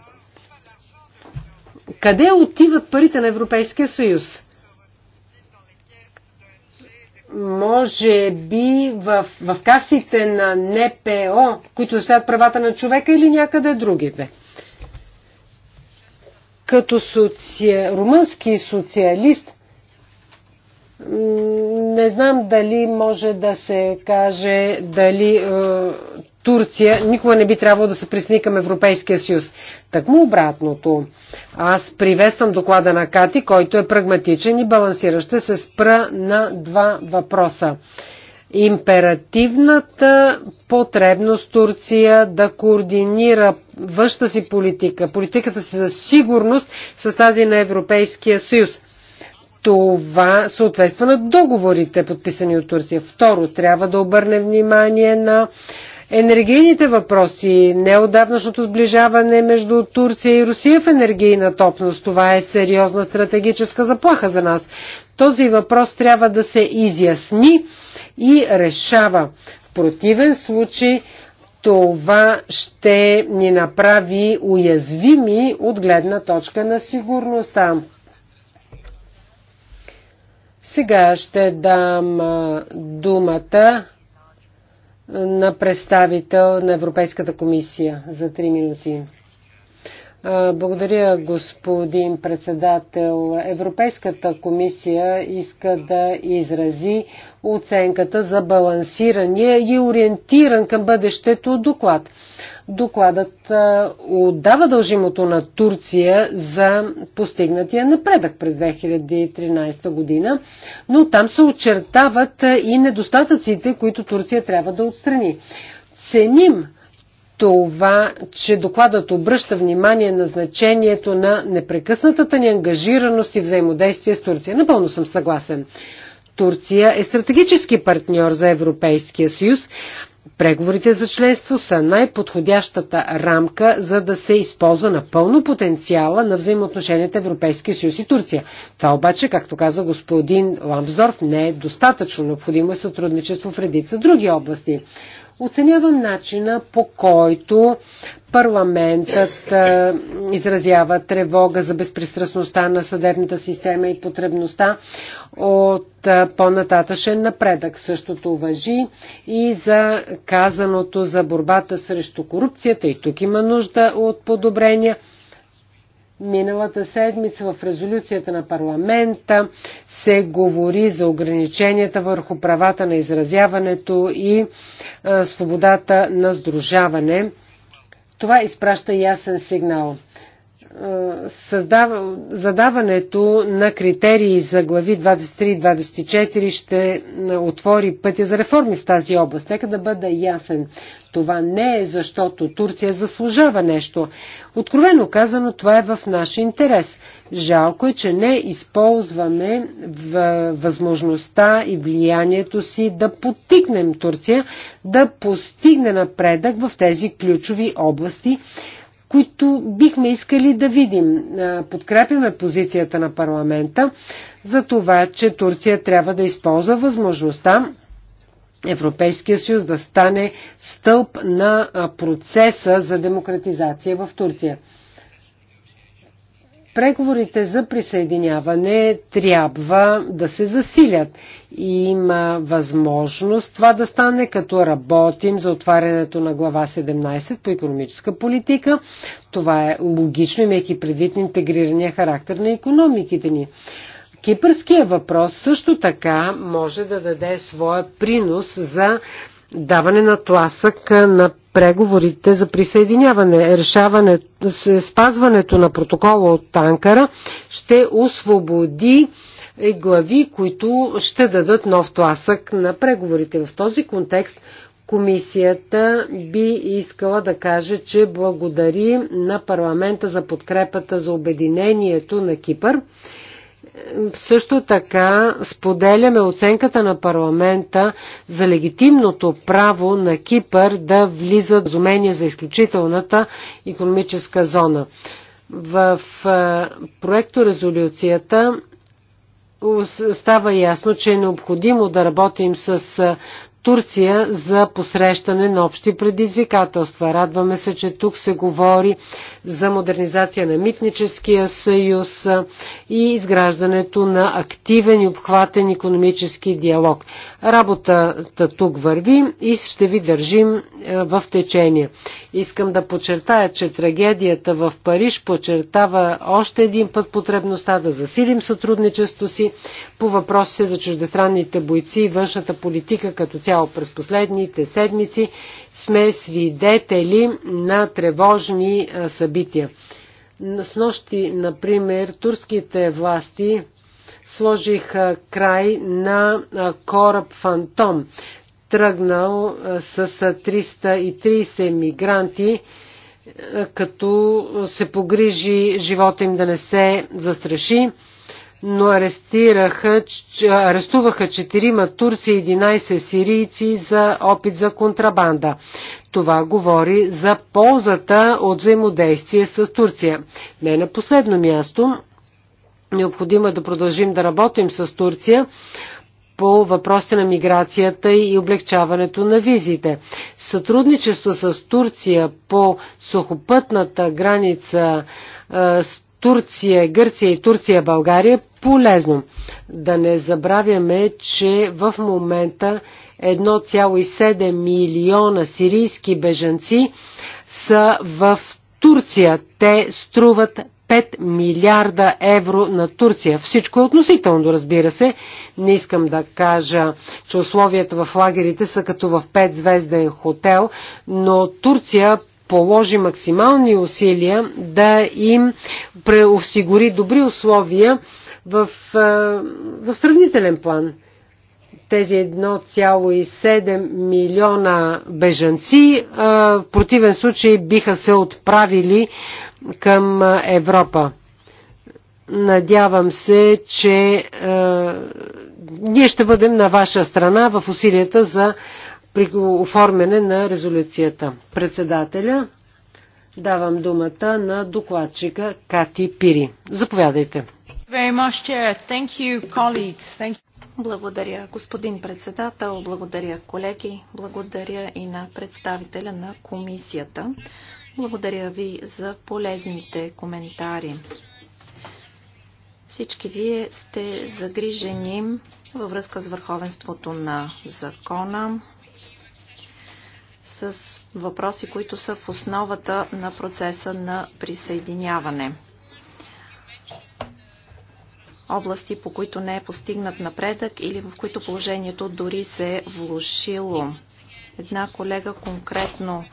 Къде отиват парите на Европейския съюз? Може би в, в касите на НПО, които заставят правата на човека или някъде другите като соци... румънски социалист, не знам дали може да се каже дали е, Турция никога не би трябвало да се присни към Европейския съюз. Так му обратното. Аз приветствам доклада на Кати, който е прагматичен и балансиращ. се спра на два въпроса императивната потребност Турция да координира външната си политика, политиката си за сигурност с тази на Европейския съюз. Това съответства на договорите, подписани от Турция. Второ, трябва да обърне внимание на енергийните въпроси, неодавнашното сближаване между Турция и Русия в енергийна топност. Това е сериозна стратегическа заплаха за нас. Този въпрос трябва да се изясни и решава. В противен случай това ще ни направи уязвими от гледна точка на сигурността. Сега ще дам думата на представител на Европейската комисия за 3 минути. Благодаря, господин председател. Европейската комисия иска да изрази оценката за балансирания и ориентиран към бъдещето доклад. Докладът отдава дължимото на Турция за постигнатия напредък през 2013 година, но там се очертават и недостатъците, които Турция трябва да отстрани. Ценим това, че докладът обръща внимание на значението на непрекъснатата ни ангажираност и взаимодействие с Турция. Напълно съм съгласен. Турция е стратегически партньор за Европейския съюз. Преговорите за членство са най-подходящата рамка, за да се използва на пълно потенциала на взаимоотношенията Европейския съюз и Турция. Това обаче, както каза господин Ламсдорф, не е достатъчно. Необходимо е сътрудничество в редица други области. Оценявам начина по който парламентът е, изразява тревога за безпристрастността на съдебната система и потребността от е, по-нататъчен напредък. Същото въжи и за казаното за борбата срещу корупцията. И тук има нужда от подобрения. Миналата седмица в резолюцията на парламента се говори за ограниченията върху правата на изразяването и е, свободата на сдружаване. Това изпраща ясен сигнал създава, задаването на критерии за глави 23 и 24 ще отвори пътя за реформи в тази област. Нека да бъда ясен. Това не е защото Турция заслужава нещо. Откровено казано, това е в наш интерес. Жалко е, че не използваме възможността и влиянието си да потикнем Турция да постигне напредък в тези ключови области, които бихме искали да видим. Е, подкрепяме позицията на парламента за това, че Турция трябва да използва възможността Европейския съюз да стане стълб на процеса за демократизация в Турция. Преговорите за присъединяване трябва да се засилят. И има възможност това да стане, като работим за отварянето на глава 17 по економическа политика. Това е логично, имайки предвид интегрирания характер на економиките ни. Кипърския въпрос също така може да даде своя принос за даване на тласък на преговорите за присъединяване. Решаване, спазването на протокола от Танкара ще освободи глави, които ще дадат нов тласък на преговорите. В този контекст комисията би искала да каже, че благодари на парламента за подкрепата за обединението на Кипър също така споделяме оценката на парламента за легитимното право на Кипър да влиза в разумение за изключителната економическа зона. В проекто резолюцията става ясно, че е необходимо да работим с Турция за посрещане на общи предизвикателства. Радваме се, че тук се говори за модернизация на митническия съюз и изграждането на активен и обхватен економически диалог. Работата тук върви и ще ви държим е, в течение. Искам да подчертая, че трагедията в Париж подчертава още един път потребността да засилим сътрудничество си по въпросите за чуждестранните бойци и външната политика като цяло през последните седмици сме свидетели на тревожни е, събития. С нощи, например, турските власти сложих край на кораб Фантом, тръгнал с 330 мигранти, като се погрижи живота им да не се застраши но арестуваха 4 турци и 11 сирийци за опит за контрабанда. Това говори за ползата от взаимодействие с Турция. Не на последно място, Необходимо е да продължим да работим с Турция по въпросите на миграцията и облегчаването на визите. Сътрудничество с Турция по сухопътната граница с Турция, Гърция и Турция, България е полезно. Да не забравяме, че в момента 1,7 милиона сирийски бежанци са в Турция. Те струват 5 милиарда евро на Турция. Всичко е относително, разбира се. Не искам да кажа, че условията в лагерите са като в 5-звезден хотел, но Турция положи максимални усилия да им преосигури добри условия в, е, в сравнителен план тези 1,7 милиона бежанци, в противен случай биха се отправили към Европа. Надявам се, че ние ще бъдем на ваша страна в усилията за оформяне на резолюцията. Председателя, давам думата на докладчика Кати Пири. Заповядайте. Благодаря, господин председател, благодаря, колеги, благодаря и на представителя на комисията. Благодаря ви за полезните коментари. Всички вие сте загрижени във връзка с върховенството на закона, с въпроси, които са в основата на процеса на присъединяване области, по които не е постигнат напредък или в които положението дори се е влушило. Една колега конкретно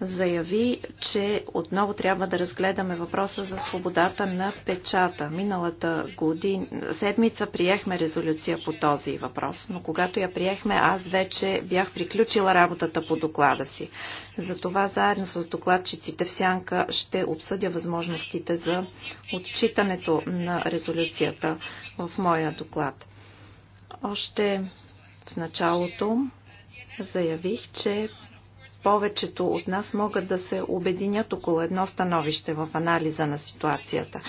заяви, че отново трябва да разгледаме въпроса за свободата на печата. Миналата година, седмица приехме резолюция по този въпрос, но когато я приехме, аз вече бях приключила работата по доклада си. Затова заедно с докладчиците в Сянка ще обсъдя възможностите за отчитането на резолюцията в моя доклад. Още в началото заявих, че повечето от нас могат да се обединят около едно становище в анализа на ситуацията.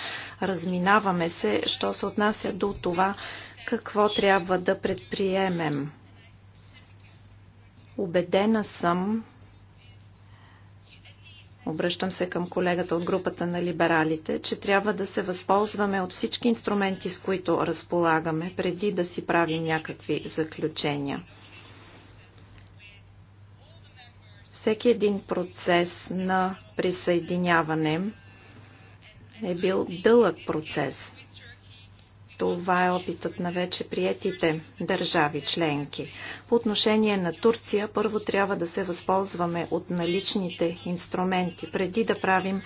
Разминаваме се, що се отнася до това какво трябва да предприемем. Обедена съм, обръщам се към колегата от групата на либералите, че трябва да се възползваме от всички инструменти, с които разполагаме, преди да си правим някакви заключения. Всеки един процес на присъединяване е бил дълъг процес. Това е опитът на вече приетите държави членки. По отношение на Турция, първо трябва да се възползваме от наличните инструменти, преди да правим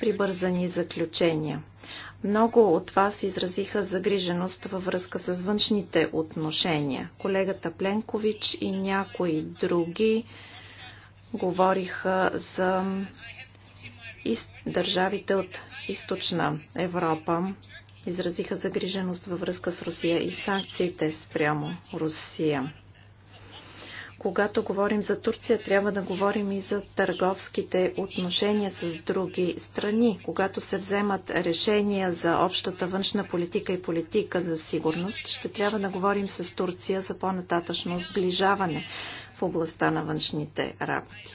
прибързани заключения. Много от вас изразиха загриженост във връзка с външните отношения. Колегата Пленкович и някои други говориха за държавите от източна Европа. Изразиха загриженост във връзка с Русия и санкциите спрямо Русия. Когато говорим за Турция, трябва да говорим и за търговските отношения с други страни. Когато се вземат решения за общата външна политика и политика за сигурност, ще трябва да говорим с Турция за по-нататъчно сближаване в областта на външните работи.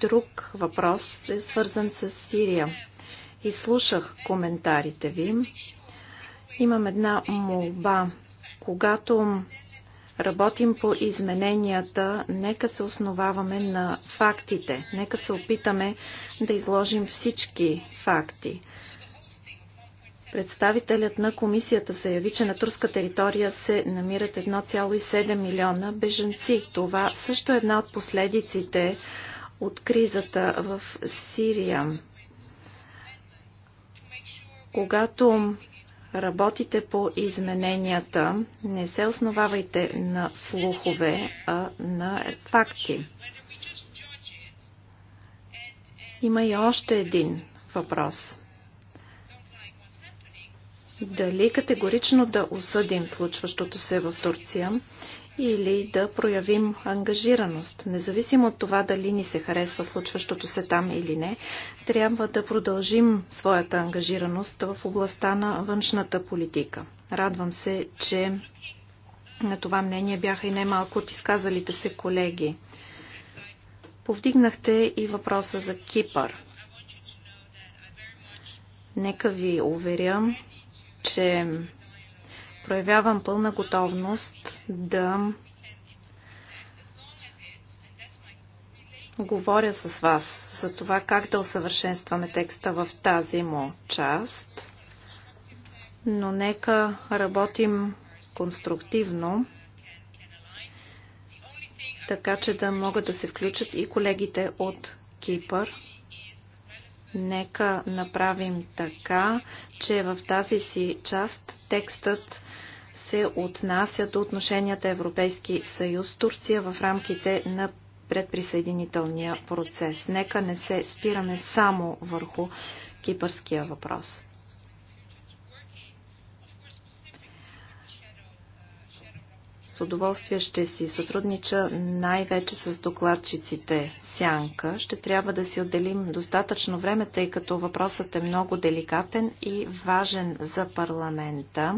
Друг въпрос е свързан с Сирия. Изслушах коментарите ви. Имам една молба. Когато работим по измененията, нека се основаваме на фактите. Нека се опитаме да изложим всички факти. Представителят на комисията се яви, че на турска територия се намират 1,7 милиона беженци. Това също е една от последиците от кризата в Сирия. Когато работите по измененията, не се основавайте на слухове, а на факти. Има и още един въпрос – дали категорично да осъдим случващото се в Турция или да проявим ангажираност. Независимо от това дали ни се харесва случващото се там или не, трябва да продължим своята ангажираност в областта на външната политика. Радвам се, че на това мнение бяха и немалко от изказалите се колеги. Повдигнахте и въпроса за Кипър. Нека ви уверя, че проявявам пълна готовност да говоря с вас за това как да усъвършенстваме текста в тази му част, но нека работим конструктивно, така че да могат да се включат и колегите от Кипър Нека направим така, че в тази си част текстът се отнася до отношенията Европейски съюз Турция в рамките на предприсъединителния процес. Нека не се спираме само върху кипърския въпрос. удоволствие ще си сътруднича най-вече с докладчиците Сянка. Ще трябва да си отделим достатъчно време, тъй като въпросът е много деликатен и важен за парламента.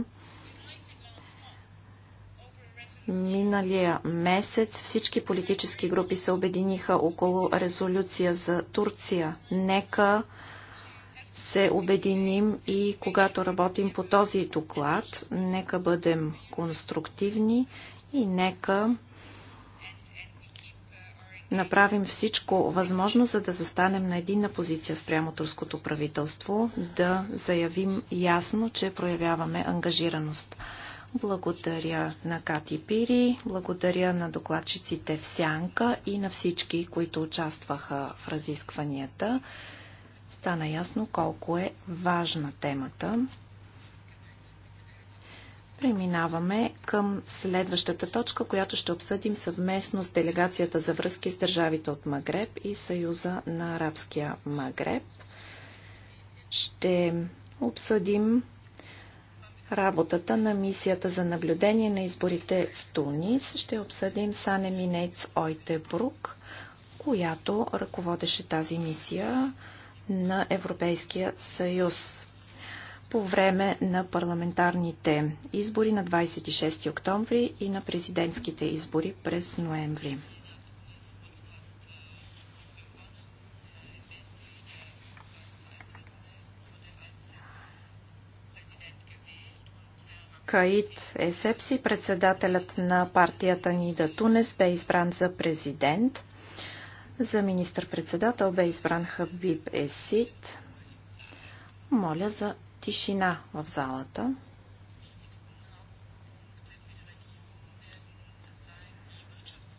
Миналия месец всички политически групи се обединиха около резолюция за Турция. Нека се обединим и когато работим по този доклад, нека бъдем конструктивни и нека направим всичко възможно, за да застанем на единна позиция спрямо турското правителство, да заявим ясно, че проявяваме ангажираност. Благодаря на Кати Пири, благодаря на докладчиците в Сянка и на всички, които участваха в разискванията. Стана ясно колко е важна темата. Преминаваме към следващата точка, която ще обсъдим съвместно с делегацията за връзки с държавите от Магреб и Съюза на арабския Магреб. Ще обсъдим работата на мисията за наблюдение на изборите в Тунис. Ще обсъдим Сане Минец Ойтебрук, която ръководеше тази мисия на Европейския съюз по време на парламентарните избори на 26 октомври и на президентските избори през ноември. Каид Есепси, председателят на партията Нида Тунес, бе избран за президент. За министър-председател бе избран Хабиб Есид. Моля за Тишина в залата.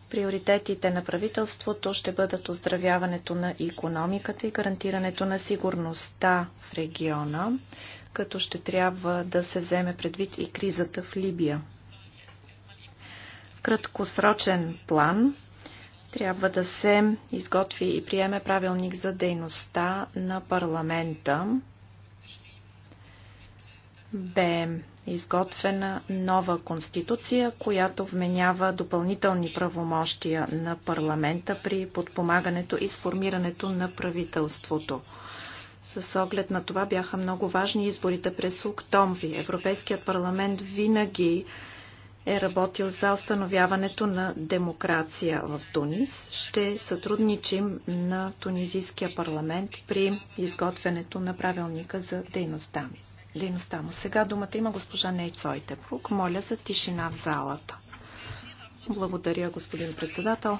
Приоритетите на правителството ще бъдат оздравяването на економиката и гарантирането на сигурността в региона, като ще трябва да се вземе предвид и кризата в Либия. В краткосрочен план трябва да се изготви и приеме правилник за дейността на парламента бе изготвена нова конституция, която вменява допълнителни правомощия на парламента при подпомагането и сформирането на правителството. С оглед на това бяха много важни изборите през октомври. Европейският парламент винаги е работил за установяването на демокрация в Тунис. Ще сътрудничим на тунизийския парламент при изготвянето на правилника за дейността ми дейността му. Сега думата има госпожа Нейцойтебрук. Моля за тишина в залата. Благодаря, господин председател.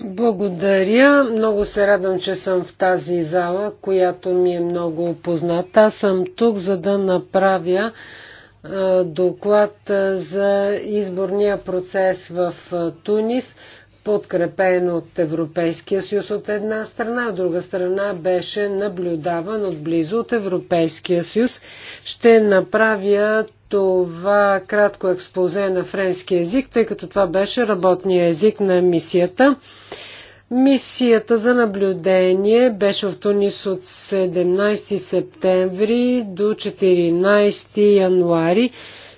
Благодаря. Много се радвам, че съм в тази зала, която ми е много позната. Аз съм тук, за да направя доклад за изборния процес в Тунис подкрепен от Европейския съюз от една страна, от друга страна беше наблюдаван отблизо от Европейския съюз. Ще направя това кратко експозе на френски език, тъй като това беше работния език на мисията. Мисията за наблюдение беше в Тунис от 17 септември до 14 януари.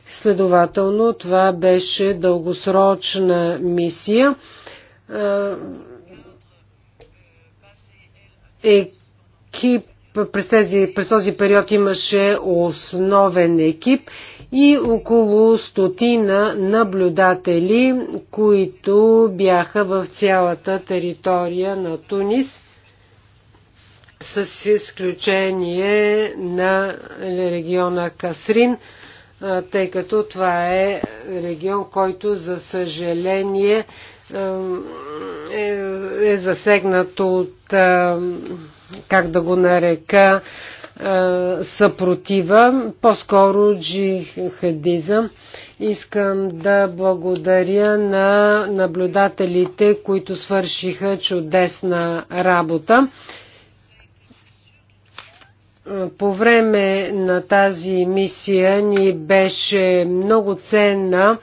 Следователно, това беше дългосрочна мисия е, екип през, тези, през този период имаше основен екип и около стотина наблюдатели, които бяха в цялата територия на Тунис, с изключение на региона Касрин, тъй като това е регион, който за съжаление е, е засегнат от, е, как да го нарека, е, съпротива, по-скоро джихадизъм. Искам да благодаря на наблюдателите, които свършиха чудесна работа. По време на тази мисия ни беше много ценна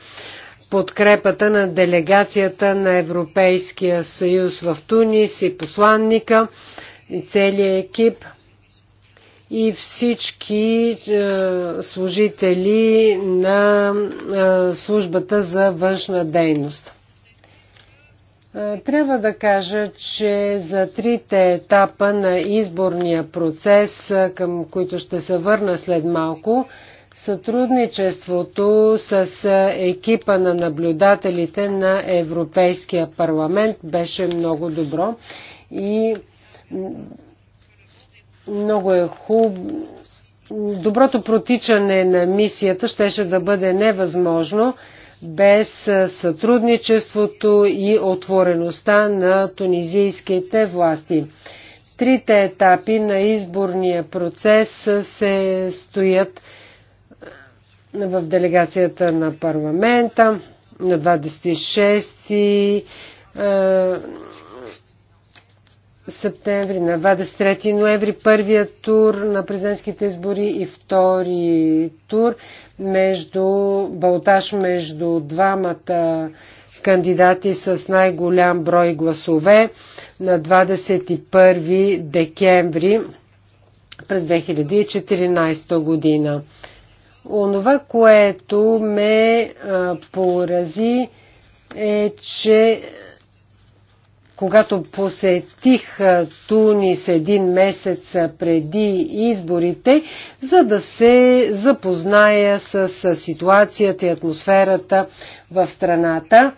подкрепата на делегацията на Европейския съюз в Тунис и посланника и целият екип и всички е, служители на е, службата за външна дейност. Е, трябва да кажа, че за трите етапа на изборния процес, е, към които ще се върна след малко, Сътрудничеството с екипа на наблюдателите на Европейския парламент беше много добро и много е хубаво. Доброто протичане на мисията щеше да бъде невъзможно без сътрудничеството и отвореността на тунизийските власти. Трите етапи на изборния процес се стоят в делегацията на парламента на 26 септември, на 23 ноември, първия тур на президентските избори и втори тур между балтаж между двамата кандидати с най-голям брой гласове на 21 декември през 2014 година. Онова, което ме порази е, че когато посетих Тунис един месец преди изборите, за да се запозная с ситуацията и атмосферата в страната.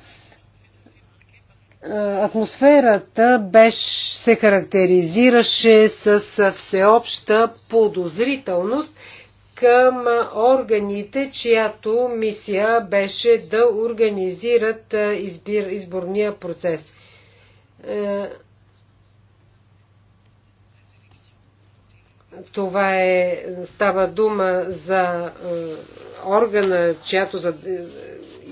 Атмосферата беше, се характеризираше с всеобща подозрителност към органите, чиято мисия беше да организират избир, изборния процес. Е, това е, става дума за е, органа, чиято е,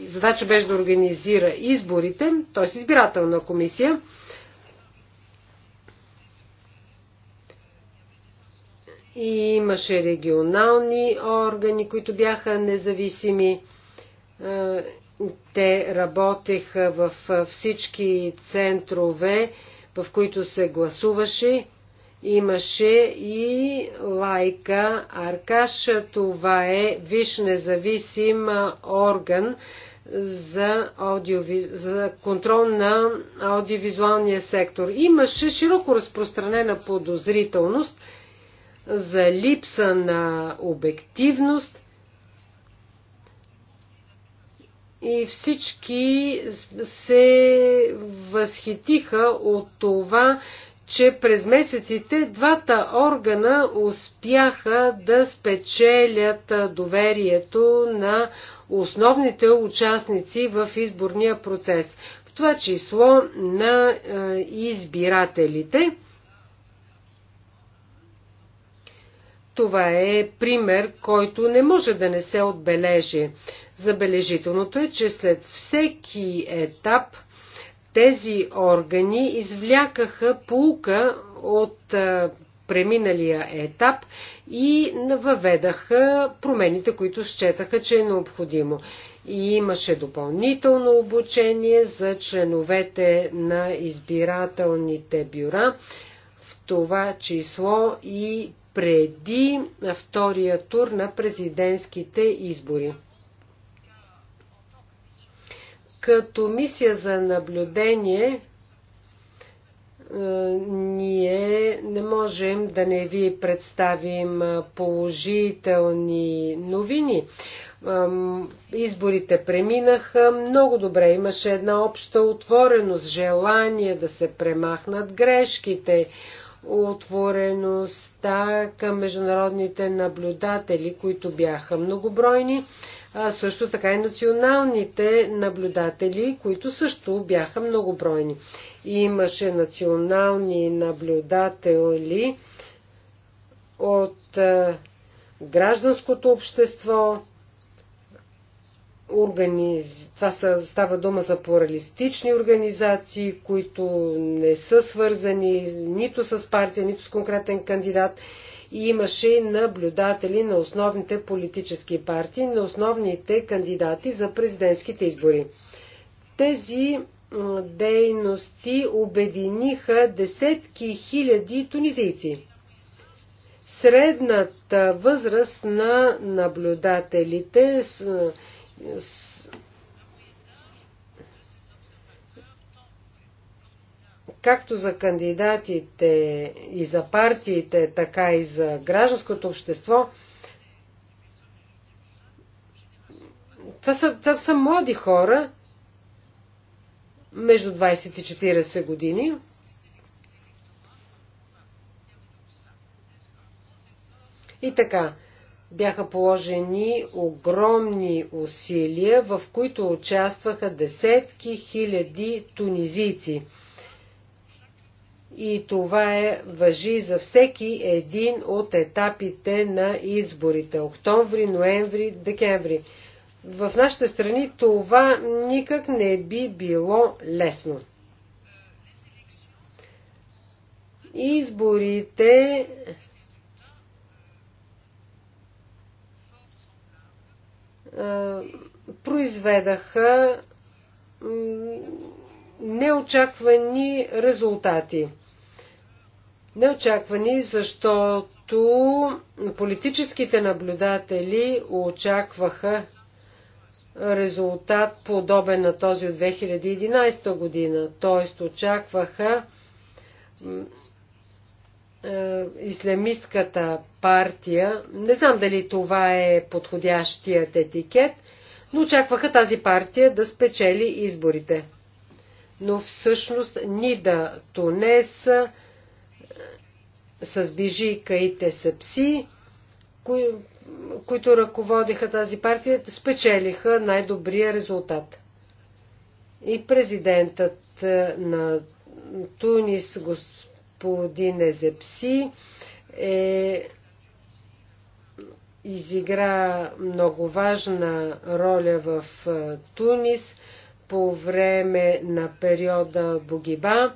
задача беше да организира изборите, т.е. избирателна комисия. И имаше регионални органи, които бяха независими. Те работеха в всички центрове, в които се гласуваше. Имаше и лайка Аркаш. Това е виш независим орган за, аудиови... за контрол на аудиовизуалния сектор. Имаше широко разпространена подозрителност – за липса на обективност и всички се възхитиха от това, че през месеците двата органа успяха да спечелят доверието на основните участници в изборния процес, в това число на е, избирателите. Това е пример, който не може да не се отбележи. Забележителното е, че след всеки етап тези органи извлякаха полука от преминалия етап и въведаха промените, които счетаха, че е необходимо. И имаше допълнително обучение за членовете на избирателните бюра, в това число и преди втория тур на президентските избори. Като мисия за наблюдение е, ние не можем да не ви представим положителни новини. Изборите преминаха много добре. Имаше една обща отвореност, желание да се премахнат грешките, отвореността към международните наблюдатели, които бяха многобройни, а също така и националните наблюдатели, които също бяха многобройни. Имаше национални наблюдатели от гражданското общество, органи, Това са, става дума за плуралистични организации, които не са свързани нито с партия, нито с конкретен кандидат. И имаше и наблюдатели на основните политически партии, на основните кандидати за президентските избори. Тези дейности обединиха десетки хиляди тунизийци. Средната възраст на наблюдателите с както за кандидатите и за партиите, така и за гражданското общество, това са, това са млади хора, между 20 и 40 години. И така, бяха положени огромни усилия, в които участваха десетки хиляди тунизийци. И това е въжи за всеки един от етапите на изборите. Октомври, ноември, декември. В нашите страни това никак не би било лесно. Изборите Е, произведаха неочаквани резултати. Неочаквани, защото политическите наблюдатели очакваха резултат подобен на този от 2011 година, т.е. очакваха е, ислямистката партия, не знам дали това е подходящият етикет, но очакваха тази партия да спечели изборите. Но всъщност Нида Тунес е, с Бижи Каите съпси, кои, които ръководиха тази партия, спечелиха най-добрия резултат. И президентът е, на Тунис, господин господин Езепси е изигра много важна роля в Тунис по време на периода Богиба.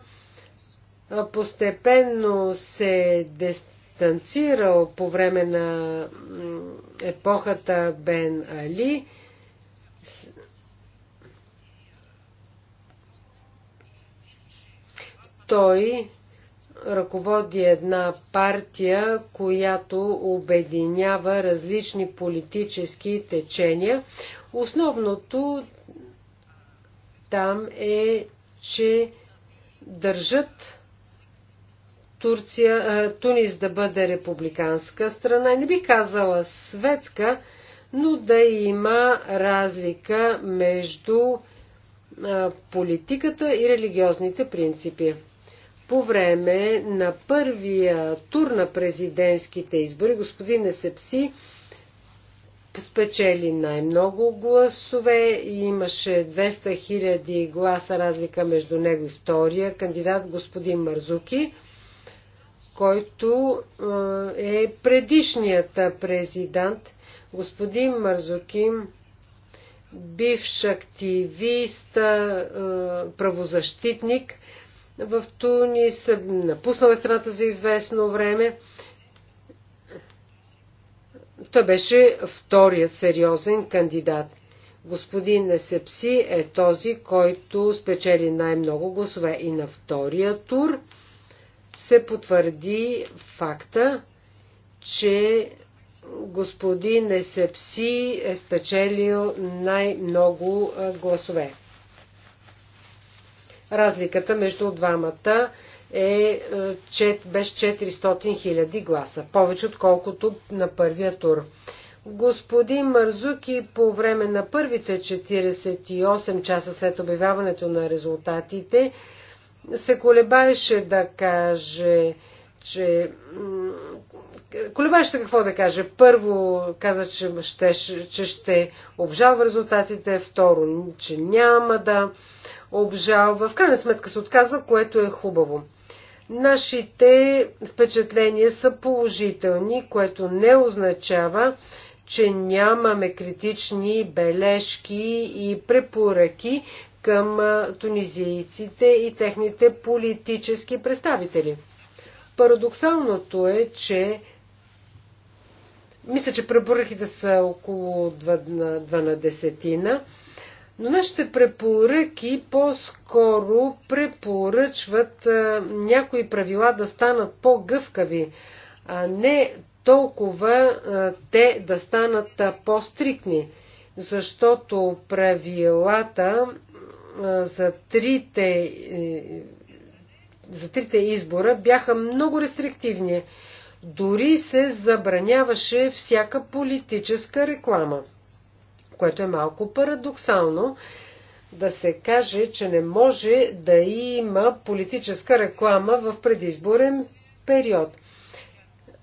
Постепенно се дистанцирал по време на епохата Бен Али. Той ръководи една партия, която обединява различни политически течения. Основното там е, че държат Турция, Тунис да бъде републиканска страна. Не би казала светска, но да има разлика между политиката и религиозните принципи. По време на първия тур на президентските избори господин Есепси спечели най-много гласове и имаше 200 000 гласа разлика между него и втория кандидат господин Марзуки, който е предишният президент. Господин Марзуки, бивш активист, правозащитник, в Тунис, напуснал е страната за известно време. Той беше вторият сериозен кандидат. Господин Несепси е този, който спечели най-много гласове и на втория тур се потвърди факта, че господин Несепси е спечелил най-много гласове. Разликата между двамата е, е без 400 000 гласа, повече отколкото на първия тур. Господин Марзуки по време на първите 48 часа след обявяването на резултатите се колебаеше да каже, че... Колебаеше какво да каже. Първо каза, че ще, че ще обжалва резултатите, второ, че няма да обжалва. В крайна сметка се отказва, което е хубаво. Нашите впечатления са положителни, което не означава, че нямаме критични бележки и препоръки към тунизийците и техните политически представители. Парадоксалното е, че мисля, че препоръките са около 2 на десетина. Но нашите препоръки по-скоро препоръчват а, някои правила да станат по-гъвкави, а не толкова а, те да станат по-стрикни, защото правилата а, за трите. А, за трите избора бяха много рестриктивни. Дори се забраняваше всяка политическа реклама което е малко парадоксално да се каже, че не може да има политическа реклама в предизборен период.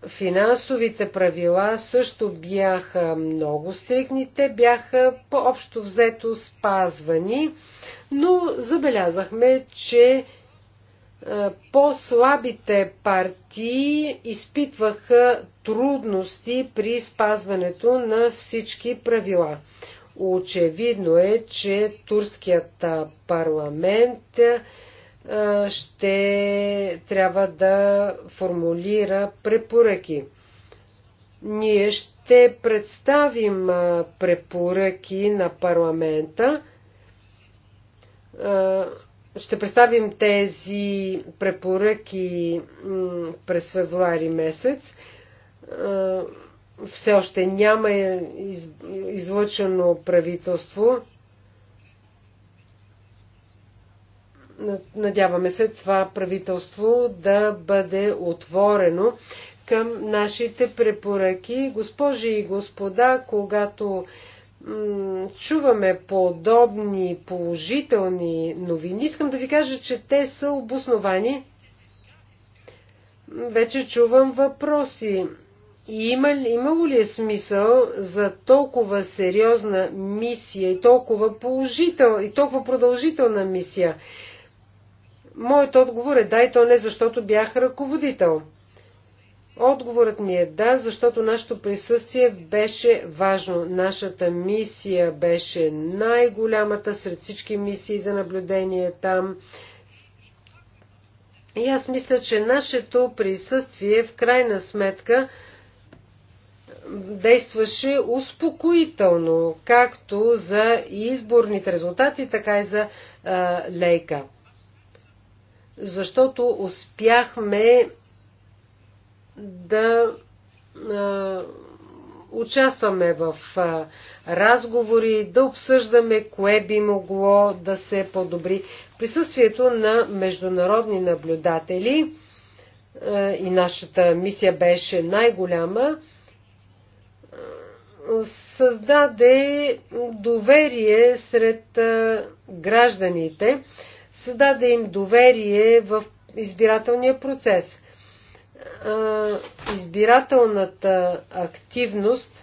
Финансовите правила също бяха много стрикни, те бяха по-общо взето спазвани, но забелязахме, че е, по-слабите партии изпитваха трудности при спазването на всички правила. Очевидно е, че турският парламент ще трябва да формулира препоръки. Ние ще представим препоръки на парламента ще представим тези препоръки през февруари месец. Все още няма излъчено правителство. Надяваме се това правителство да бъде отворено към нашите препоръки. Госпожи и господа, когато чуваме подобни положителни новини, искам да ви кажа, че те са обосновани. Вече чувам въпроси. И има, имало ли е смисъл за толкова сериозна мисия и толкова, положител, и толкова продължителна мисия? Моят отговор е да и то не, защото бях ръководител – Отговорът ми е да, защото нашето присъствие беше важно. Нашата мисия беше най-голямата сред всички мисии за наблюдение там. И аз мисля, че нашето присъствие в крайна сметка действаше успокоително, както за изборните резултати, така и за а, лейка. Защото успяхме да а, участваме в а, разговори, да обсъждаме кое би могло да се подобри. Присъствието на международни наблюдатели а, и нашата мисия беше най-голяма създаде доверие сред гражданите, създаде им доверие в избирателния процес избирателната активност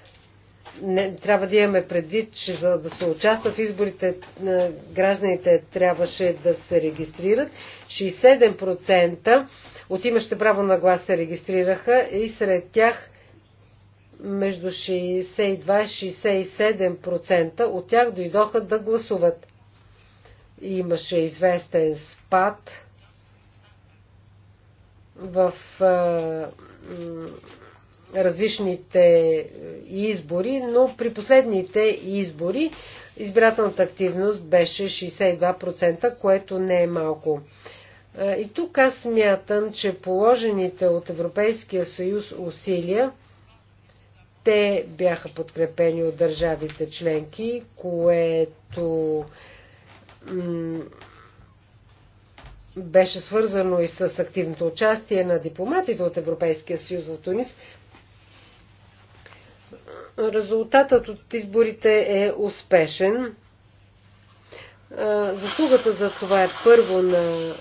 не, трябва да имаме предвид, че за да се участва в изборите гражданите трябваше да се регистрират. 67% от имащите право на глас се регистрираха и сред тях между 62-67% от тях дойдоха да гласуват. Имаше известен спад в различните избори, но при последните избори избирателната активност беше 62%, което не е малко. И тук аз смятам, че положените от Европейския съюз усилия, те бяха подкрепени от държавите членки, което беше свързано и с активното участие на дипломатите от Европейския съюз в Тунис. Резултатът от изборите е успешен. Заслугата за това е първо на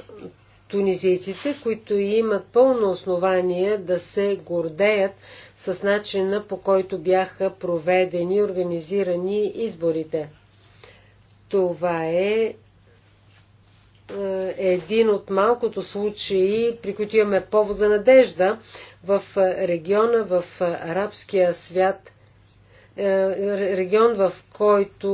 тунизийците, които имат пълно основание да се гордеят с начина по който бяха проведени и организирани изборите. Това е е един от малкото случаи, при които имаме повод за надежда в е, региона, в е, арабския свят, е, регион, в който,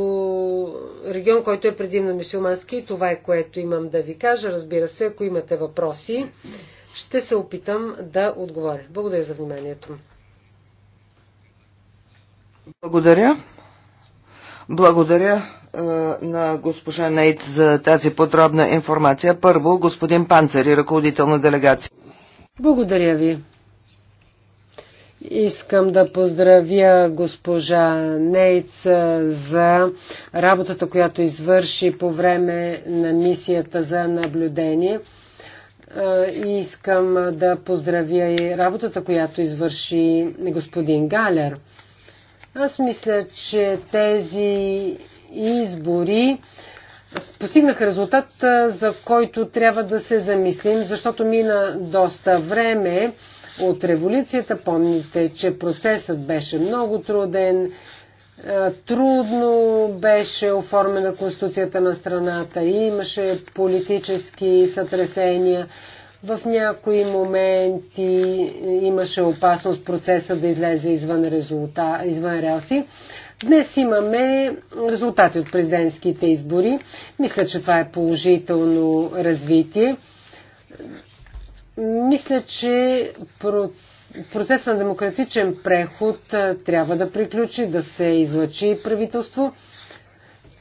регион, който е предимно мусулмански. Това е което имам да ви кажа. Разбира се, ако имате въпроси, ще се опитам да отговоря. Благодаря за вниманието. Благодаря. Благодаря е, на госпожа Нейт за тази подробна информация. Първо, господин и ръководител на делегация. Благодаря ви. Искам да поздравя госпожа Нейц за работата, която извърши по време на мисията за наблюдение. Е, искам да поздравя и работата, която извърши господин Галер. Аз мисля, че тези избори постигнаха резултат, за който трябва да се замислим, защото мина доста време от революцията. Помните, че процесът беше много труден, трудно беше оформена конституцията на страната, имаше политически сътресения. В някои моменти имаше опасност процеса да излезе извън, резулта, извън релси. Днес имаме резултати от президентските избори. Мисля, че това е положително развитие. Мисля, че процес на демократичен преход трябва да приключи, да се излъчи правителство.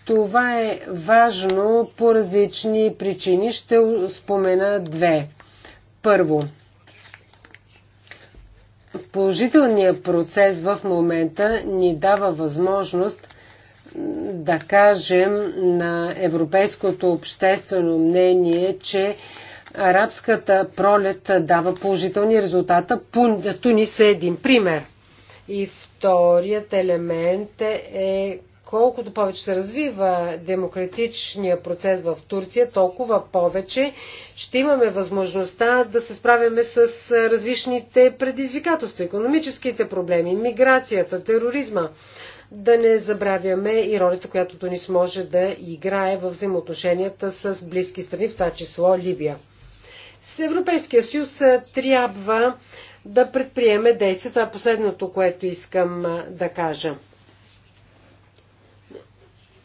Това е важно по различни причини. Ще спомена две. Първо, положителният процес в момента ни дава възможност да кажем на европейското обществено мнение, че арабската пролет дава положителни резултата. Тунис е един пример. И вторият елемент е колкото повече се развива демократичния процес в Турция, толкова повече ще имаме възможността да се справяме с различните предизвикателства, економическите проблеми, миграцията, тероризма. Да не забравяме и ролята, която Тунис може да играе в взаимоотношенията с близки страни, в това число Либия. С Европейския съюз трябва да предприеме действия. Това е последното, което искам да кажа.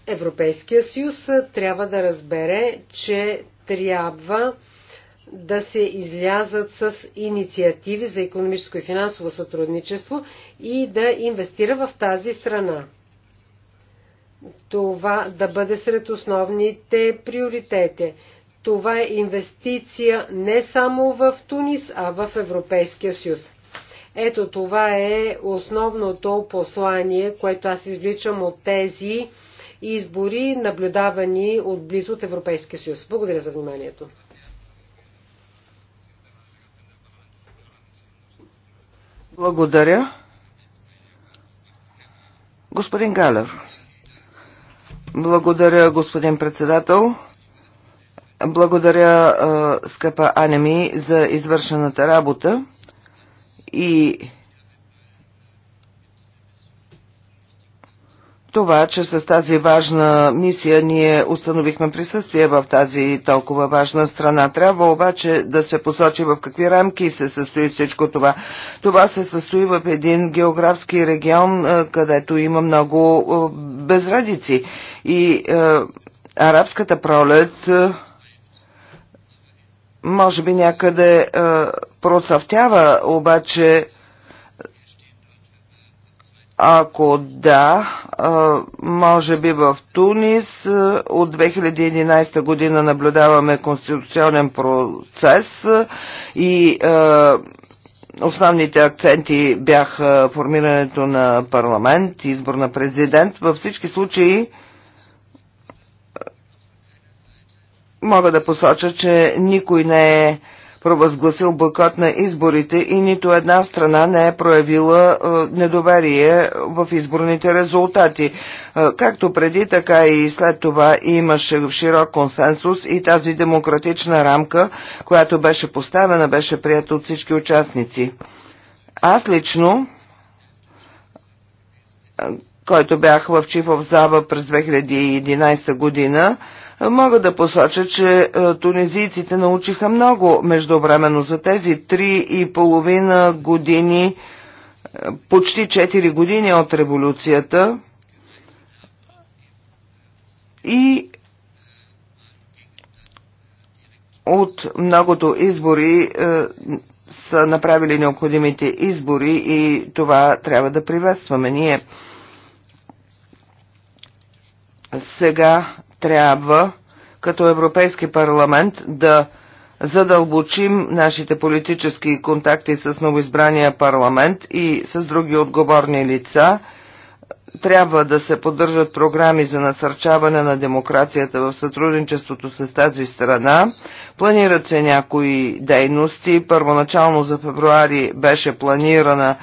Европейския съюз трябва да разбере, че трябва да се излязат с инициативи за економическо и финансово сътрудничество и да инвестира в тази страна. Това да бъде сред основните приоритети. Това е инвестиция не само в Тунис, а в Европейския съюз. Ето това е основното послание, което аз извличам от тези избори, наблюдавани от близо от Европейския съюз. Благодаря за вниманието. Благодаря. Господин Галер. Благодаря, господин председател. Благодаря, скъпа Анеми, за извършената работа и това, че с тази важна мисия ние установихме присъствие в тази толкова важна страна. Трябва обаче да се посочи в какви рамки се състои всичко това. Това се състои в един географски регион, е, където има много е, безредици. И е, арабската пролет е, може би някъде е, процъфтява, обаче ако да, може би в Тунис от 2011 година наблюдаваме конституционен процес и основните акценти бяха формирането на парламент, избор на президент. Във всички случаи мога да посоча, че никой не е провъзгласил бойкот на изборите и нито една страна не е проявила е, недоверие в изборните резултати. Е, както преди, така и след това имаше широк консенсус и тази демократична рамка, която беше поставена, беше прията от всички участници. Аз лично е, който бях в Чифов Зава през 2011 година, Мога да посоча, че е, тунезийците научиха много междувременно за тези три и половина години, е, почти 4 години от революцията и от многото избори е, са направили необходимите избори и това трябва да приветстваме. Ние сега трябва като Европейски парламент да задълбочим нашите политически контакти с новоизбрания парламент и с други отговорни лица. Трябва да се поддържат програми за насърчаване на демокрацията в сътрудничеството с тази страна. Планират се някои дейности. Първоначално за февруари беше планирана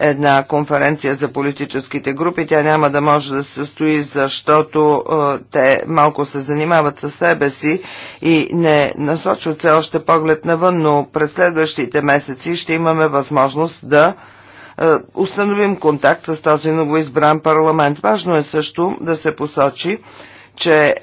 една конференция за политическите групи. Тя няма да може да се състои, защото е, те малко се занимават със себе си и не насочват все още поглед навън, но през следващите месеци ще имаме възможност да е, установим контакт с този новоизбран парламент. Важно е също да се посочи, че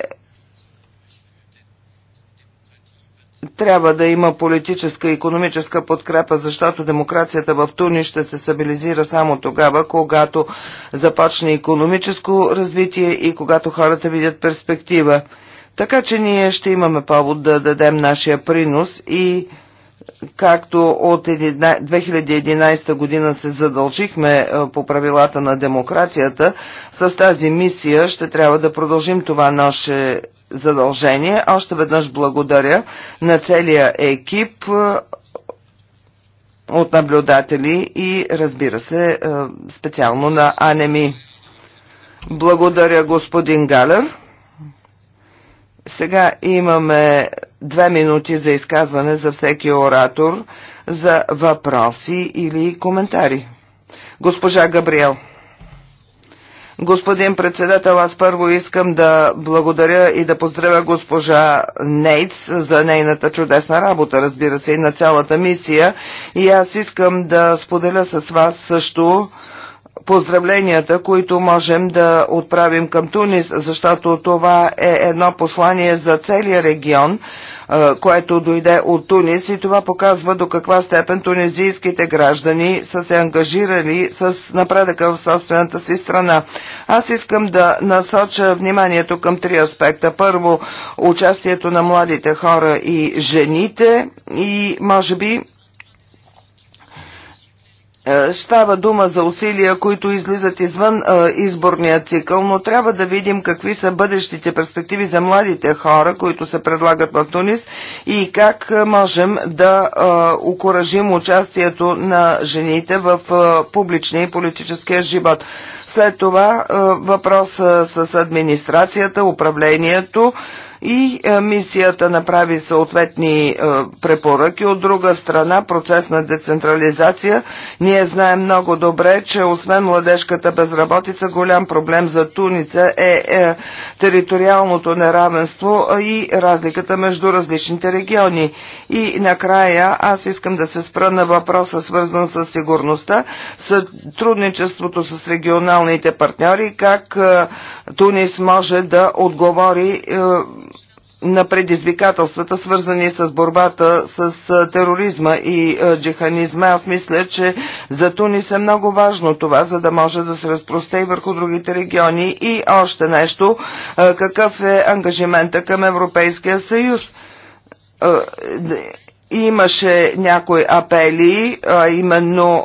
трябва да има политическа и економическа подкрепа, защото демокрацията в Туни ще се стабилизира само тогава, когато започне економическо развитие и когато хората видят перспектива. Така че ние ще имаме повод да дадем нашия принос и както от 2011 година се задължихме е, по правилата на демокрацията, с тази мисия ще трябва да продължим това наше задължение. Още веднъж благодаря на целия екип е, от наблюдатели и разбира се е, специално на Анеми. Благодаря господин Галер. Сега имаме две минути за изказване за всеки оратор за въпроси или коментари. Госпожа Габриел. Господин председател, аз първо искам да благодаря и да поздравя госпожа Нейц за нейната чудесна работа, разбира се, и на цялата мисия. И аз искам да споделя с вас също поздравленията, които можем да отправим към Тунис, защото това е едно послание за целия регион – което дойде от Тунис и това показва до каква степен тунизийските граждани са се ангажирали с напредъка в собствената си страна. Аз искам да насоча вниманието към три аспекта. Първо, участието на младите хора и жените и може би е, става дума за усилия, които излизат извън а, е, изборния цикъл, но трябва да видим какви са бъдещите перспективи за младите хора, които се предлагат в Тунис и как е, можем да а, укоражим участието на жените в а, публичния и политическия живот. След това а, въпрос а, с администрацията, управлението. А, и е, мисията направи съответни е, препоръки. От друга страна, процес на децентрализация. Ние знаем много добре, че освен младежката безработица, голям проблем за Туница е, е, териториалното неравенство и разликата между различните региони. И накрая аз искам да се спра на въпроса, свързан с сигурността, сътрудничеството с регионалните партньори, как Тунис може да отговори на предизвикателствата, свързани с борбата с тероризма и джиханизма. Аз мисля, че за Тунис е много важно това, за да може да се разпросте и върху другите региони. И още нещо, какъв е ангажимента към Европейския съюз? имаше някои апели, а именно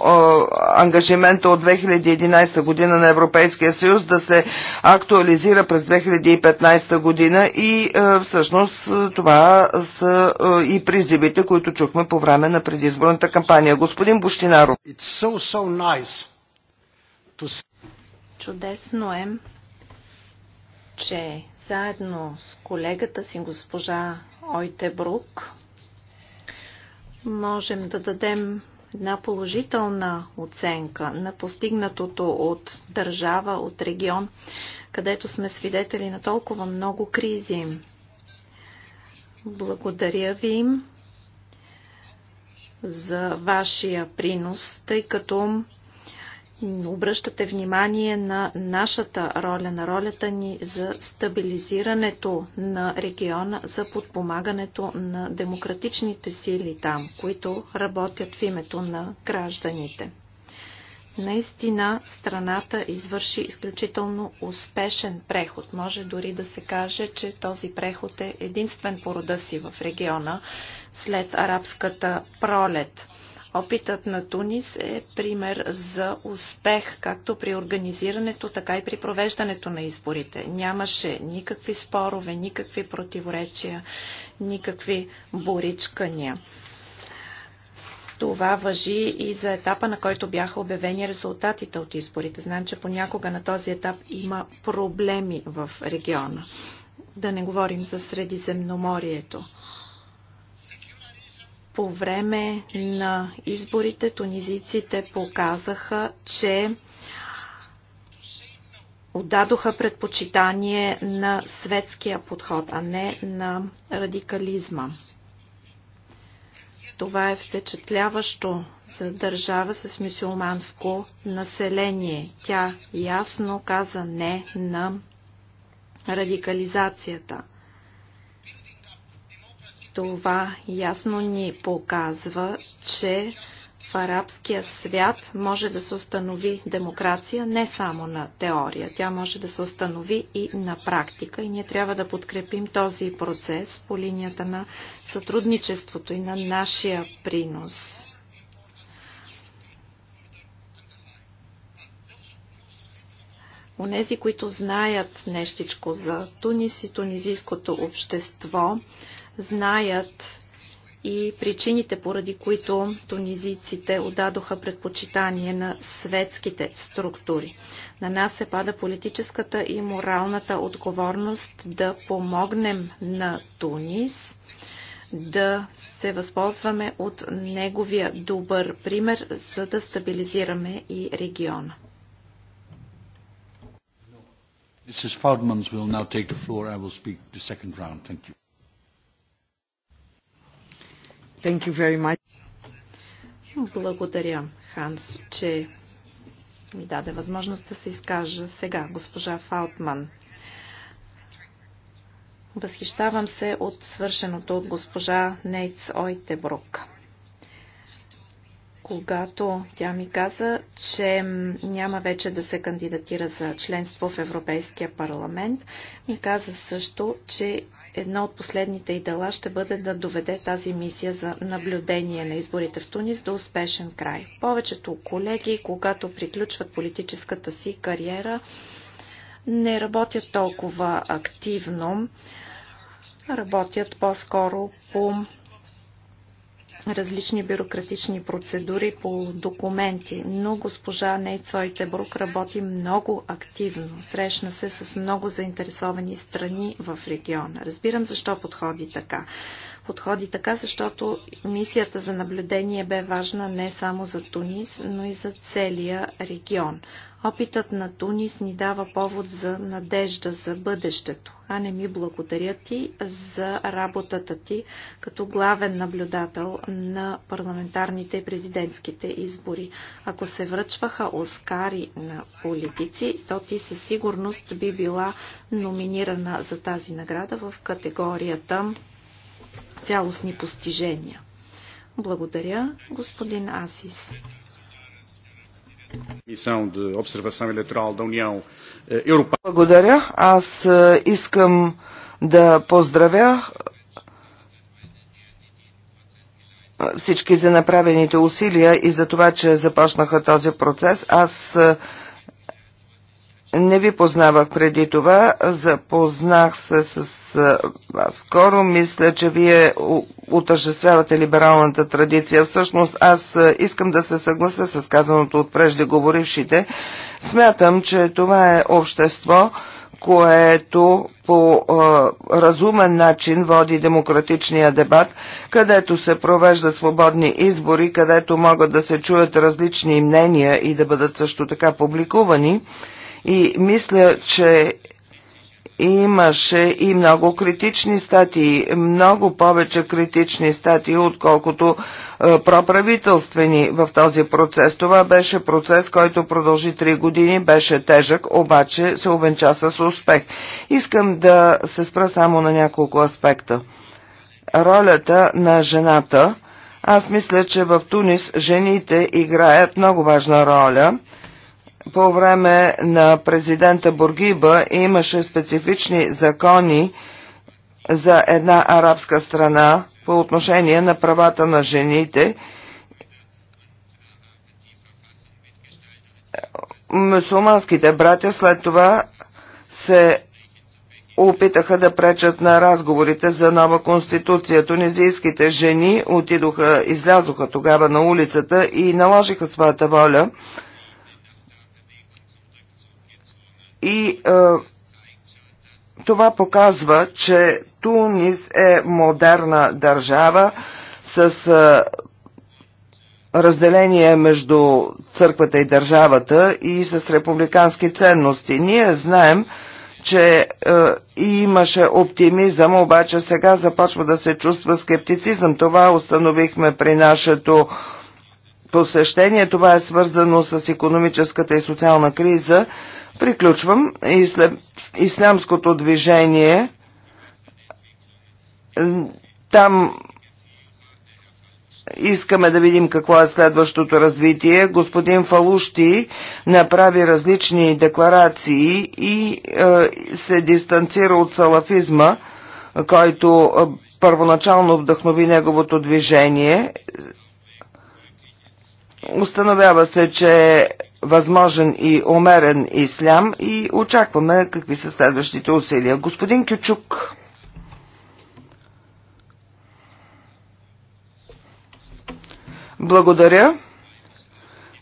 ангажимента от 2011 година на Европейския съюз да се актуализира през 2015 година и всъщност това са и призивите, които чухме по време на предизборната кампания. Господин Буштинаро. So, so nice to... Чудесно е, че заедно с колегата си госпожа Ойте Брук можем да дадем една положителна оценка на постигнатото от държава, от регион, където сме свидетели на толкова много кризи. Благодаря ви за вашия принос, тъй като обръщате внимание на нашата роля, на ролята ни за стабилизирането на региона, за подпомагането на демократичните сили там, които работят в името на гражданите. Наистина страната извърши изключително успешен преход. Може дори да се каже, че този преход е единствен по рода си в региона след арабската пролет – Опитът на Тунис е пример за успех, както при организирането, така и при провеждането на изборите. Нямаше никакви спорове, никакви противоречия, никакви боричкания. Това въжи и за етапа, на който бяха обявени резултатите от изборите. Знаем, че понякога на този етап има проблеми в региона. Да не говорим за Средиземноморието. По време на изборите тунизиците показаха, че отдадоха предпочитание на светския подход, а не на радикализма. Това е впечатляващо за държава с мусулманско население. Тя ясно каза не на радикализацията – това ясно ни показва, че в арабския свят може да се установи демокрация не само на теория. Тя може да се установи и на практика и ние трябва да подкрепим този процес по линията на сътрудничеството и на нашия принос. Онези, които знаят нещичко за Тунис и тунизийското общество, знаят и причините, поради които тунизийците отдадоха предпочитание на светските структури. На нас се пада политическата и моралната отговорност да помогнем на Тунис да се възползваме от неговия добър пример, за да стабилизираме и региона. Mrs. Fardmans will now take the floor. I will speak the second round. Thank you. Thank you very much. Благодаря, Ханс, че ми даде възможност да се изкажа сега, госпожа Фалтман. Възхищавам се от свършеното от госпожа Нейц Ойтебрук когато тя ми каза, че няма вече да се кандидатира за членство в Европейския парламент, ми каза също, че едно от последните й дела ще бъде да доведе тази мисия за наблюдение на изборите в Тунис до успешен край. Повечето колеги, когато приключват политическата си кариера, не работят толкова активно, работят по-скоро по различни бюрократични процедури по документи, но госпожа Нейцой Тебрук работи много активно. Срещна се с много заинтересовани страни в региона. Разбирам защо подходи така. Подходи така, защото мисията за наблюдение бе важна не само за Тунис, но и за целия регион. Опитът на Тунис ни дава повод за надежда за бъдещето. А не ми благодаря ти за работата ти като главен наблюдател на парламентарните и президентските избори. Ако се връчваха Оскари на политици, то ти със сигурност би била номинирана за тази награда в категорията цялостни постижения. Благодаря, господин Асис. Е, Благодаря. Аз е, искам да поздравя е, всички за направените усилия и за това, че започнаха този процес. Аз не ви познавах преди това, запознах се с вас. Скоро мисля, че вие утъжествявате либералната традиция. Всъщност аз искам да се съглася с казаното от преждеговорившите. Смятам, че това е общество, което по а, разумен начин води демократичния дебат, където се провеждат свободни избори, където могат да се чуят различни мнения и да бъдат също така публикувани. И мисля, че имаше и много критични статии, много повече критични статии, отколкото е, проправителствени в този процес. Това беше процес, който продължи 3 години, беше тежък, обаче се увенча с успех. Искам да се спра само на няколко аспекта. Ролята на жената. Аз мисля, че в Тунис жените играят много важна роля – по време на президента Бургиба имаше специфични закони за една арабска страна по отношение на правата на жените. Мусулманските братя след това се опитаха да пречат на разговорите за нова конституция. Тунизийските жени отидоха, излязоха тогава на улицата и наложиха своята воля И е, това показва, че Тунис е модерна държава с е, разделение между църквата и държавата и с републикански ценности. Ние знаем, че е, имаше оптимизъм, обаче сега започва да се чувства скептицизъм. Това установихме при нашето посещение. Това е свързано с економическата и социална криза Приключвам. Ислямското движение там искаме да видим какво е следващото развитие. Господин Фалушти направи различни декларации и е, се дистанцира от салафизма, който е, първоначално вдъхнови неговото движение. Установява се, че възможен и умерен ислям и очакваме какви са следващите усилия. Господин Кючук. Благодаря.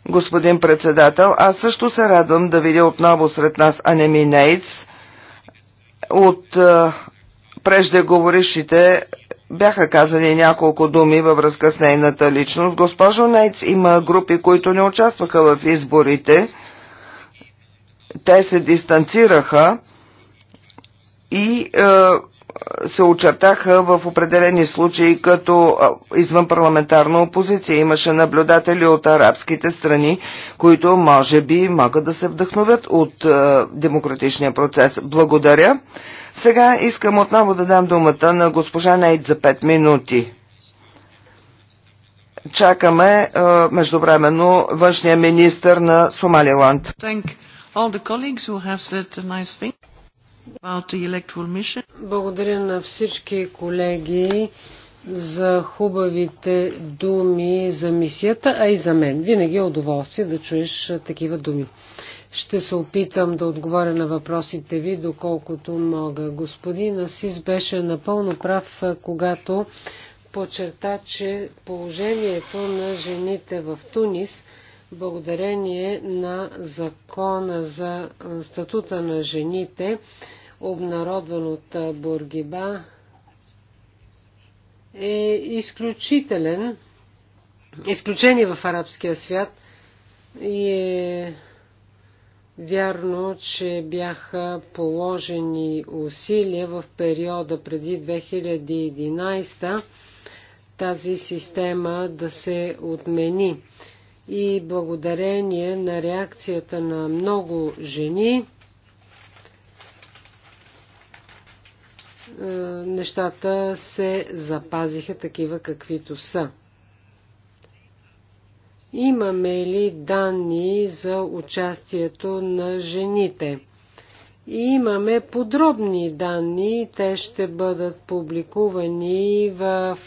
Господин председател, аз също се радвам да видя отново сред нас Анеми Нейтс от преждеговорившите бяха казани няколко думи във връзка с нейната личност. Госпожо Нейц, има групи, които не участваха в изборите. Те се дистанцираха и е, се очертаха в определени случаи като извънпарламентарна опозиция. Имаше наблюдатели от арабските страни, които може би могат да се вдъхновят от е, демократичния процес. Благодаря. Сега искам отново да дам думата на госпожа Нейт за 5 минути. Чакаме е, междувременно външния министр на Сомалиланд. Благодаря на всички колеги за хубавите думи за мисията, а и за мен. Винаги е удоволствие да чуеш такива думи. Ще се опитам да отговоря на въпросите ви, доколкото мога. Господин Асис беше напълно прав, когато подчерта, че положението на жените в Тунис, благодарение на закона за статута на жените, обнародван от Бургиба, е изключителен, изключение в арабския свят и е Вярно, че бяха положени усилия в периода преди 2011 тази система да се отмени. И благодарение на реакцията на много жени, е, нещата се запазиха такива каквито са. Имаме ли данни за участието на жените? И имаме подробни данни, те ще бъдат публикувани в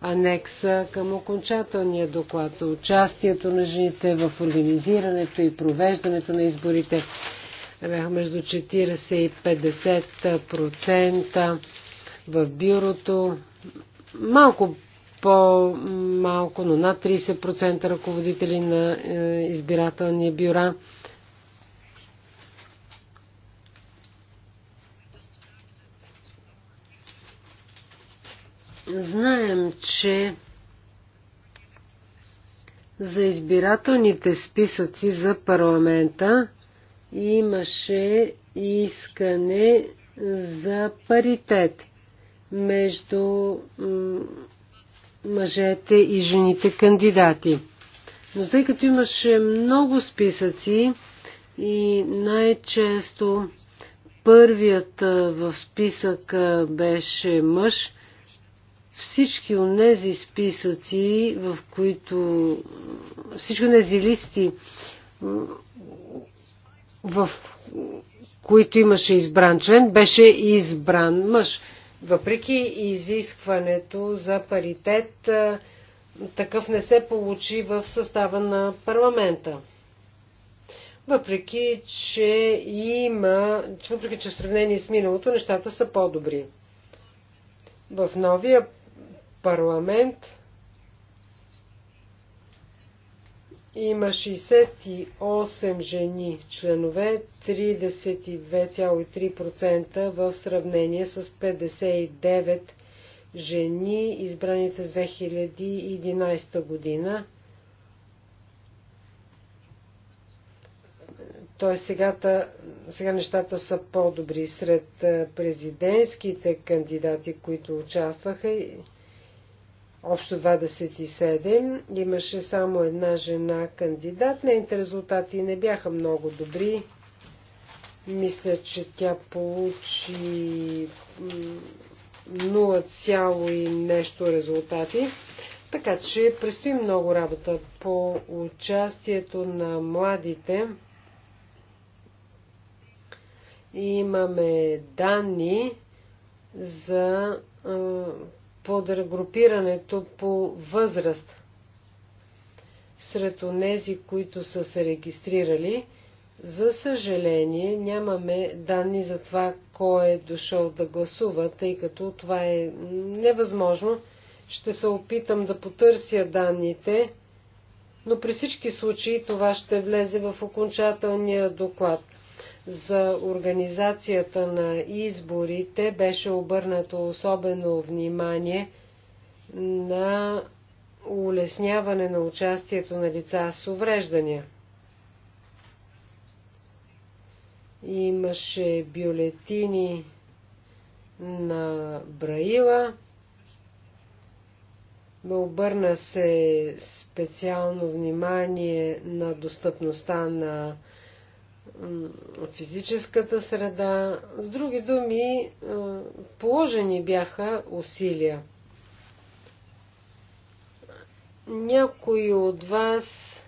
анекса към окончателния доклад за участието на жените в организирането и провеждането на изборите. Бяха между 40 и 50% в бюрото. Малко по-малко, но над 30% ръководители на е, избирателния бюра. Знаем, че за избирателните списъци за парламента имаше искане за паритет между мъжете и жените кандидати. Но тъй като имаше много списъци и най-често първият в списък беше мъж, всички от тези списъци, в които всички от тези листи, в които имаше избран член, беше избран мъж. Въпреки изискването за паритет, такъв не се получи в състава на парламента. Въпреки, че има, въпреки, че в сравнение с миналото нещата са по-добри. В новия парламент Има 68 жени членове, 32,3% в сравнение с 59 жени, избраните с 2011 година. Т.е. Сега, сега нещата са по-добри. Сред президентските кандидати, които участваха, общо 27. Имаше само една жена кандидат. Нейните резултати не бяха много добри. Мисля, че тя получи 0, и нещо резултати. Така че предстои много работа по участието на младите. Имаме данни за под групирането по възраст сред онези, които са се регистрирали. За съжаление, нямаме данни за това, кой е дошъл да гласува, тъй като това е невъзможно. Ще се опитам да потърся данните, но при всички случаи това ще влезе в окончателния доклад за организацията на изборите беше обърнато особено внимание на улесняване на участието на лица с увреждания. Имаше бюлетини на Браила. Но обърна се специално внимание на достъпността на физическата среда. С други думи, положени бяха усилия. Някои от вас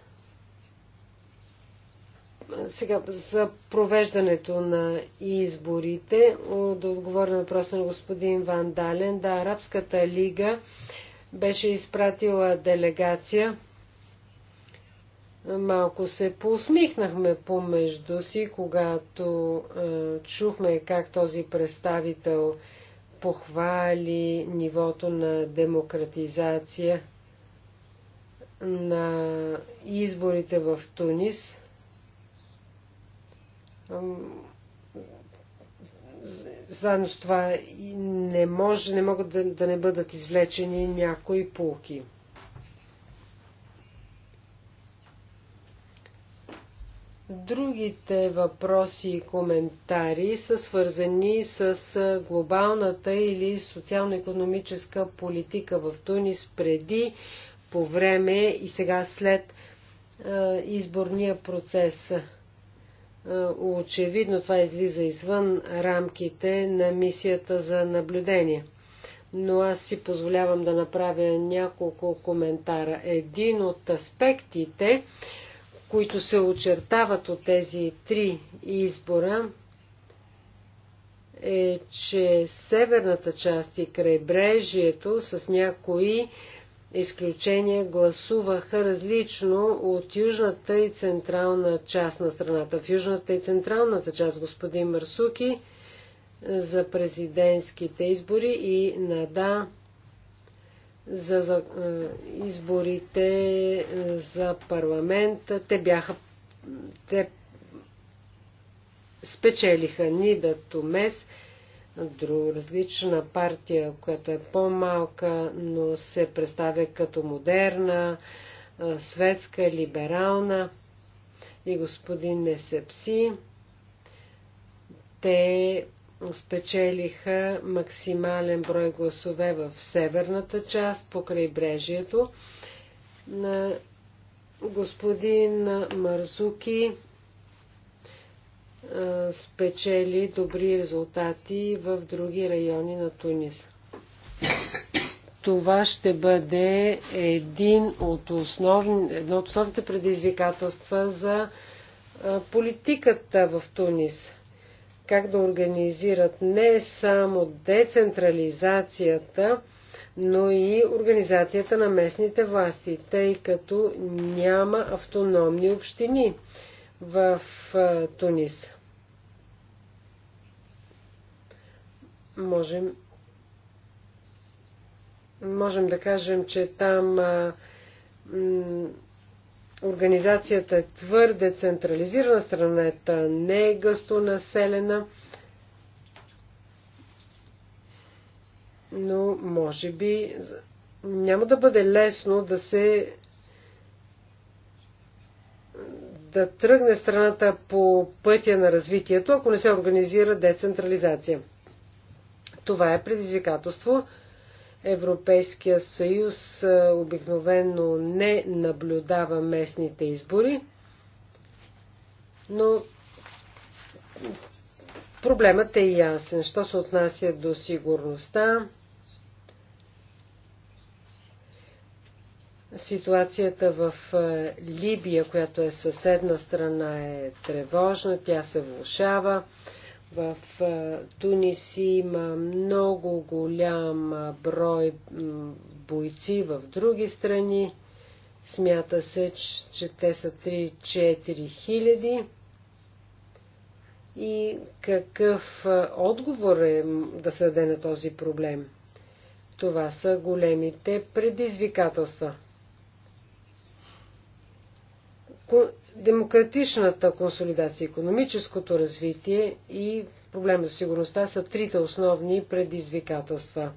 сега за провеждането на изборите, да отговоря на въпроса на господин Ван Дален, да, Арабската лига беше изпратила делегация Малко се поусмихнахме помежду си, когато е, чухме как този представител похвали нивото на демократизация на изборите в Тунис. Заедно с това не, може, не могат да, да не бъдат извлечени някои полки. Другите въпроси и коментари са свързани с глобалната или социално-економическа политика в Тунис преди, по време и сега след изборния процес. Очевидно това излиза извън рамките на мисията за наблюдение. Но аз си позволявам да направя няколко коментара. Един от аспектите, които се очертават от тези три избора, е, че северната част и крайбрежието с някои изключения гласуваха различно от южната и централна част на страната. В южната и централната част господин Марсуки за президентските избори и на да за, за е, изборите е, за парламент. Те бяха. Те спечелиха Нида Томес, друг, различна партия, която е по-малка, но се представя като модерна, е, светска, либерална и господин Несепси. Те спечелиха максимален брой гласове в северната част по крайбрежието. На господин Марзуки спечели добри резултати в други райони на Тунис. Това ще бъде един от основни, едно от основните предизвикателства за политиката в Тунис как да организират не само децентрализацията, но и организацията на местните власти, тъй като няма автономни общини в Тунис. Можем, можем да кажем, че там Организацията е твърде централизирана, страната не е гъсто населена, но може би няма да бъде лесно да се да тръгне страната по пътя на развитието, ако не се организира децентрализация. Това е предизвикателство. Европейския съюз обикновено не наблюдава местните избори, но проблемът е ясен. Що се отнася до сигурността, Ситуацията в Либия, която е съседна страна, е тревожна, тя се влушава. В Тунис има много голям брой бойци в други страни. Смята се, че те са 3-4 хиляди. И какъв отговор е да се даде на този проблем? Това са големите предизвикателства. Демократичната консолидация, економическото развитие и проблема за сигурността са трите основни предизвикателства.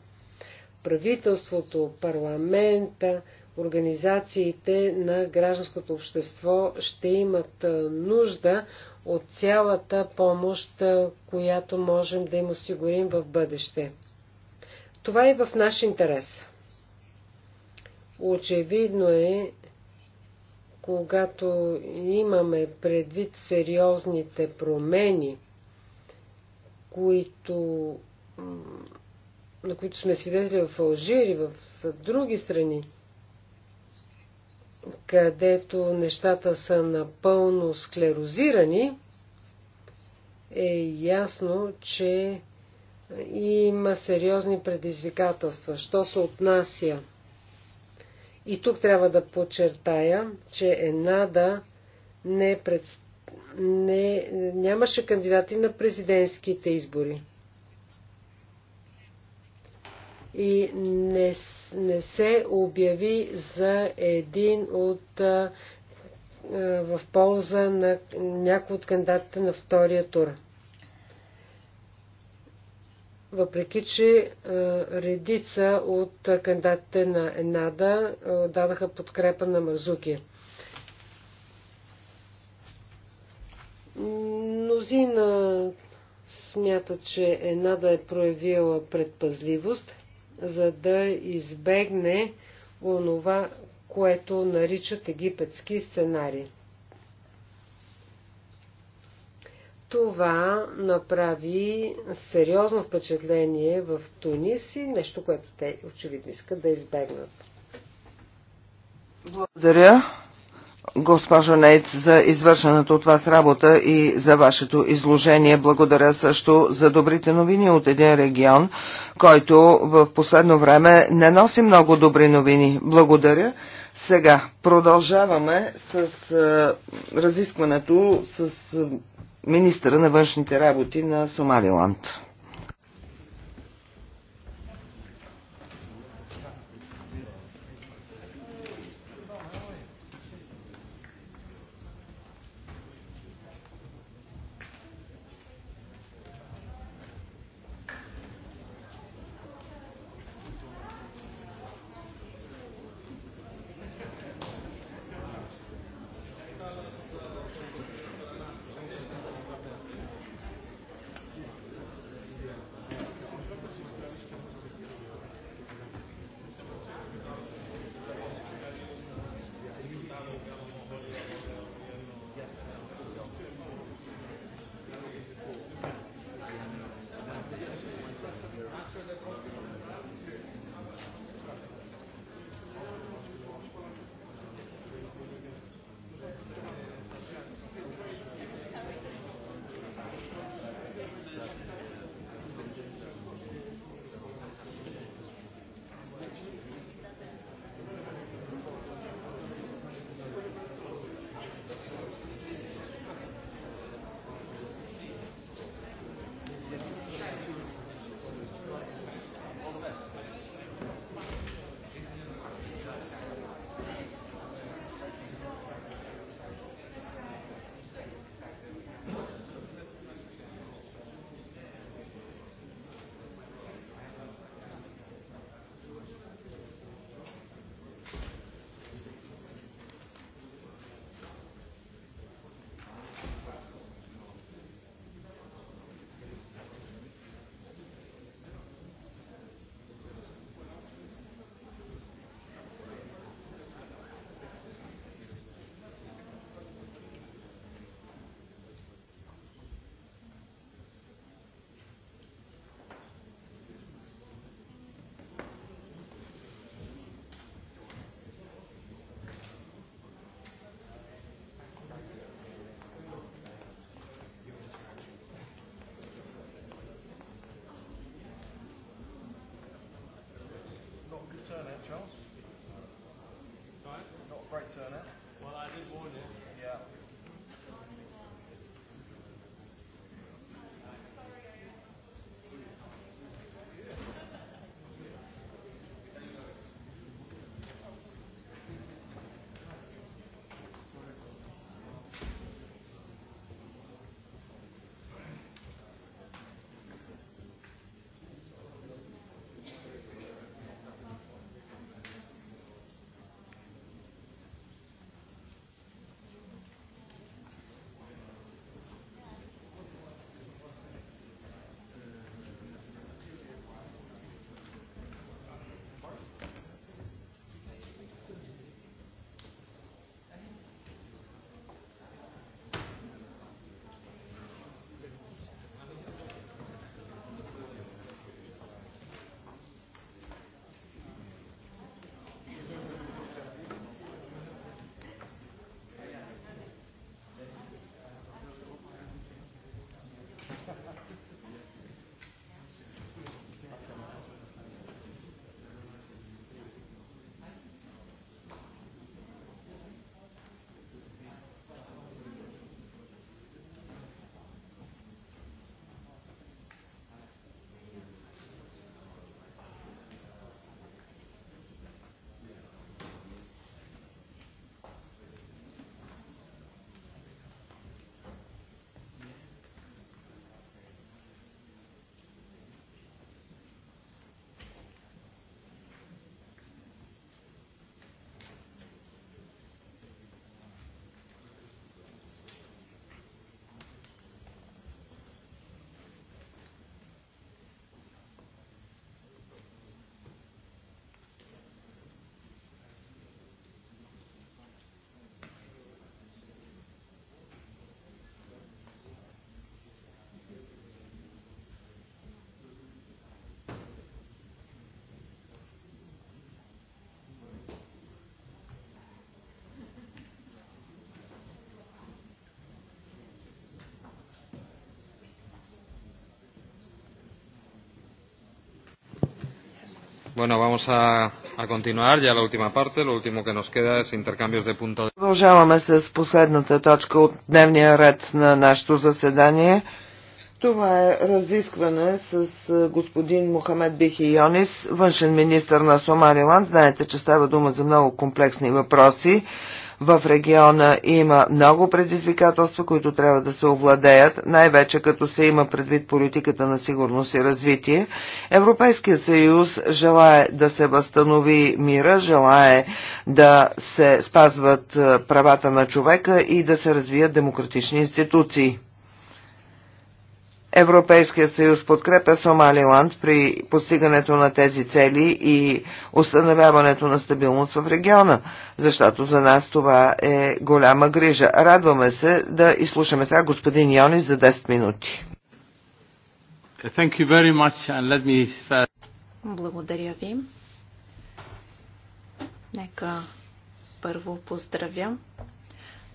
Правителството, парламента, организациите на гражданското общество ще имат нужда от цялата помощ, която можем да им осигурим в бъдеще. Това е в наш интерес. Очевидно е, когато имаме предвид сериозните промени, които, на които сме свидетели в Алжири в други страни, където нещата са напълно склерозирани, е ясно, че има сериозни предизвикателства. Що се отнася и тук трябва да подчертая, че Енада не, пред... не... нямаше кандидати на президентските избори. И не, не се обяви за един от в полза на някои от кандидатите на втория тур. Въпреки, че е, редица от кандидатите на Енада е, дадаха подкрепа на Мазуки. Мнозина смята, че Енада е проявила предпазливост, за да избегне онова, което наричат египетски сценарии. Това направи сериозно впечатление в Тунис и нещо, което те очевидно искат да избегнат. Благодаря, госпожо Нейц, за извършената от вас работа и за вашето изложение. Благодаря също за добрите новини от един регион, който в последно време не носи много добри новини. Благодаря. Сега продължаваме с е, разискването с е, министъра на външните работи на Сомалиланд. Bueno, vamos a, a continuar ya la última parte. Lo último que nos queda es intercambios de punto de... Продължаваме с последната точка от дневния ред на нашето заседание. Това е разискване с господин Мохамед Бихи Йонис, външен министр на Сомалиланд. Знаете, че става дума за много комплексни въпроси. В региона има много предизвикателства, които трябва да се овладеят, най-вече като се има предвид политиката на сигурност и развитие. Европейският съюз желае да се възстанови мира, желае да се спазват правата на човека и да се развият демократични институции. Европейския съюз подкрепя Сомалиланд при постигането на тези цели и установяването на стабилност в региона, защото за нас това е голяма грижа. Радваме се да изслушаме сега господин Йони за 10 минути. Благодаря ви. Нека първо поздравя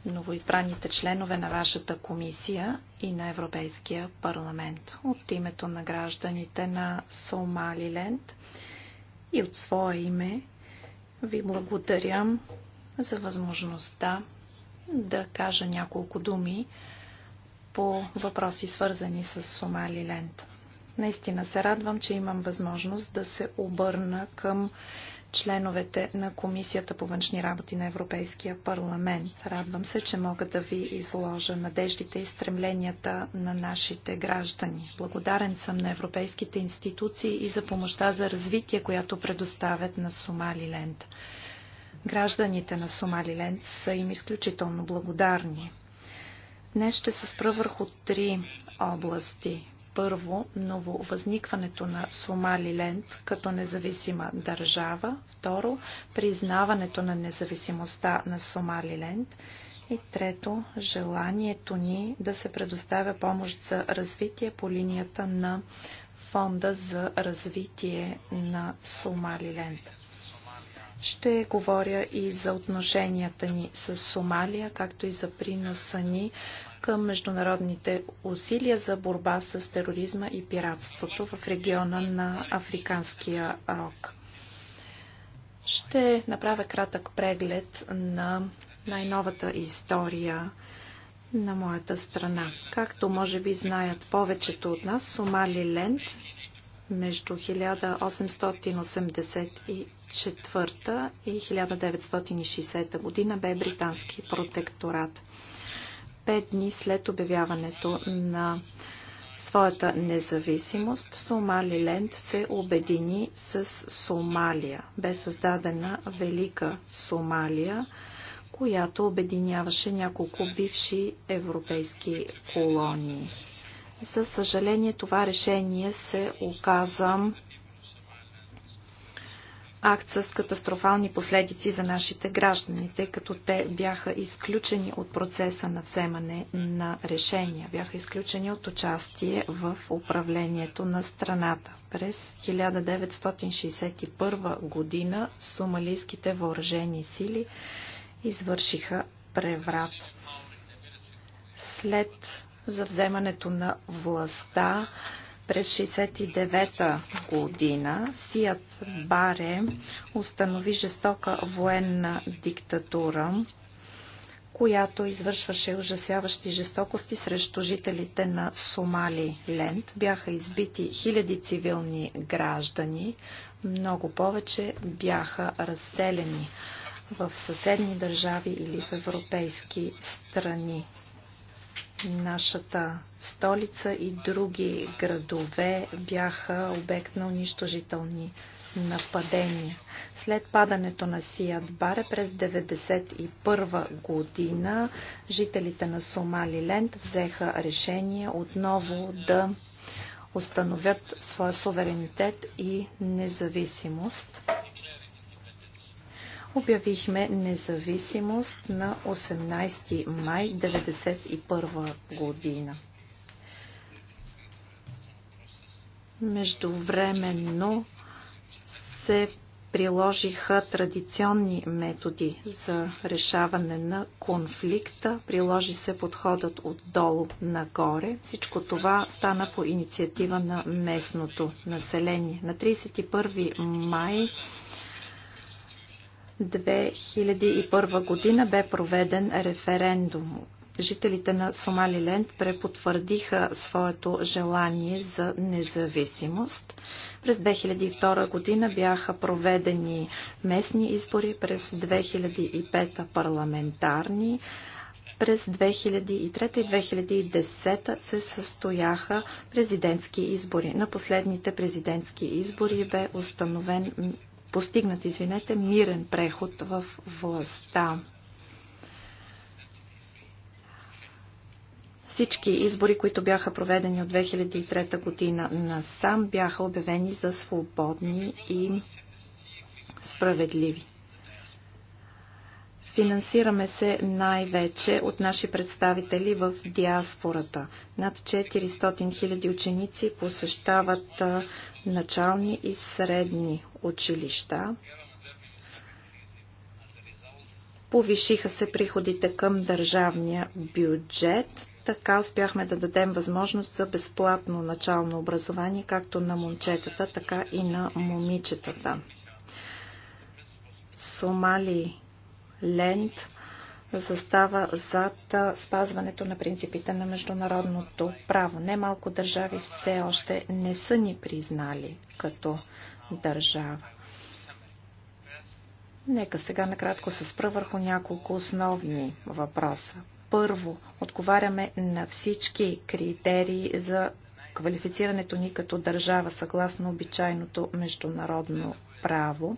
новоизбраните членове на вашата комисия и на Европейския парламент от името на гражданите на Сомалиленд и от свое име ви благодаря за възможността да кажа няколко думи по въпроси свързани с Сомалиленд. Наистина се радвам, че имам възможност да се обърна към членовете на Комисията по външни работи на Европейския парламент. Радвам се, че мога да ви изложа надеждите и стремленията на нашите граждани. Благодарен съм на европейските институции и за помощта за развитие, която предоставят на Сомалиленд. Гражданите на Сомалиленд са им изключително благодарни. Днес ще се спра върху три области първо, нововъзникването на Сомалиленд като независима държава. Второ, признаването на независимостта на Сомалиленд. И трето, желанието ни да се предоставя помощ за развитие по линията на Фонда за развитие на Сомалиленд. Ще говоря и за отношенията ни с Сомалия, както и за приноса ни към международните усилия за борба с тероризма и пиратството в региона на Африканския рог. Ще направя кратък преглед на най-новата история на моята страна. Както може би знаят повечето от нас, Сомали Ленд между 1884 и 1960 година бе британски протекторат пет дни след обявяването на своята независимост, Сомалиленд се обедини с Сомалия. Бе създадена Велика Сомалия, която обединяваше няколко бивши европейски колонии. За съжаление, това решение се оказа акт с катастрофални последици за нашите граждани, тъй като те бяха изключени от процеса на вземане на решения, бяха изключени от участие в управлението на страната. През 1961 година сумалийските въоръжени сили извършиха преврат. След завземането на властта, през 1969 година Сият Баре установи жестока военна диктатура, която извършваше ужасяващи жестокости срещу жителите на Сомали Ленд. Бяха избити хиляди цивилни граждани, много повече бяха разселени в съседни държави или в европейски страни. Нашата столица и други градове бяха обект на унищожителни нападения. След падането на Сият Баре през 1991 година жителите на Сомалиленд взеха решение отново да установят своя суверенитет и независимост обявихме независимост на 18 май 1991 година. Междувременно се приложиха традиционни методи за решаване на конфликта, приложи се подходът отдолу нагоре. Всичко това стана по инициатива на местното население. На 31 май 2001 година бе проведен референдум. Жителите на Сомалиленд препотвърдиха своето желание за независимост. През 2002 година бяха проведени местни избори, през 2005 парламентарни, през 2003 и 2010 се състояха президентски избори. На последните президентски избори бе установен постигнат, извинете, мирен преход в властта. Всички избори, които бяха проведени от 2003 година насам, бяха обявени за свободни и справедливи. Финансираме се най-вече от наши представители в диаспората. Над 400 000 ученици посещават начални и средни училища. Повишиха се приходите към държавния бюджет. Така успяхме да дадем възможност за безплатно начално образование, както на момчетата, така и на момичетата. Сомали Ленд застава зад спазването на принципите на международното право. Немалко държави все още не са ни признали като държава. Нека сега накратко се спра върху няколко основни въпроса. Първо, отговаряме на всички критерии за квалифицирането ни като държава съгласно обичайното международно право.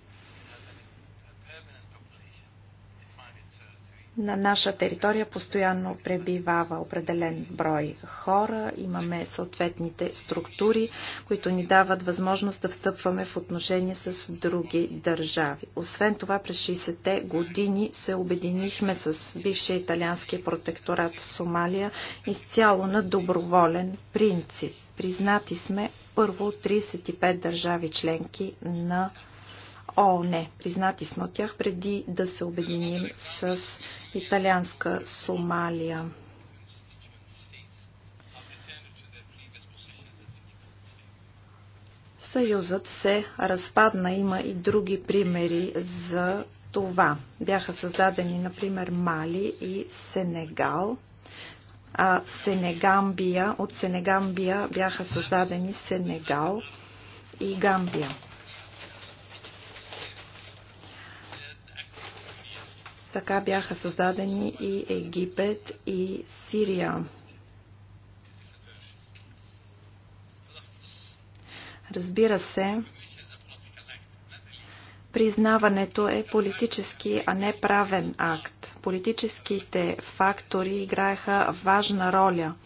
На наша територия постоянно пребивава определен брой хора, имаме съответните структури, които ни дават възможност да встъпваме в отношения с други държави. Освен това, през 60-те години се обединихме с бившия италиански протекторат Сомалия изцяло на доброволен принцип. Признати сме първо 35 държави членки на ООН. Признати сме от тях преди да се обединим с италианска Сомалия. Съюзът се разпадна. Има и други примери за това. Бяха създадени, например, Мали и Сенегал. А Сенегамбия, от Сенегамбия бяха създадени Сенегал и Гамбия. Така бяха създадени и Египет и Сирия. Разбира се, признаването е политически, а не правен акт. Политическите фактори играеха важна роля –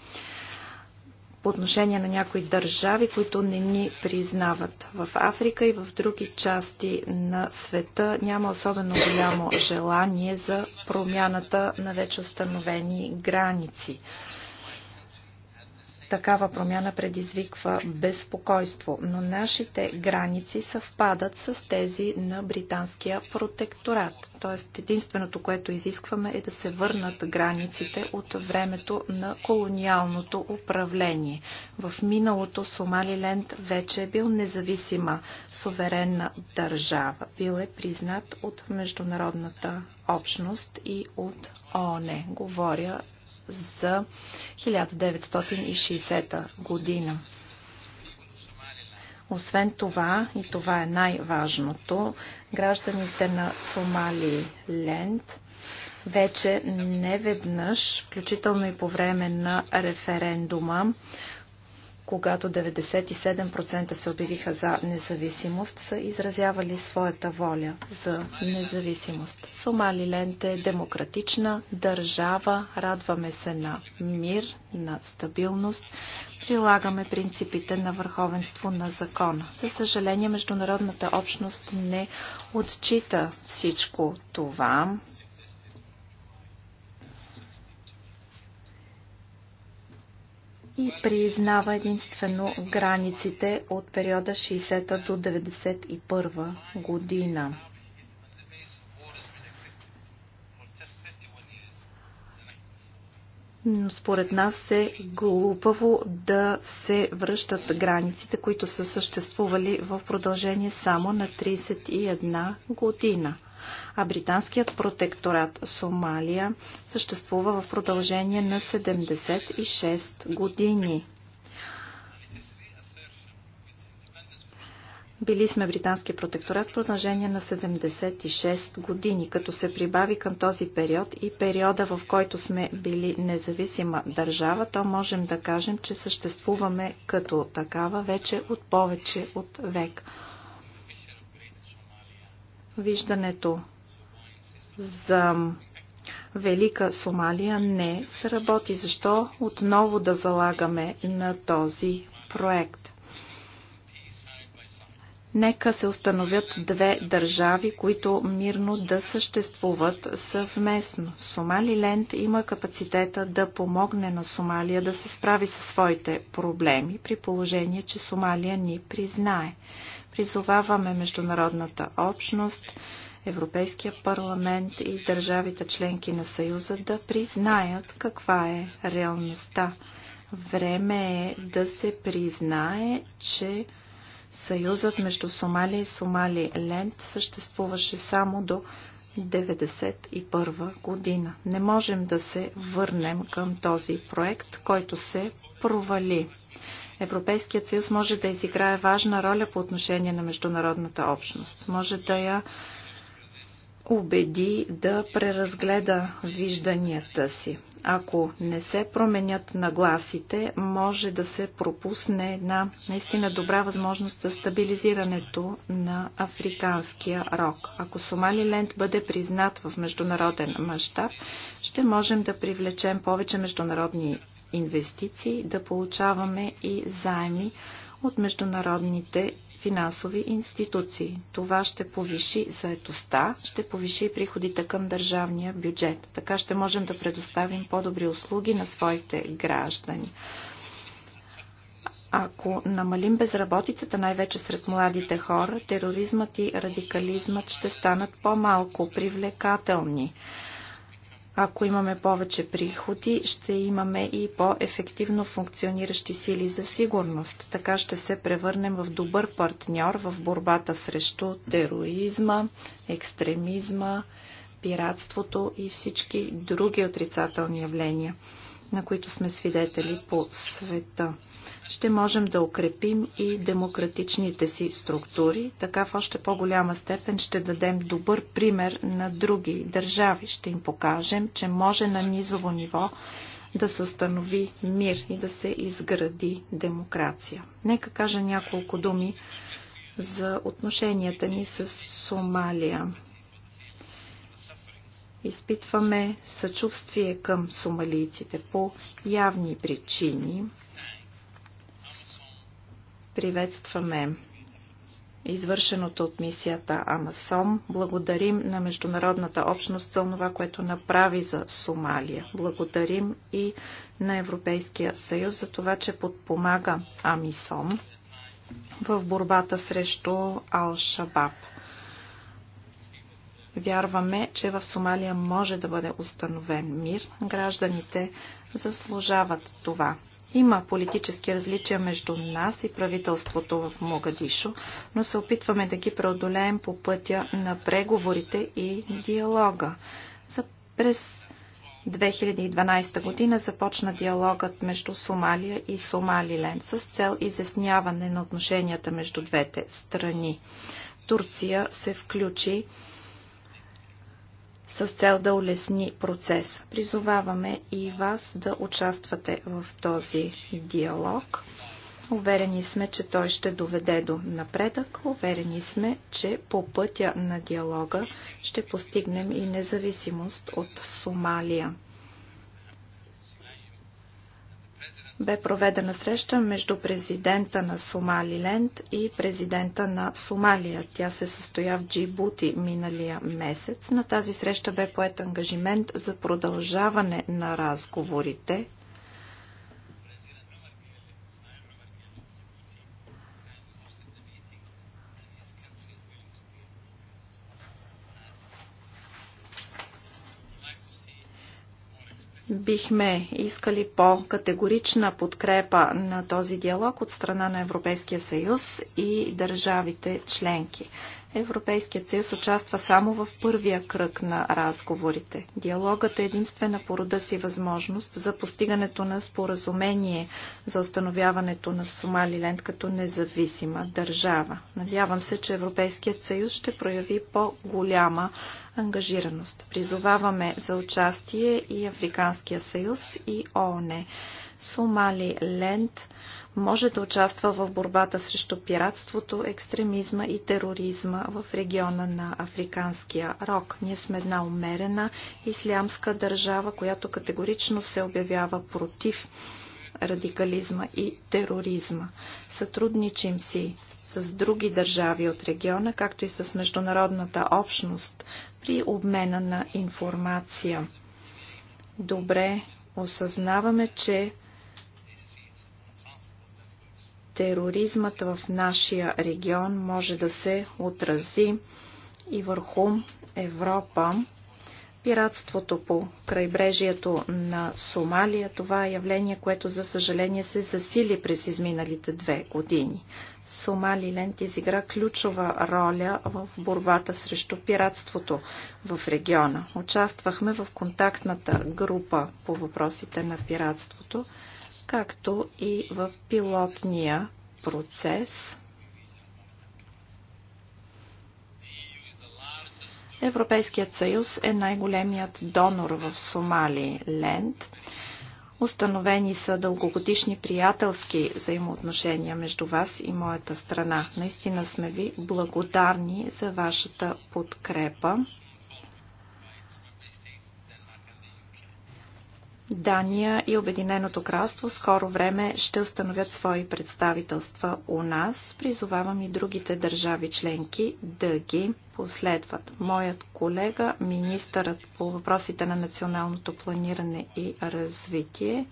по отношение на някои държави, които не ни признават. В Африка и в други части на света няма особено голямо желание за промяната на вече установени граници. Такава промяна предизвиква безпокойство, но нашите граници съвпадат с тези на британския протекторат. Тоест единственото, което изискваме е да се върнат границите от времето на колониалното управление. В миналото Сомалиленд вече е бил независима суверенна държава. Бил е признат от международната общност и от ООН. Говоря за 1960 година. Освен това, и това е най-важното, гражданите на Сомали Ленд вече не веднъж, включително и по време на референдума, когато 97% се обявиха за независимост, са изразявали своята воля за независимост. Сомалиленд е демократична държава, радваме се на мир, на стабилност, прилагаме принципите на върховенство на закона. За съжаление, международната общност не отчита всичко това. и признава единствено границите от периода 60-та до 91 та година. Но според нас е глупаво да се връщат границите, които са съществували в продължение само на 31 година а британският протекторат Сомалия съществува в продължение на 76 години. Били сме британски протекторат в продължение на 76 години, като се прибави към този период и периода, в който сме били независима държава, то можем да кажем, че съществуваме като такава вече от повече от век. Виждането за Велика Сомалия не сработи. Защо отново да залагаме на този проект? Нека се установят две държави, които мирно да съществуват съвместно. Сомалиленд има капацитета да помогне на Сомалия да се справи със своите проблеми, при положение, че Сомалия ни признае. Призоваваме международната общност Европейския парламент и държавите членки на Съюза да признаят каква е реалността. Време е да се признае, че съюзът между Сомалия и Сомали Ленд съществуваше само до 1991 година. Не можем да се върнем към този проект, който се провали. Европейският съюз може да изиграе важна роля по отношение на международната общност. Може да я убеди да преразгледа вижданията си. Ако не се променят нагласите, може да се пропусне една наистина добра възможност за стабилизирането на африканския рок. Ако Сомалиленд бъде признат в международен мащаб, ще можем да привлечем повече международни инвестиции, да получаваме и заеми от международните финансови институции. Това ще повиши заетостта, ще повиши приходите към държавния бюджет. Така ще можем да предоставим по-добри услуги на своите граждани. Ако намалим безработицата, най-вече сред младите хора, тероризмът и радикализмът ще станат по-малко привлекателни. Ако имаме повече приходи, ще имаме и по-ефективно функциониращи сили за сигурност. Така ще се превърнем в добър партньор в борбата срещу тероризма, екстремизма, пиратството и всички други отрицателни явления, на които сме свидетели по света ще можем да укрепим и демократичните си структури. Така в още по-голяма степен ще дадем добър пример на други държави. Ще им покажем, че може на низово ниво да се установи мир и да се изгради демокрация. Нека кажа няколко думи за отношенията ни с Сомалия. Изпитваме съчувствие към сомалийците по явни причини – Приветстваме извършеното от мисията Амасом. Благодарим на международната общност за това, което направи за Сомалия. Благодарим и на Европейския съюз за това, че подпомага Амисом в борбата срещу Ал-Шабаб. Вярваме, че в Сомалия може да бъде установен мир. Гражданите заслужават това. Има политически различия между нас и правителството в Могадишо, но се опитваме да ги преодолеем по пътя на преговорите и диалога. За през 2012 година започна диалогът между Сомалия и Сомалилен с цел изясняване на отношенията между двете страни. Турция се включи с цел да улесни процеса. Призоваваме и вас да участвате в този диалог. Уверени сме, че той ще доведе до напредък. Уверени сме, че по пътя на диалога ще постигнем и независимост от Сомалия. бе проведена среща между президента на Сомалиленд и президента на Сомалия. Тя се състоя в Джибути миналия месец. На тази среща бе поет ангажимент за продължаване на разговорите бихме искали по-категорична подкрепа на този диалог от страна на Европейския съюз и държавите членки. Европейският съюз участва само в първия кръг на разговорите. Диалогът е единствена по рода си възможност за постигането на споразумение за установяването на Сомалиленд като независима държава. Надявам се, че Европейският съюз ще прояви по-голяма ангажираност. Призоваваме за участие и Африканския съюз и ООН. Сомалиленд. Ленд може да участва в борбата срещу пиратството, екстремизма и тероризма в региона на Африканския рок. Ние сме една умерена ислямска държава, която категорично се обявява против радикализма и тероризма. Сътрудничим си с други държави от региона, както и с международната общност при обмена на информация. Добре осъзнаваме, че тероризмът в нашия регион може да се отрази и върху Европа. Пиратството по крайбрежието на Сомалия, това е явление, което за съжаление се засили през изминалите две години. Сомалиленд изигра ключова роля в борбата срещу пиратството в региона. Участвахме в контактната група по въпросите на пиратството както и в пилотния процес. Европейският съюз е най-големият донор в Сомали Ленд. Установени са дългогодишни приятелски взаимоотношения между вас и моята страна. Наистина сме ви благодарни за вашата подкрепа. Дания и Обединеното кралство скоро време ще установят свои представителства у нас. Призовавам и другите държави членки да ги последват. Моят колега, министърът по въпросите на националното планиране и развитие,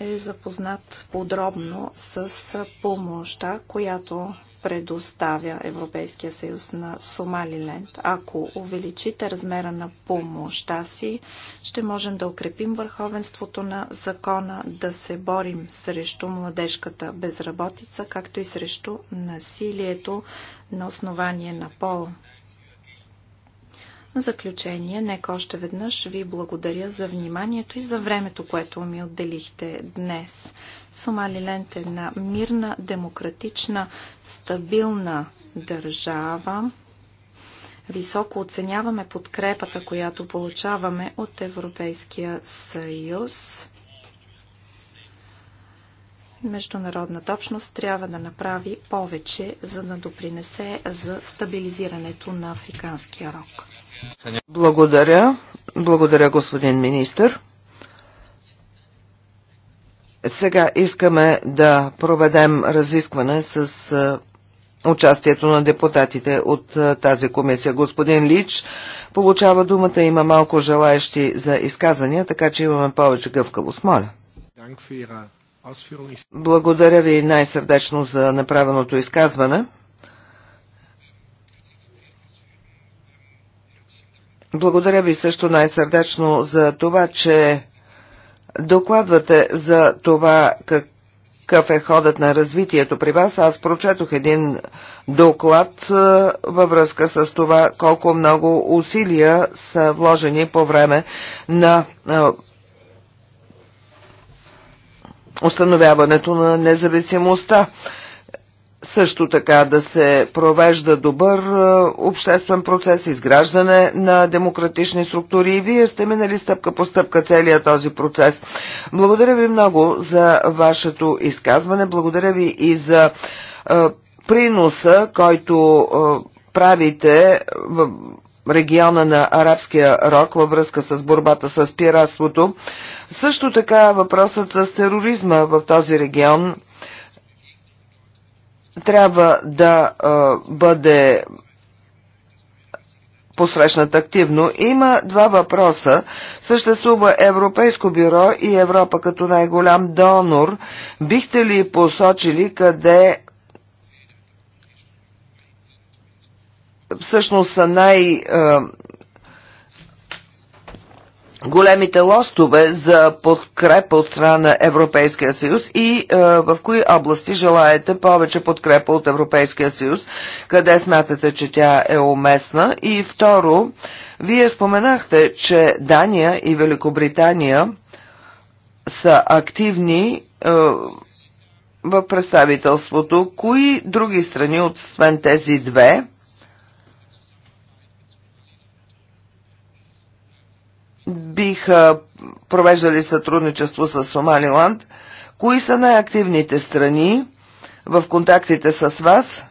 е запознат подробно с помощта, която предоставя Европейския съюз на Сомалиленд. Ако увеличите размера на помощта си, ще можем да укрепим върховенството на закона, да се борим срещу младежката безработица, както и срещу насилието на основание на пол. В заключение, нека още веднъж ви благодаря за вниманието и за времето, което ми отделихте днес. Сомалиленд е една мирна, демократична, стабилна държава. Високо оценяваме подкрепата, която получаваме от Европейския съюз международната общност трябва да направи повече, за да допринесе за стабилизирането на африканския рок. Благодаря. Благодаря, господин министр. Сега искаме да проведем разискване с участието на депутатите от тази комисия. Господин Лич получава думата, има малко желаещи за изказвания, така че имаме повече гъвкавост. Моля. Благодаря ви най-сърдечно за направеното изказване. Благодаря ви също най-сърдечно за това, че докладвате за това какъв е ходът на развитието при вас. Аз прочетох един доклад е, във връзка с това колко много усилия са вложени по време на е, установяването на независимостта. Също така да се провежда добър е, обществен процес, изграждане на демократични структури и вие сте минали стъпка по стъпка целият този процес. Благодаря ви много за вашето изказване, благодаря ви и за е, приноса, който е, правите в региона на арабския рок във връзка с борбата с пиратството. Също така въпросът с тероризма в този регион трябва да а, бъде посрещнат активно. Има два въпроса. Съществува Европейско бюро и Европа като най-голям донор. Бихте ли посочили къде всъщност са най- е, големите лостове за подкрепа от страна на Европейския съюз и е, в кои области желаете повече подкрепа от Европейския съюз, къде смятате, че тя е уместна. И второ, вие споменахте, че Дания и Великобритания са активни е, в представителството. Кои други страни, освен тези две, биха провеждали сътрудничество с Сомалиланд? Кои са най-активните страни в контактите с вас,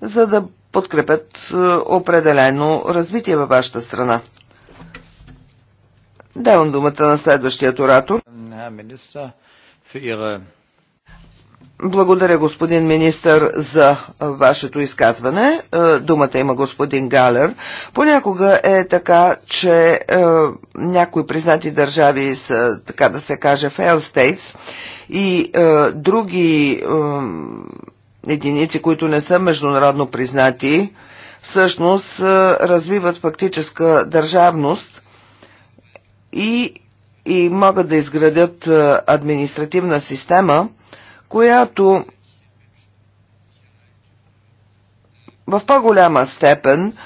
за да подкрепят е, определено развитие във вашата страна? Давам думата на следващия оратор. Благодаря, господин министър, за вашето изказване. Думата има господин Галер. Понякога е така, че някои признати държави са, така да се каже, fail states и други единици, които не са международно признати, всъщност развиват фактическа държавност и, и могат да изградят административна система – която в по-голяма степен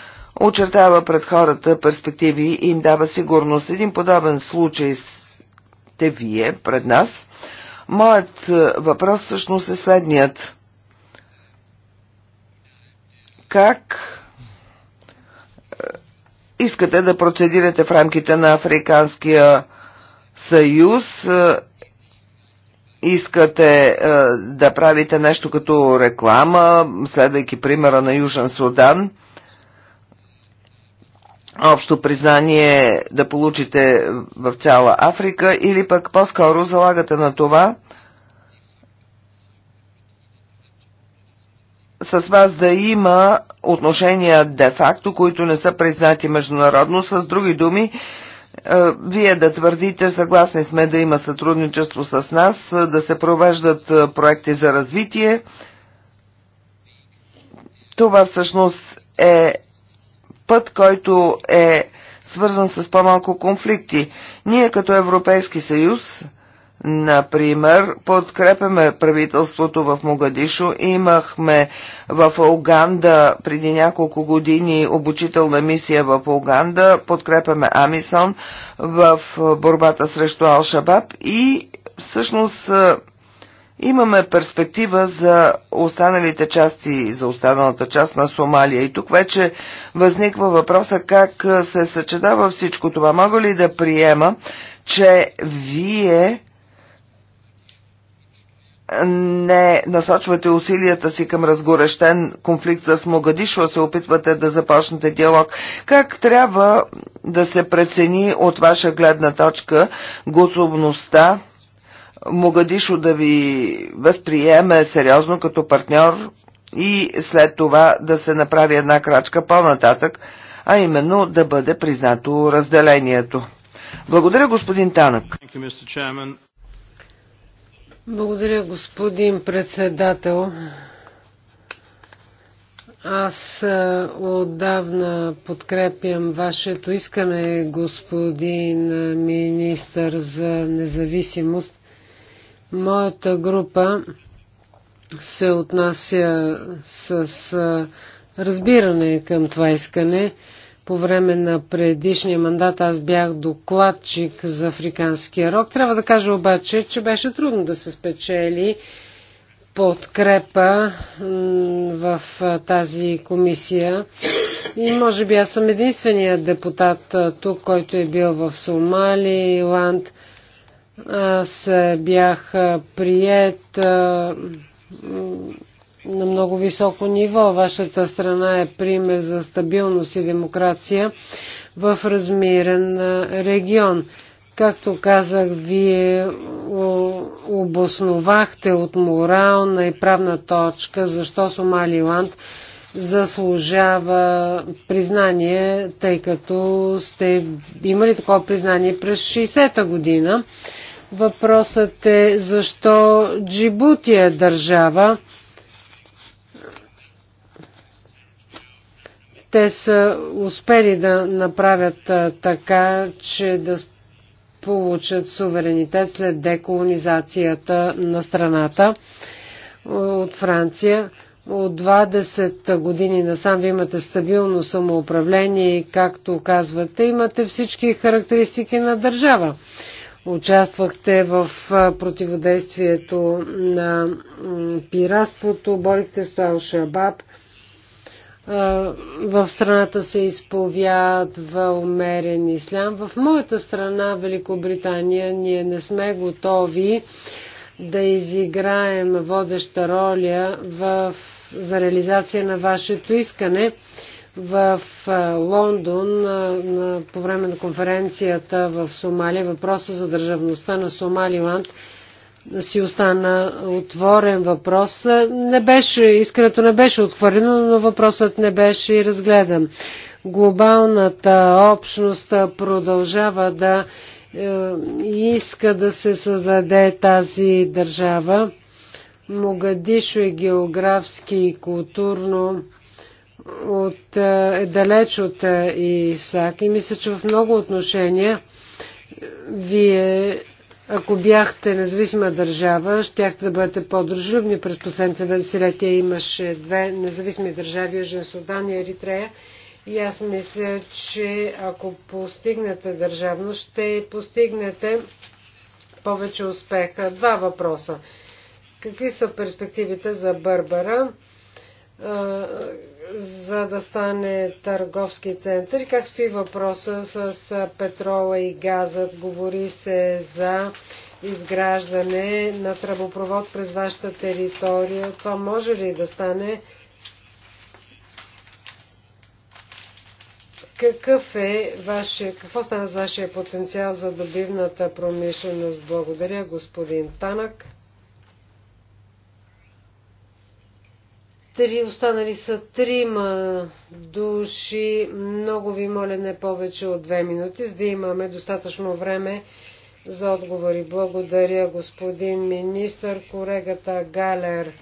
очертава пред хората перспективи и им дава сигурност. Един подобен случай сте вие пред нас. Моят е, въпрос всъщност е следният. Как е, искате да процедирате в рамките на Африканския съюз е, искате е, да правите нещо като реклама, следвайки примера на Южен Судан, общо признание да получите в цяла Африка или пък по-скоро залагате на това с вас да има отношения де-факто, които не са признати международно, с други думи, е, вие да твърдите, съгласни сме да има сътрудничество с нас, е, да се провеждат е, проекти за развитие. Това всъщност е път, който е свързан с по-малко конфликти. Ние като Европейски съюз Например, подкрепяме правителството в Могадишо. Имахме в Уганда преди няколко години обучителна мисия в Уганда. Подкрепяме Амисон в борбата срещу Алшабаб и всъщност имаме перспектива за останалите части, за останалата част на Сомалия. И тук вече възниква въпроса как се съчетава всичко това. Мога ли да приема, че вие не насочвате усилията си към разгорещен конфликт с Могадишо, се опитвате да започнете диалог. Как трябва да се прецени от ваша гледна точка готовността Могадишо да ви възприеме сериозно като партньор и след това да се направи една крачка по-нататък, а именно да бъде признато разделението? Благодаря, господин Танък. Благодаря, господин председател. Аз отдавна подкрепям вашето искане, господин министър, за независимост. Моята група се отнася с разбиране към това искане. По време на предишния мандат аз бях докладчик за африканския рок. Трябва да кажа обаче, че беше трудно да се спечели подкрепа в тази комисия. И може би аз съм единственият депутат тук, който е бил в Сомали, Ланд. Аз бях прият на много високо ниво. Вашата страна е пример за стабилност и демокрация в размирен регион. Както казах, вие обосновахте от морална и правна точка защо Сомалиланд заслужава признание, тъй като сте имали такова признание през 60-та година. Въпросът е защо Джибутия е държава, Те са успели да направят така, че да получат суверенитет след деколонизацията на страната от Франция. От 20 години насам ви имате стабилно самоуправление и, както казвате, имате всички характеристики на държава. Участвахте в противодействието на пиратството, борихте с Алшабаб, в страната се изповядва умерен ислям. В моята страна, Великобритания, ние не сме готови да изиграем водеща роля в, за реализация на вашето искане. В Лондон, по време на конференцията в Сомалия, въпроса за държавността на Сомалиланд – си остана отворен въпрос. Не беше, искането не беше отхвърлено, но въпросът не беше и разгледан. Глобалната общност продължава да е, иска да се създаде тази държава. Могадишо е географски и културно от, е, е далеч от е, Исак и мисля, че в много отношения вие ако бяхте независима държава, щяхте да бъдете по-дружелюбни през последните десетилетия. Имаше две независими държави, Южен Судан и Еритрея. И аз мисля, че ако постигнете държавност, ще постигнете повече успеха. Два въпроса. Какви са перспективите за Бърбара? за да стане търговски център. Как стои въпроса с петрола и газът? Говори се за изграждане на тръбопровод през вашата територия. Това може ли да стане? Какъв е ваше, какво стана с вашия потенциал за добивната промишленост? Благодаря, господин Танък. Три, останали са трима души. Много ви моля не повече от две минути, за да имаме достатъчно време за отговори. Благодаря, господин министр. Корегата Галер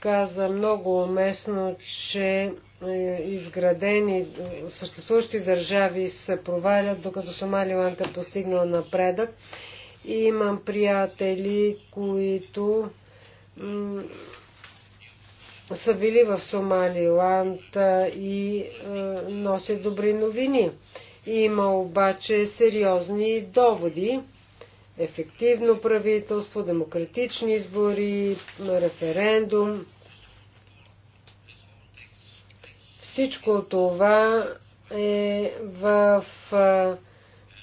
каза много уместно, че е, изградени съществуващи държави се провалят, докато Сомалиланд е постигнал напредък. И имам приятели, които са били в Сомалиланд и носят добри новини. Има обаче сериозни доводи. Ефективно правителство, демократични избори, референдум. Всичко това е в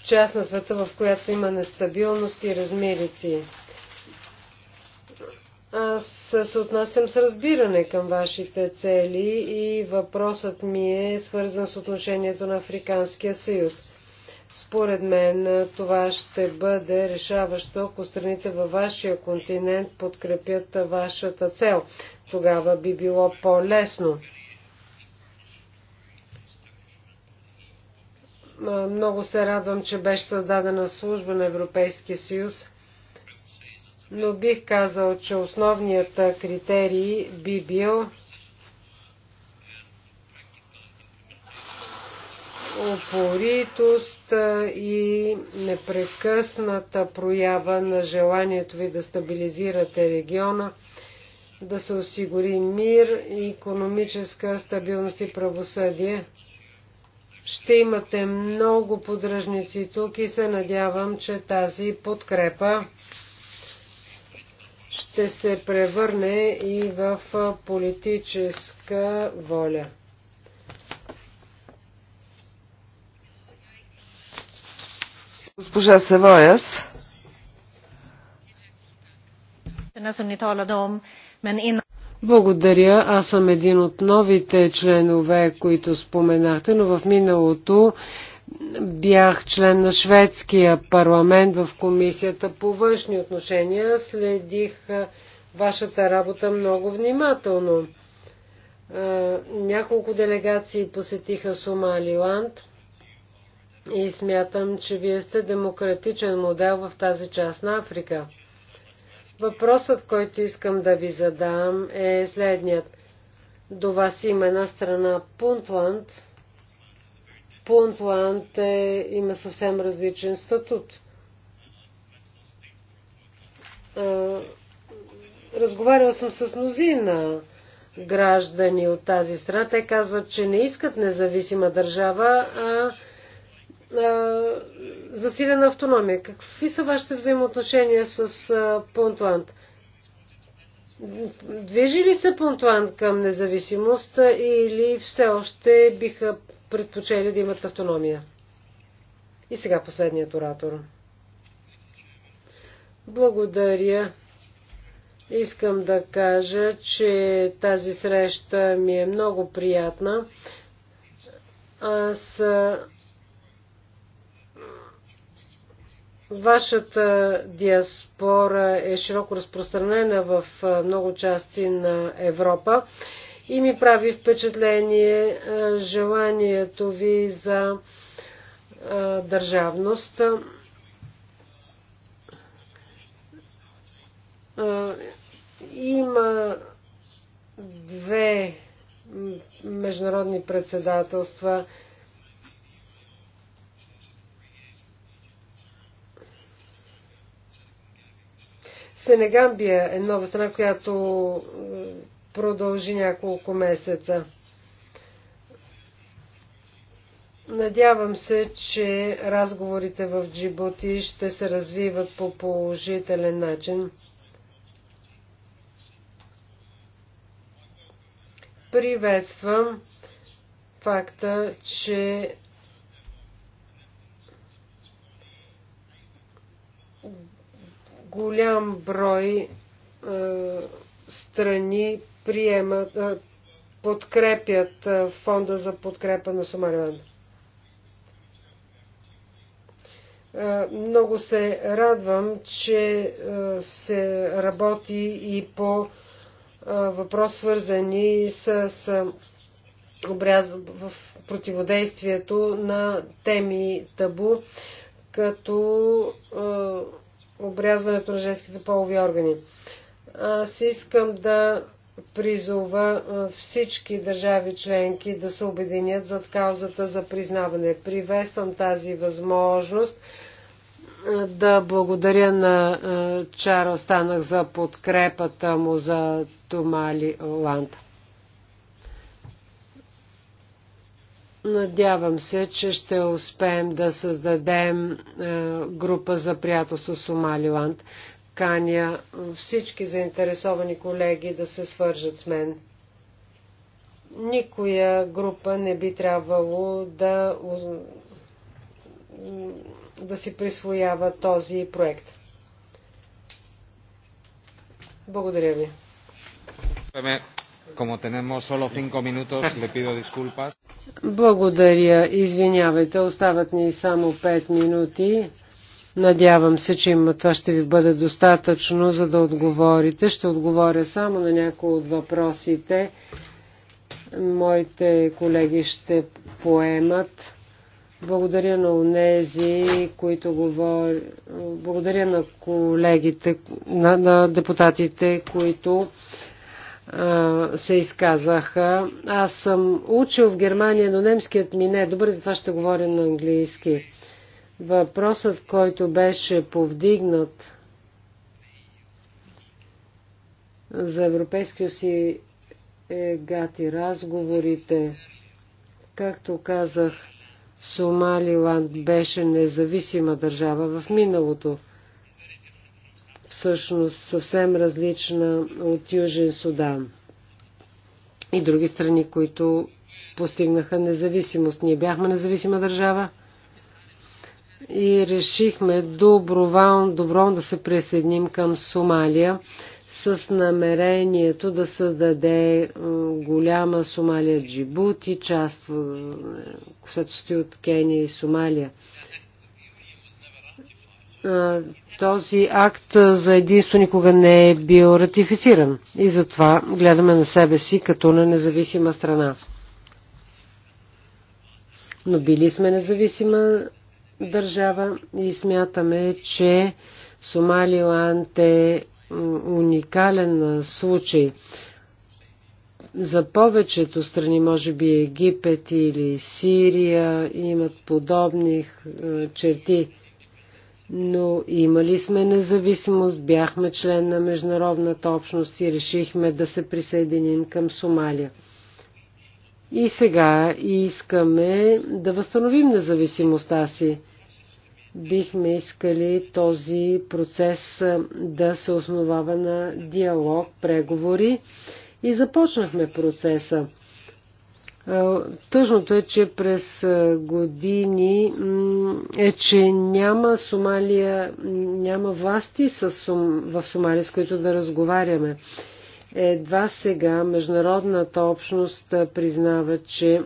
част на света, в която има нестабилност и размерици. Аз се отнасям с разбиране към вашите цели и въпросът ми е свързан с отношението на Африканския съюз. Според мен това ще бъде решаващо, ако страните във вашия континент подкрепят вашата цел. Тогава би било по-лесно. Много се радвам, че беше създадена служба на Европейския съюз – но бих казал, че основният критерий би бил упоритост и непрекъсната проява на желанието ви да стабилизирате региона, да се осигури мир, и економическа стабилност и правосъдие. Ще имате много подръжници тук и се надявам, че тази подкрепа ще се превърне и в политическа воля. Госпожа Савояс. Благодаря. Аз съм един от новите членове, които споменахте, но в миналото Бях член на шведския парламент в комисията по външни отношения. Следих вашата работа много внимателно. Няколко делегации посетиха Сомалиланд и смятам, че вие сте демократичен модел в тази част на Африка. Въпросът, който искам да ви задам е следният. До вас има една страна Пунтланд, Пунтланд е, има съвсем различен статут. Разговарял съм с мнозина граждани от тази страна. Те казват, че не искат независима държава, а, засилена автономия. Какви са вашите взаимоотношения с Пунтланд? Движи ли се Пунтланд към независимост или все още биха предпочели да имат автономия. И сега последният оратор. Благодаря. Искам да кажа, че тази среща ми е много приятна. Аз Вашата диаспора е широко разпространена в много части на Европа и ми прави впечатление е, желанието ви за е, държавност. Е, има две международни председателства. Сенегамбия е нова страна, която продължи няколко месеца. Надявам се, че разговорите в Джибути ще се развиват по положителен начин. Приветствам факта, че голям брой е, страни приемат, подкрепят фонда за подкрепа на Сомалиланд. Много се радвам, че се работи и по въпрос свързани с обряз в противодействието на теми табу, като обрязването на женските полови органи. Аз искам да призова всички държави членки да се обединят зад каузата за признаване. Приветствам тази възможност да благодаря на чара Станах за подкрепата му за Томали Оланд. Надявам се, че ще успеем да създадем група за приятелство с Сомалиланд каня всички заинтересовани колеги да се свържат с мен. Никоя група не би трябвало да, да си присвоява този проект. Благодаря ви. Благодаря. Извинявайте, остават ни само 5 минути. Надявам се, че има, това ще ви бъде достатъчно, за да отговорите. Ще отговоря само на някои от въпросите. Моите колеги ще поемат. Благодаря на унези, които говор... Благодаря на колегите, на, на депутатите, които а, се изказаха. Аз съм учил в Германия, но немският ми не е за това ще говоря на английски. Въпросът, който беше повдигнат за Европейския си е гати разговорите. Както казах, Сомалиланд беше независима държава в миналото. Всъщност съвсем различна от Южен Судан и други страни, които постигнаха независимост. Ние бяхме независима държава и решихме доброволно, доброволно да се присъединим към Сомалия с намерението да създаде голяма Сомалия Джибути, част, е, която стои от Кения и Сомалия. Този акт за единство никога не е бил ратифициран и затова гледаме на себе си като на независима страна. Но били сме независима държава и смятаме, че Сомалиланд е уникален случай. За повечето страни, може би Египет или Сирия, имат подобни черти. Но имали сме независимост, бяхме член на международната общност и решихме да се присъединим към Сомалия. И сега искаме да възстановим независимостта си бихме искали този процес да се основава на диалог, преговори и започнахме процеса. Тъжното е, че през години е, че няма Сомалия, няма власти в Сомалия, с които да разговаряме. Едва сега международната общност признава, че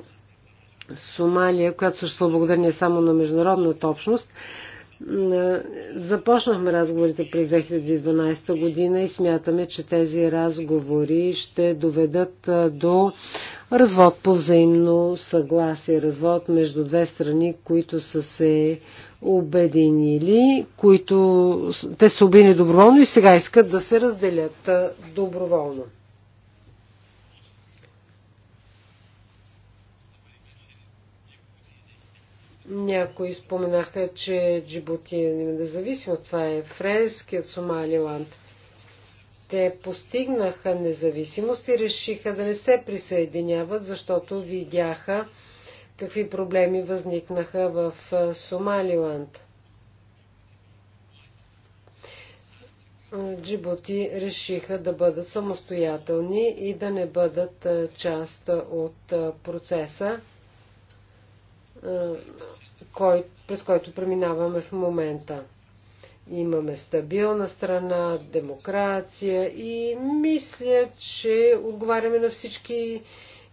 Сомалия, която съществува благодарение само на международната общност, Започнахме разговорите през 2012 година и смятаме, че тези разговори ще доведат до развод по взаимно съгласие, развод между две страни, които са се обединили, които те са обединили доброволно и сега искат да се разделят доброволно. Някои споменаха, че Джибути е независимо. Това е френският Сомалиланд. Те постигнаха независимост и решиха да не се присъединяват, защото видяха какви проблеми възникнаха в Сомалиланд. Джибути решиха да бъдат самостоятелни и да не бъдат част от процеса кой, през който преминаваме в момента. Имаме стабилна страна, демокрация и мисля, че отговаряме на всички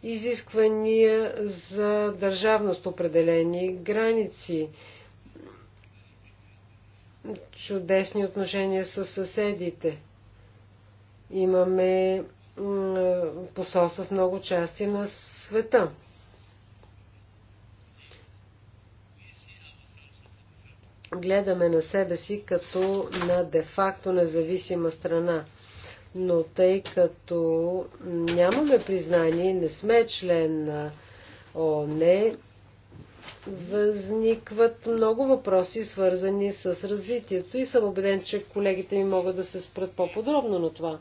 изисквания за държавност, определени граници, чудесни отношения с съседите. Имаме посолства в много части на света. гледаме на себе си като на де-факто независима страна. Но тъй като нямаме признание, не сме член на ООН, възникват много въпроси, свързани с развитието и съм убеден, че колегите ми могат да се спрат по-подробно на това.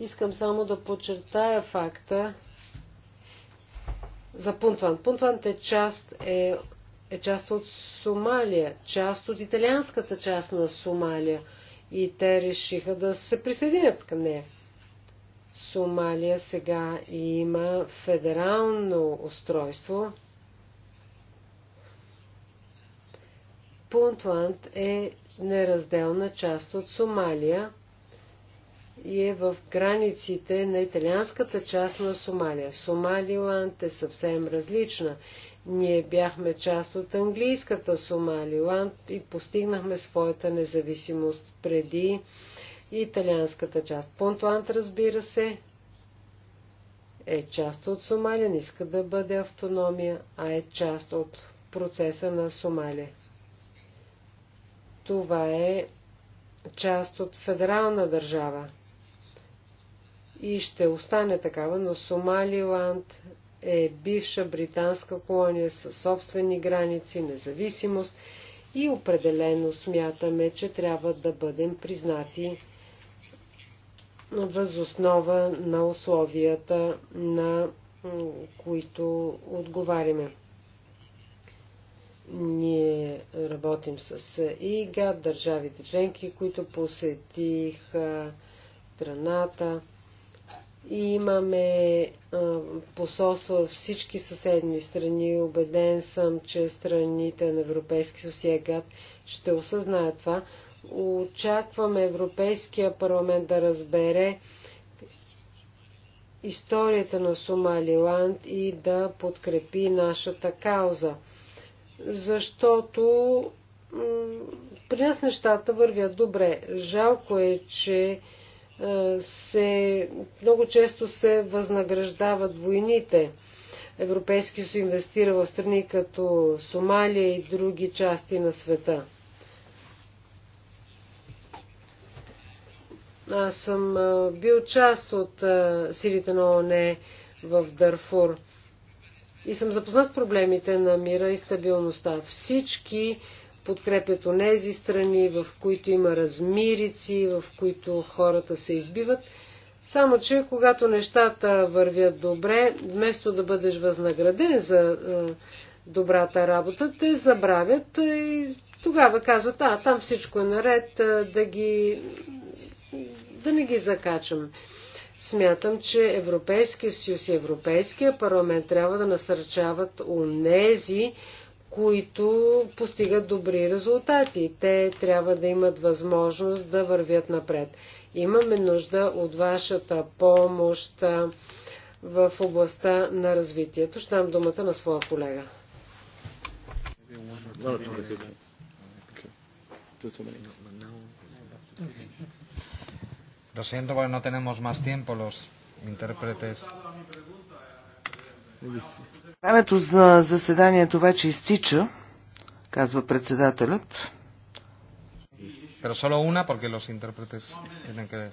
Искам само да подчертая факта за Пунтван. Пунтван е част е е част от Сомалия, част от италианската част на Сомалия и те решиха да се присъединят към нея. Сомалия сега има федерално устройство. Пунтланд е неразделна част от Сомалия и е в границите на италианската част на Сомалия. Сомалиланд е съвсем различна. Ние бяхме част от английската Сомалиланд и постигнахме своята независимост преди италианската част. Понтланд, разбира се, е част от Сомалия, не иска да бъде автономия, а е част от процеса на Сомалия. Това е част от федерална държава и ще остане такава, но Сомалиланд е бивша британска колония със собствени граници, независимост и определено смятаме, че трябва да бъдем признати възоснова на условията, на които отговаряме. Ние работим с ИГА, държавите членки, които посетиха страната. Имаме посолства във всички съседни страни. Обеден съм, че страните на Европейски съюз ще осъзнаят това. Очакваме Европейския парламент да разбере историята на Сомалиланд и да подкрепи нашата кауза. Защото при нас нещата вървят добре. Жалко е, че е, се, много често се възнаграждават войните. Европейски съюз инвестира в страни като Сомалия и други части на света. Аз съм е, бил част от е, силите на ООН в Дарфур и съм запознат с проблемите на мира и стабилността. Всички подкрепят онези страни, в които има размирици, в които хората се избиват. Само, че когато нещата вървят добре, вместо да бъдеш възнаграден за е, добрата работа, те забравят и тогава казват, а, там всичко е наред, е, да, ги, да не ги закачам. Смятам, че Европейския съюз и Европейския парламент трябва да насърчават унези, нези, които постигат добри резултати. Те трябва да имат възможност да вървят напред. Имаме нужда от вашата помощ в областта на развитието. Ще дам думата на своя колега. Lo siento no tenemos más tiempo los intérpretes. Времето за заседанието вече изтича, казва председателят. Pero solo una porque los intérpretes tienen que...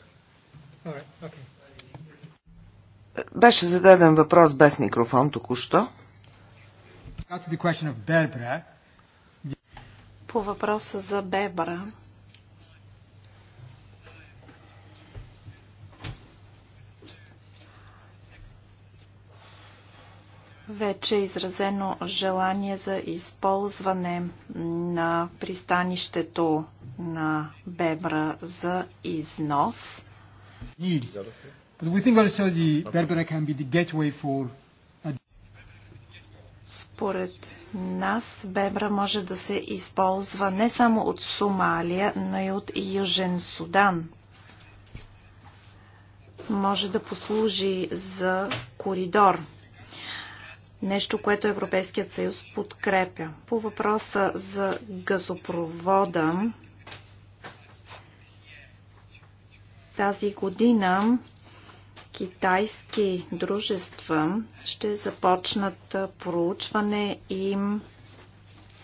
Беше зададен въпрос без микрофон току-що. По въпроса за Бебра, вече е изразено желание за използване на пристанището на Бебра за износ. Според нас Бебра може да се използва не само от Сомалия, но и от Южен Судан. Може да послужи за коридор нещо, което Европейският съюз подкрепя. По въпроса за газопровода, тази година китайски дружества ще започнат проучване и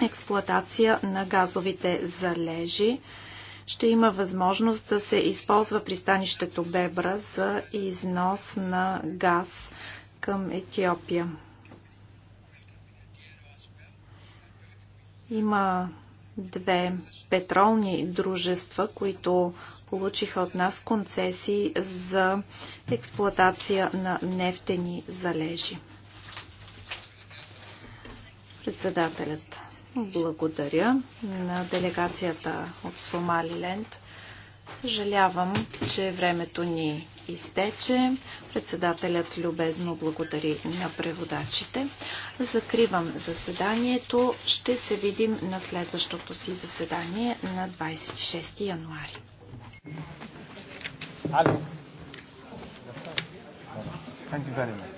експлоатация на газовите залежи. Ще има възможност да се използва пристанището Бебра за износ на газ към Етиопия. Има две петролни дружества, които получиха от нас концесии за експлоатация на нефтени залежи. Председателят благодаря на делегацията от Сомалиленд. Съжалявам, че времето ни изтече. Председателят любезно благодари на преводачите. Закривам заседанието. Ще се видим на следващото си заседание на 26 януари. Thank you very much.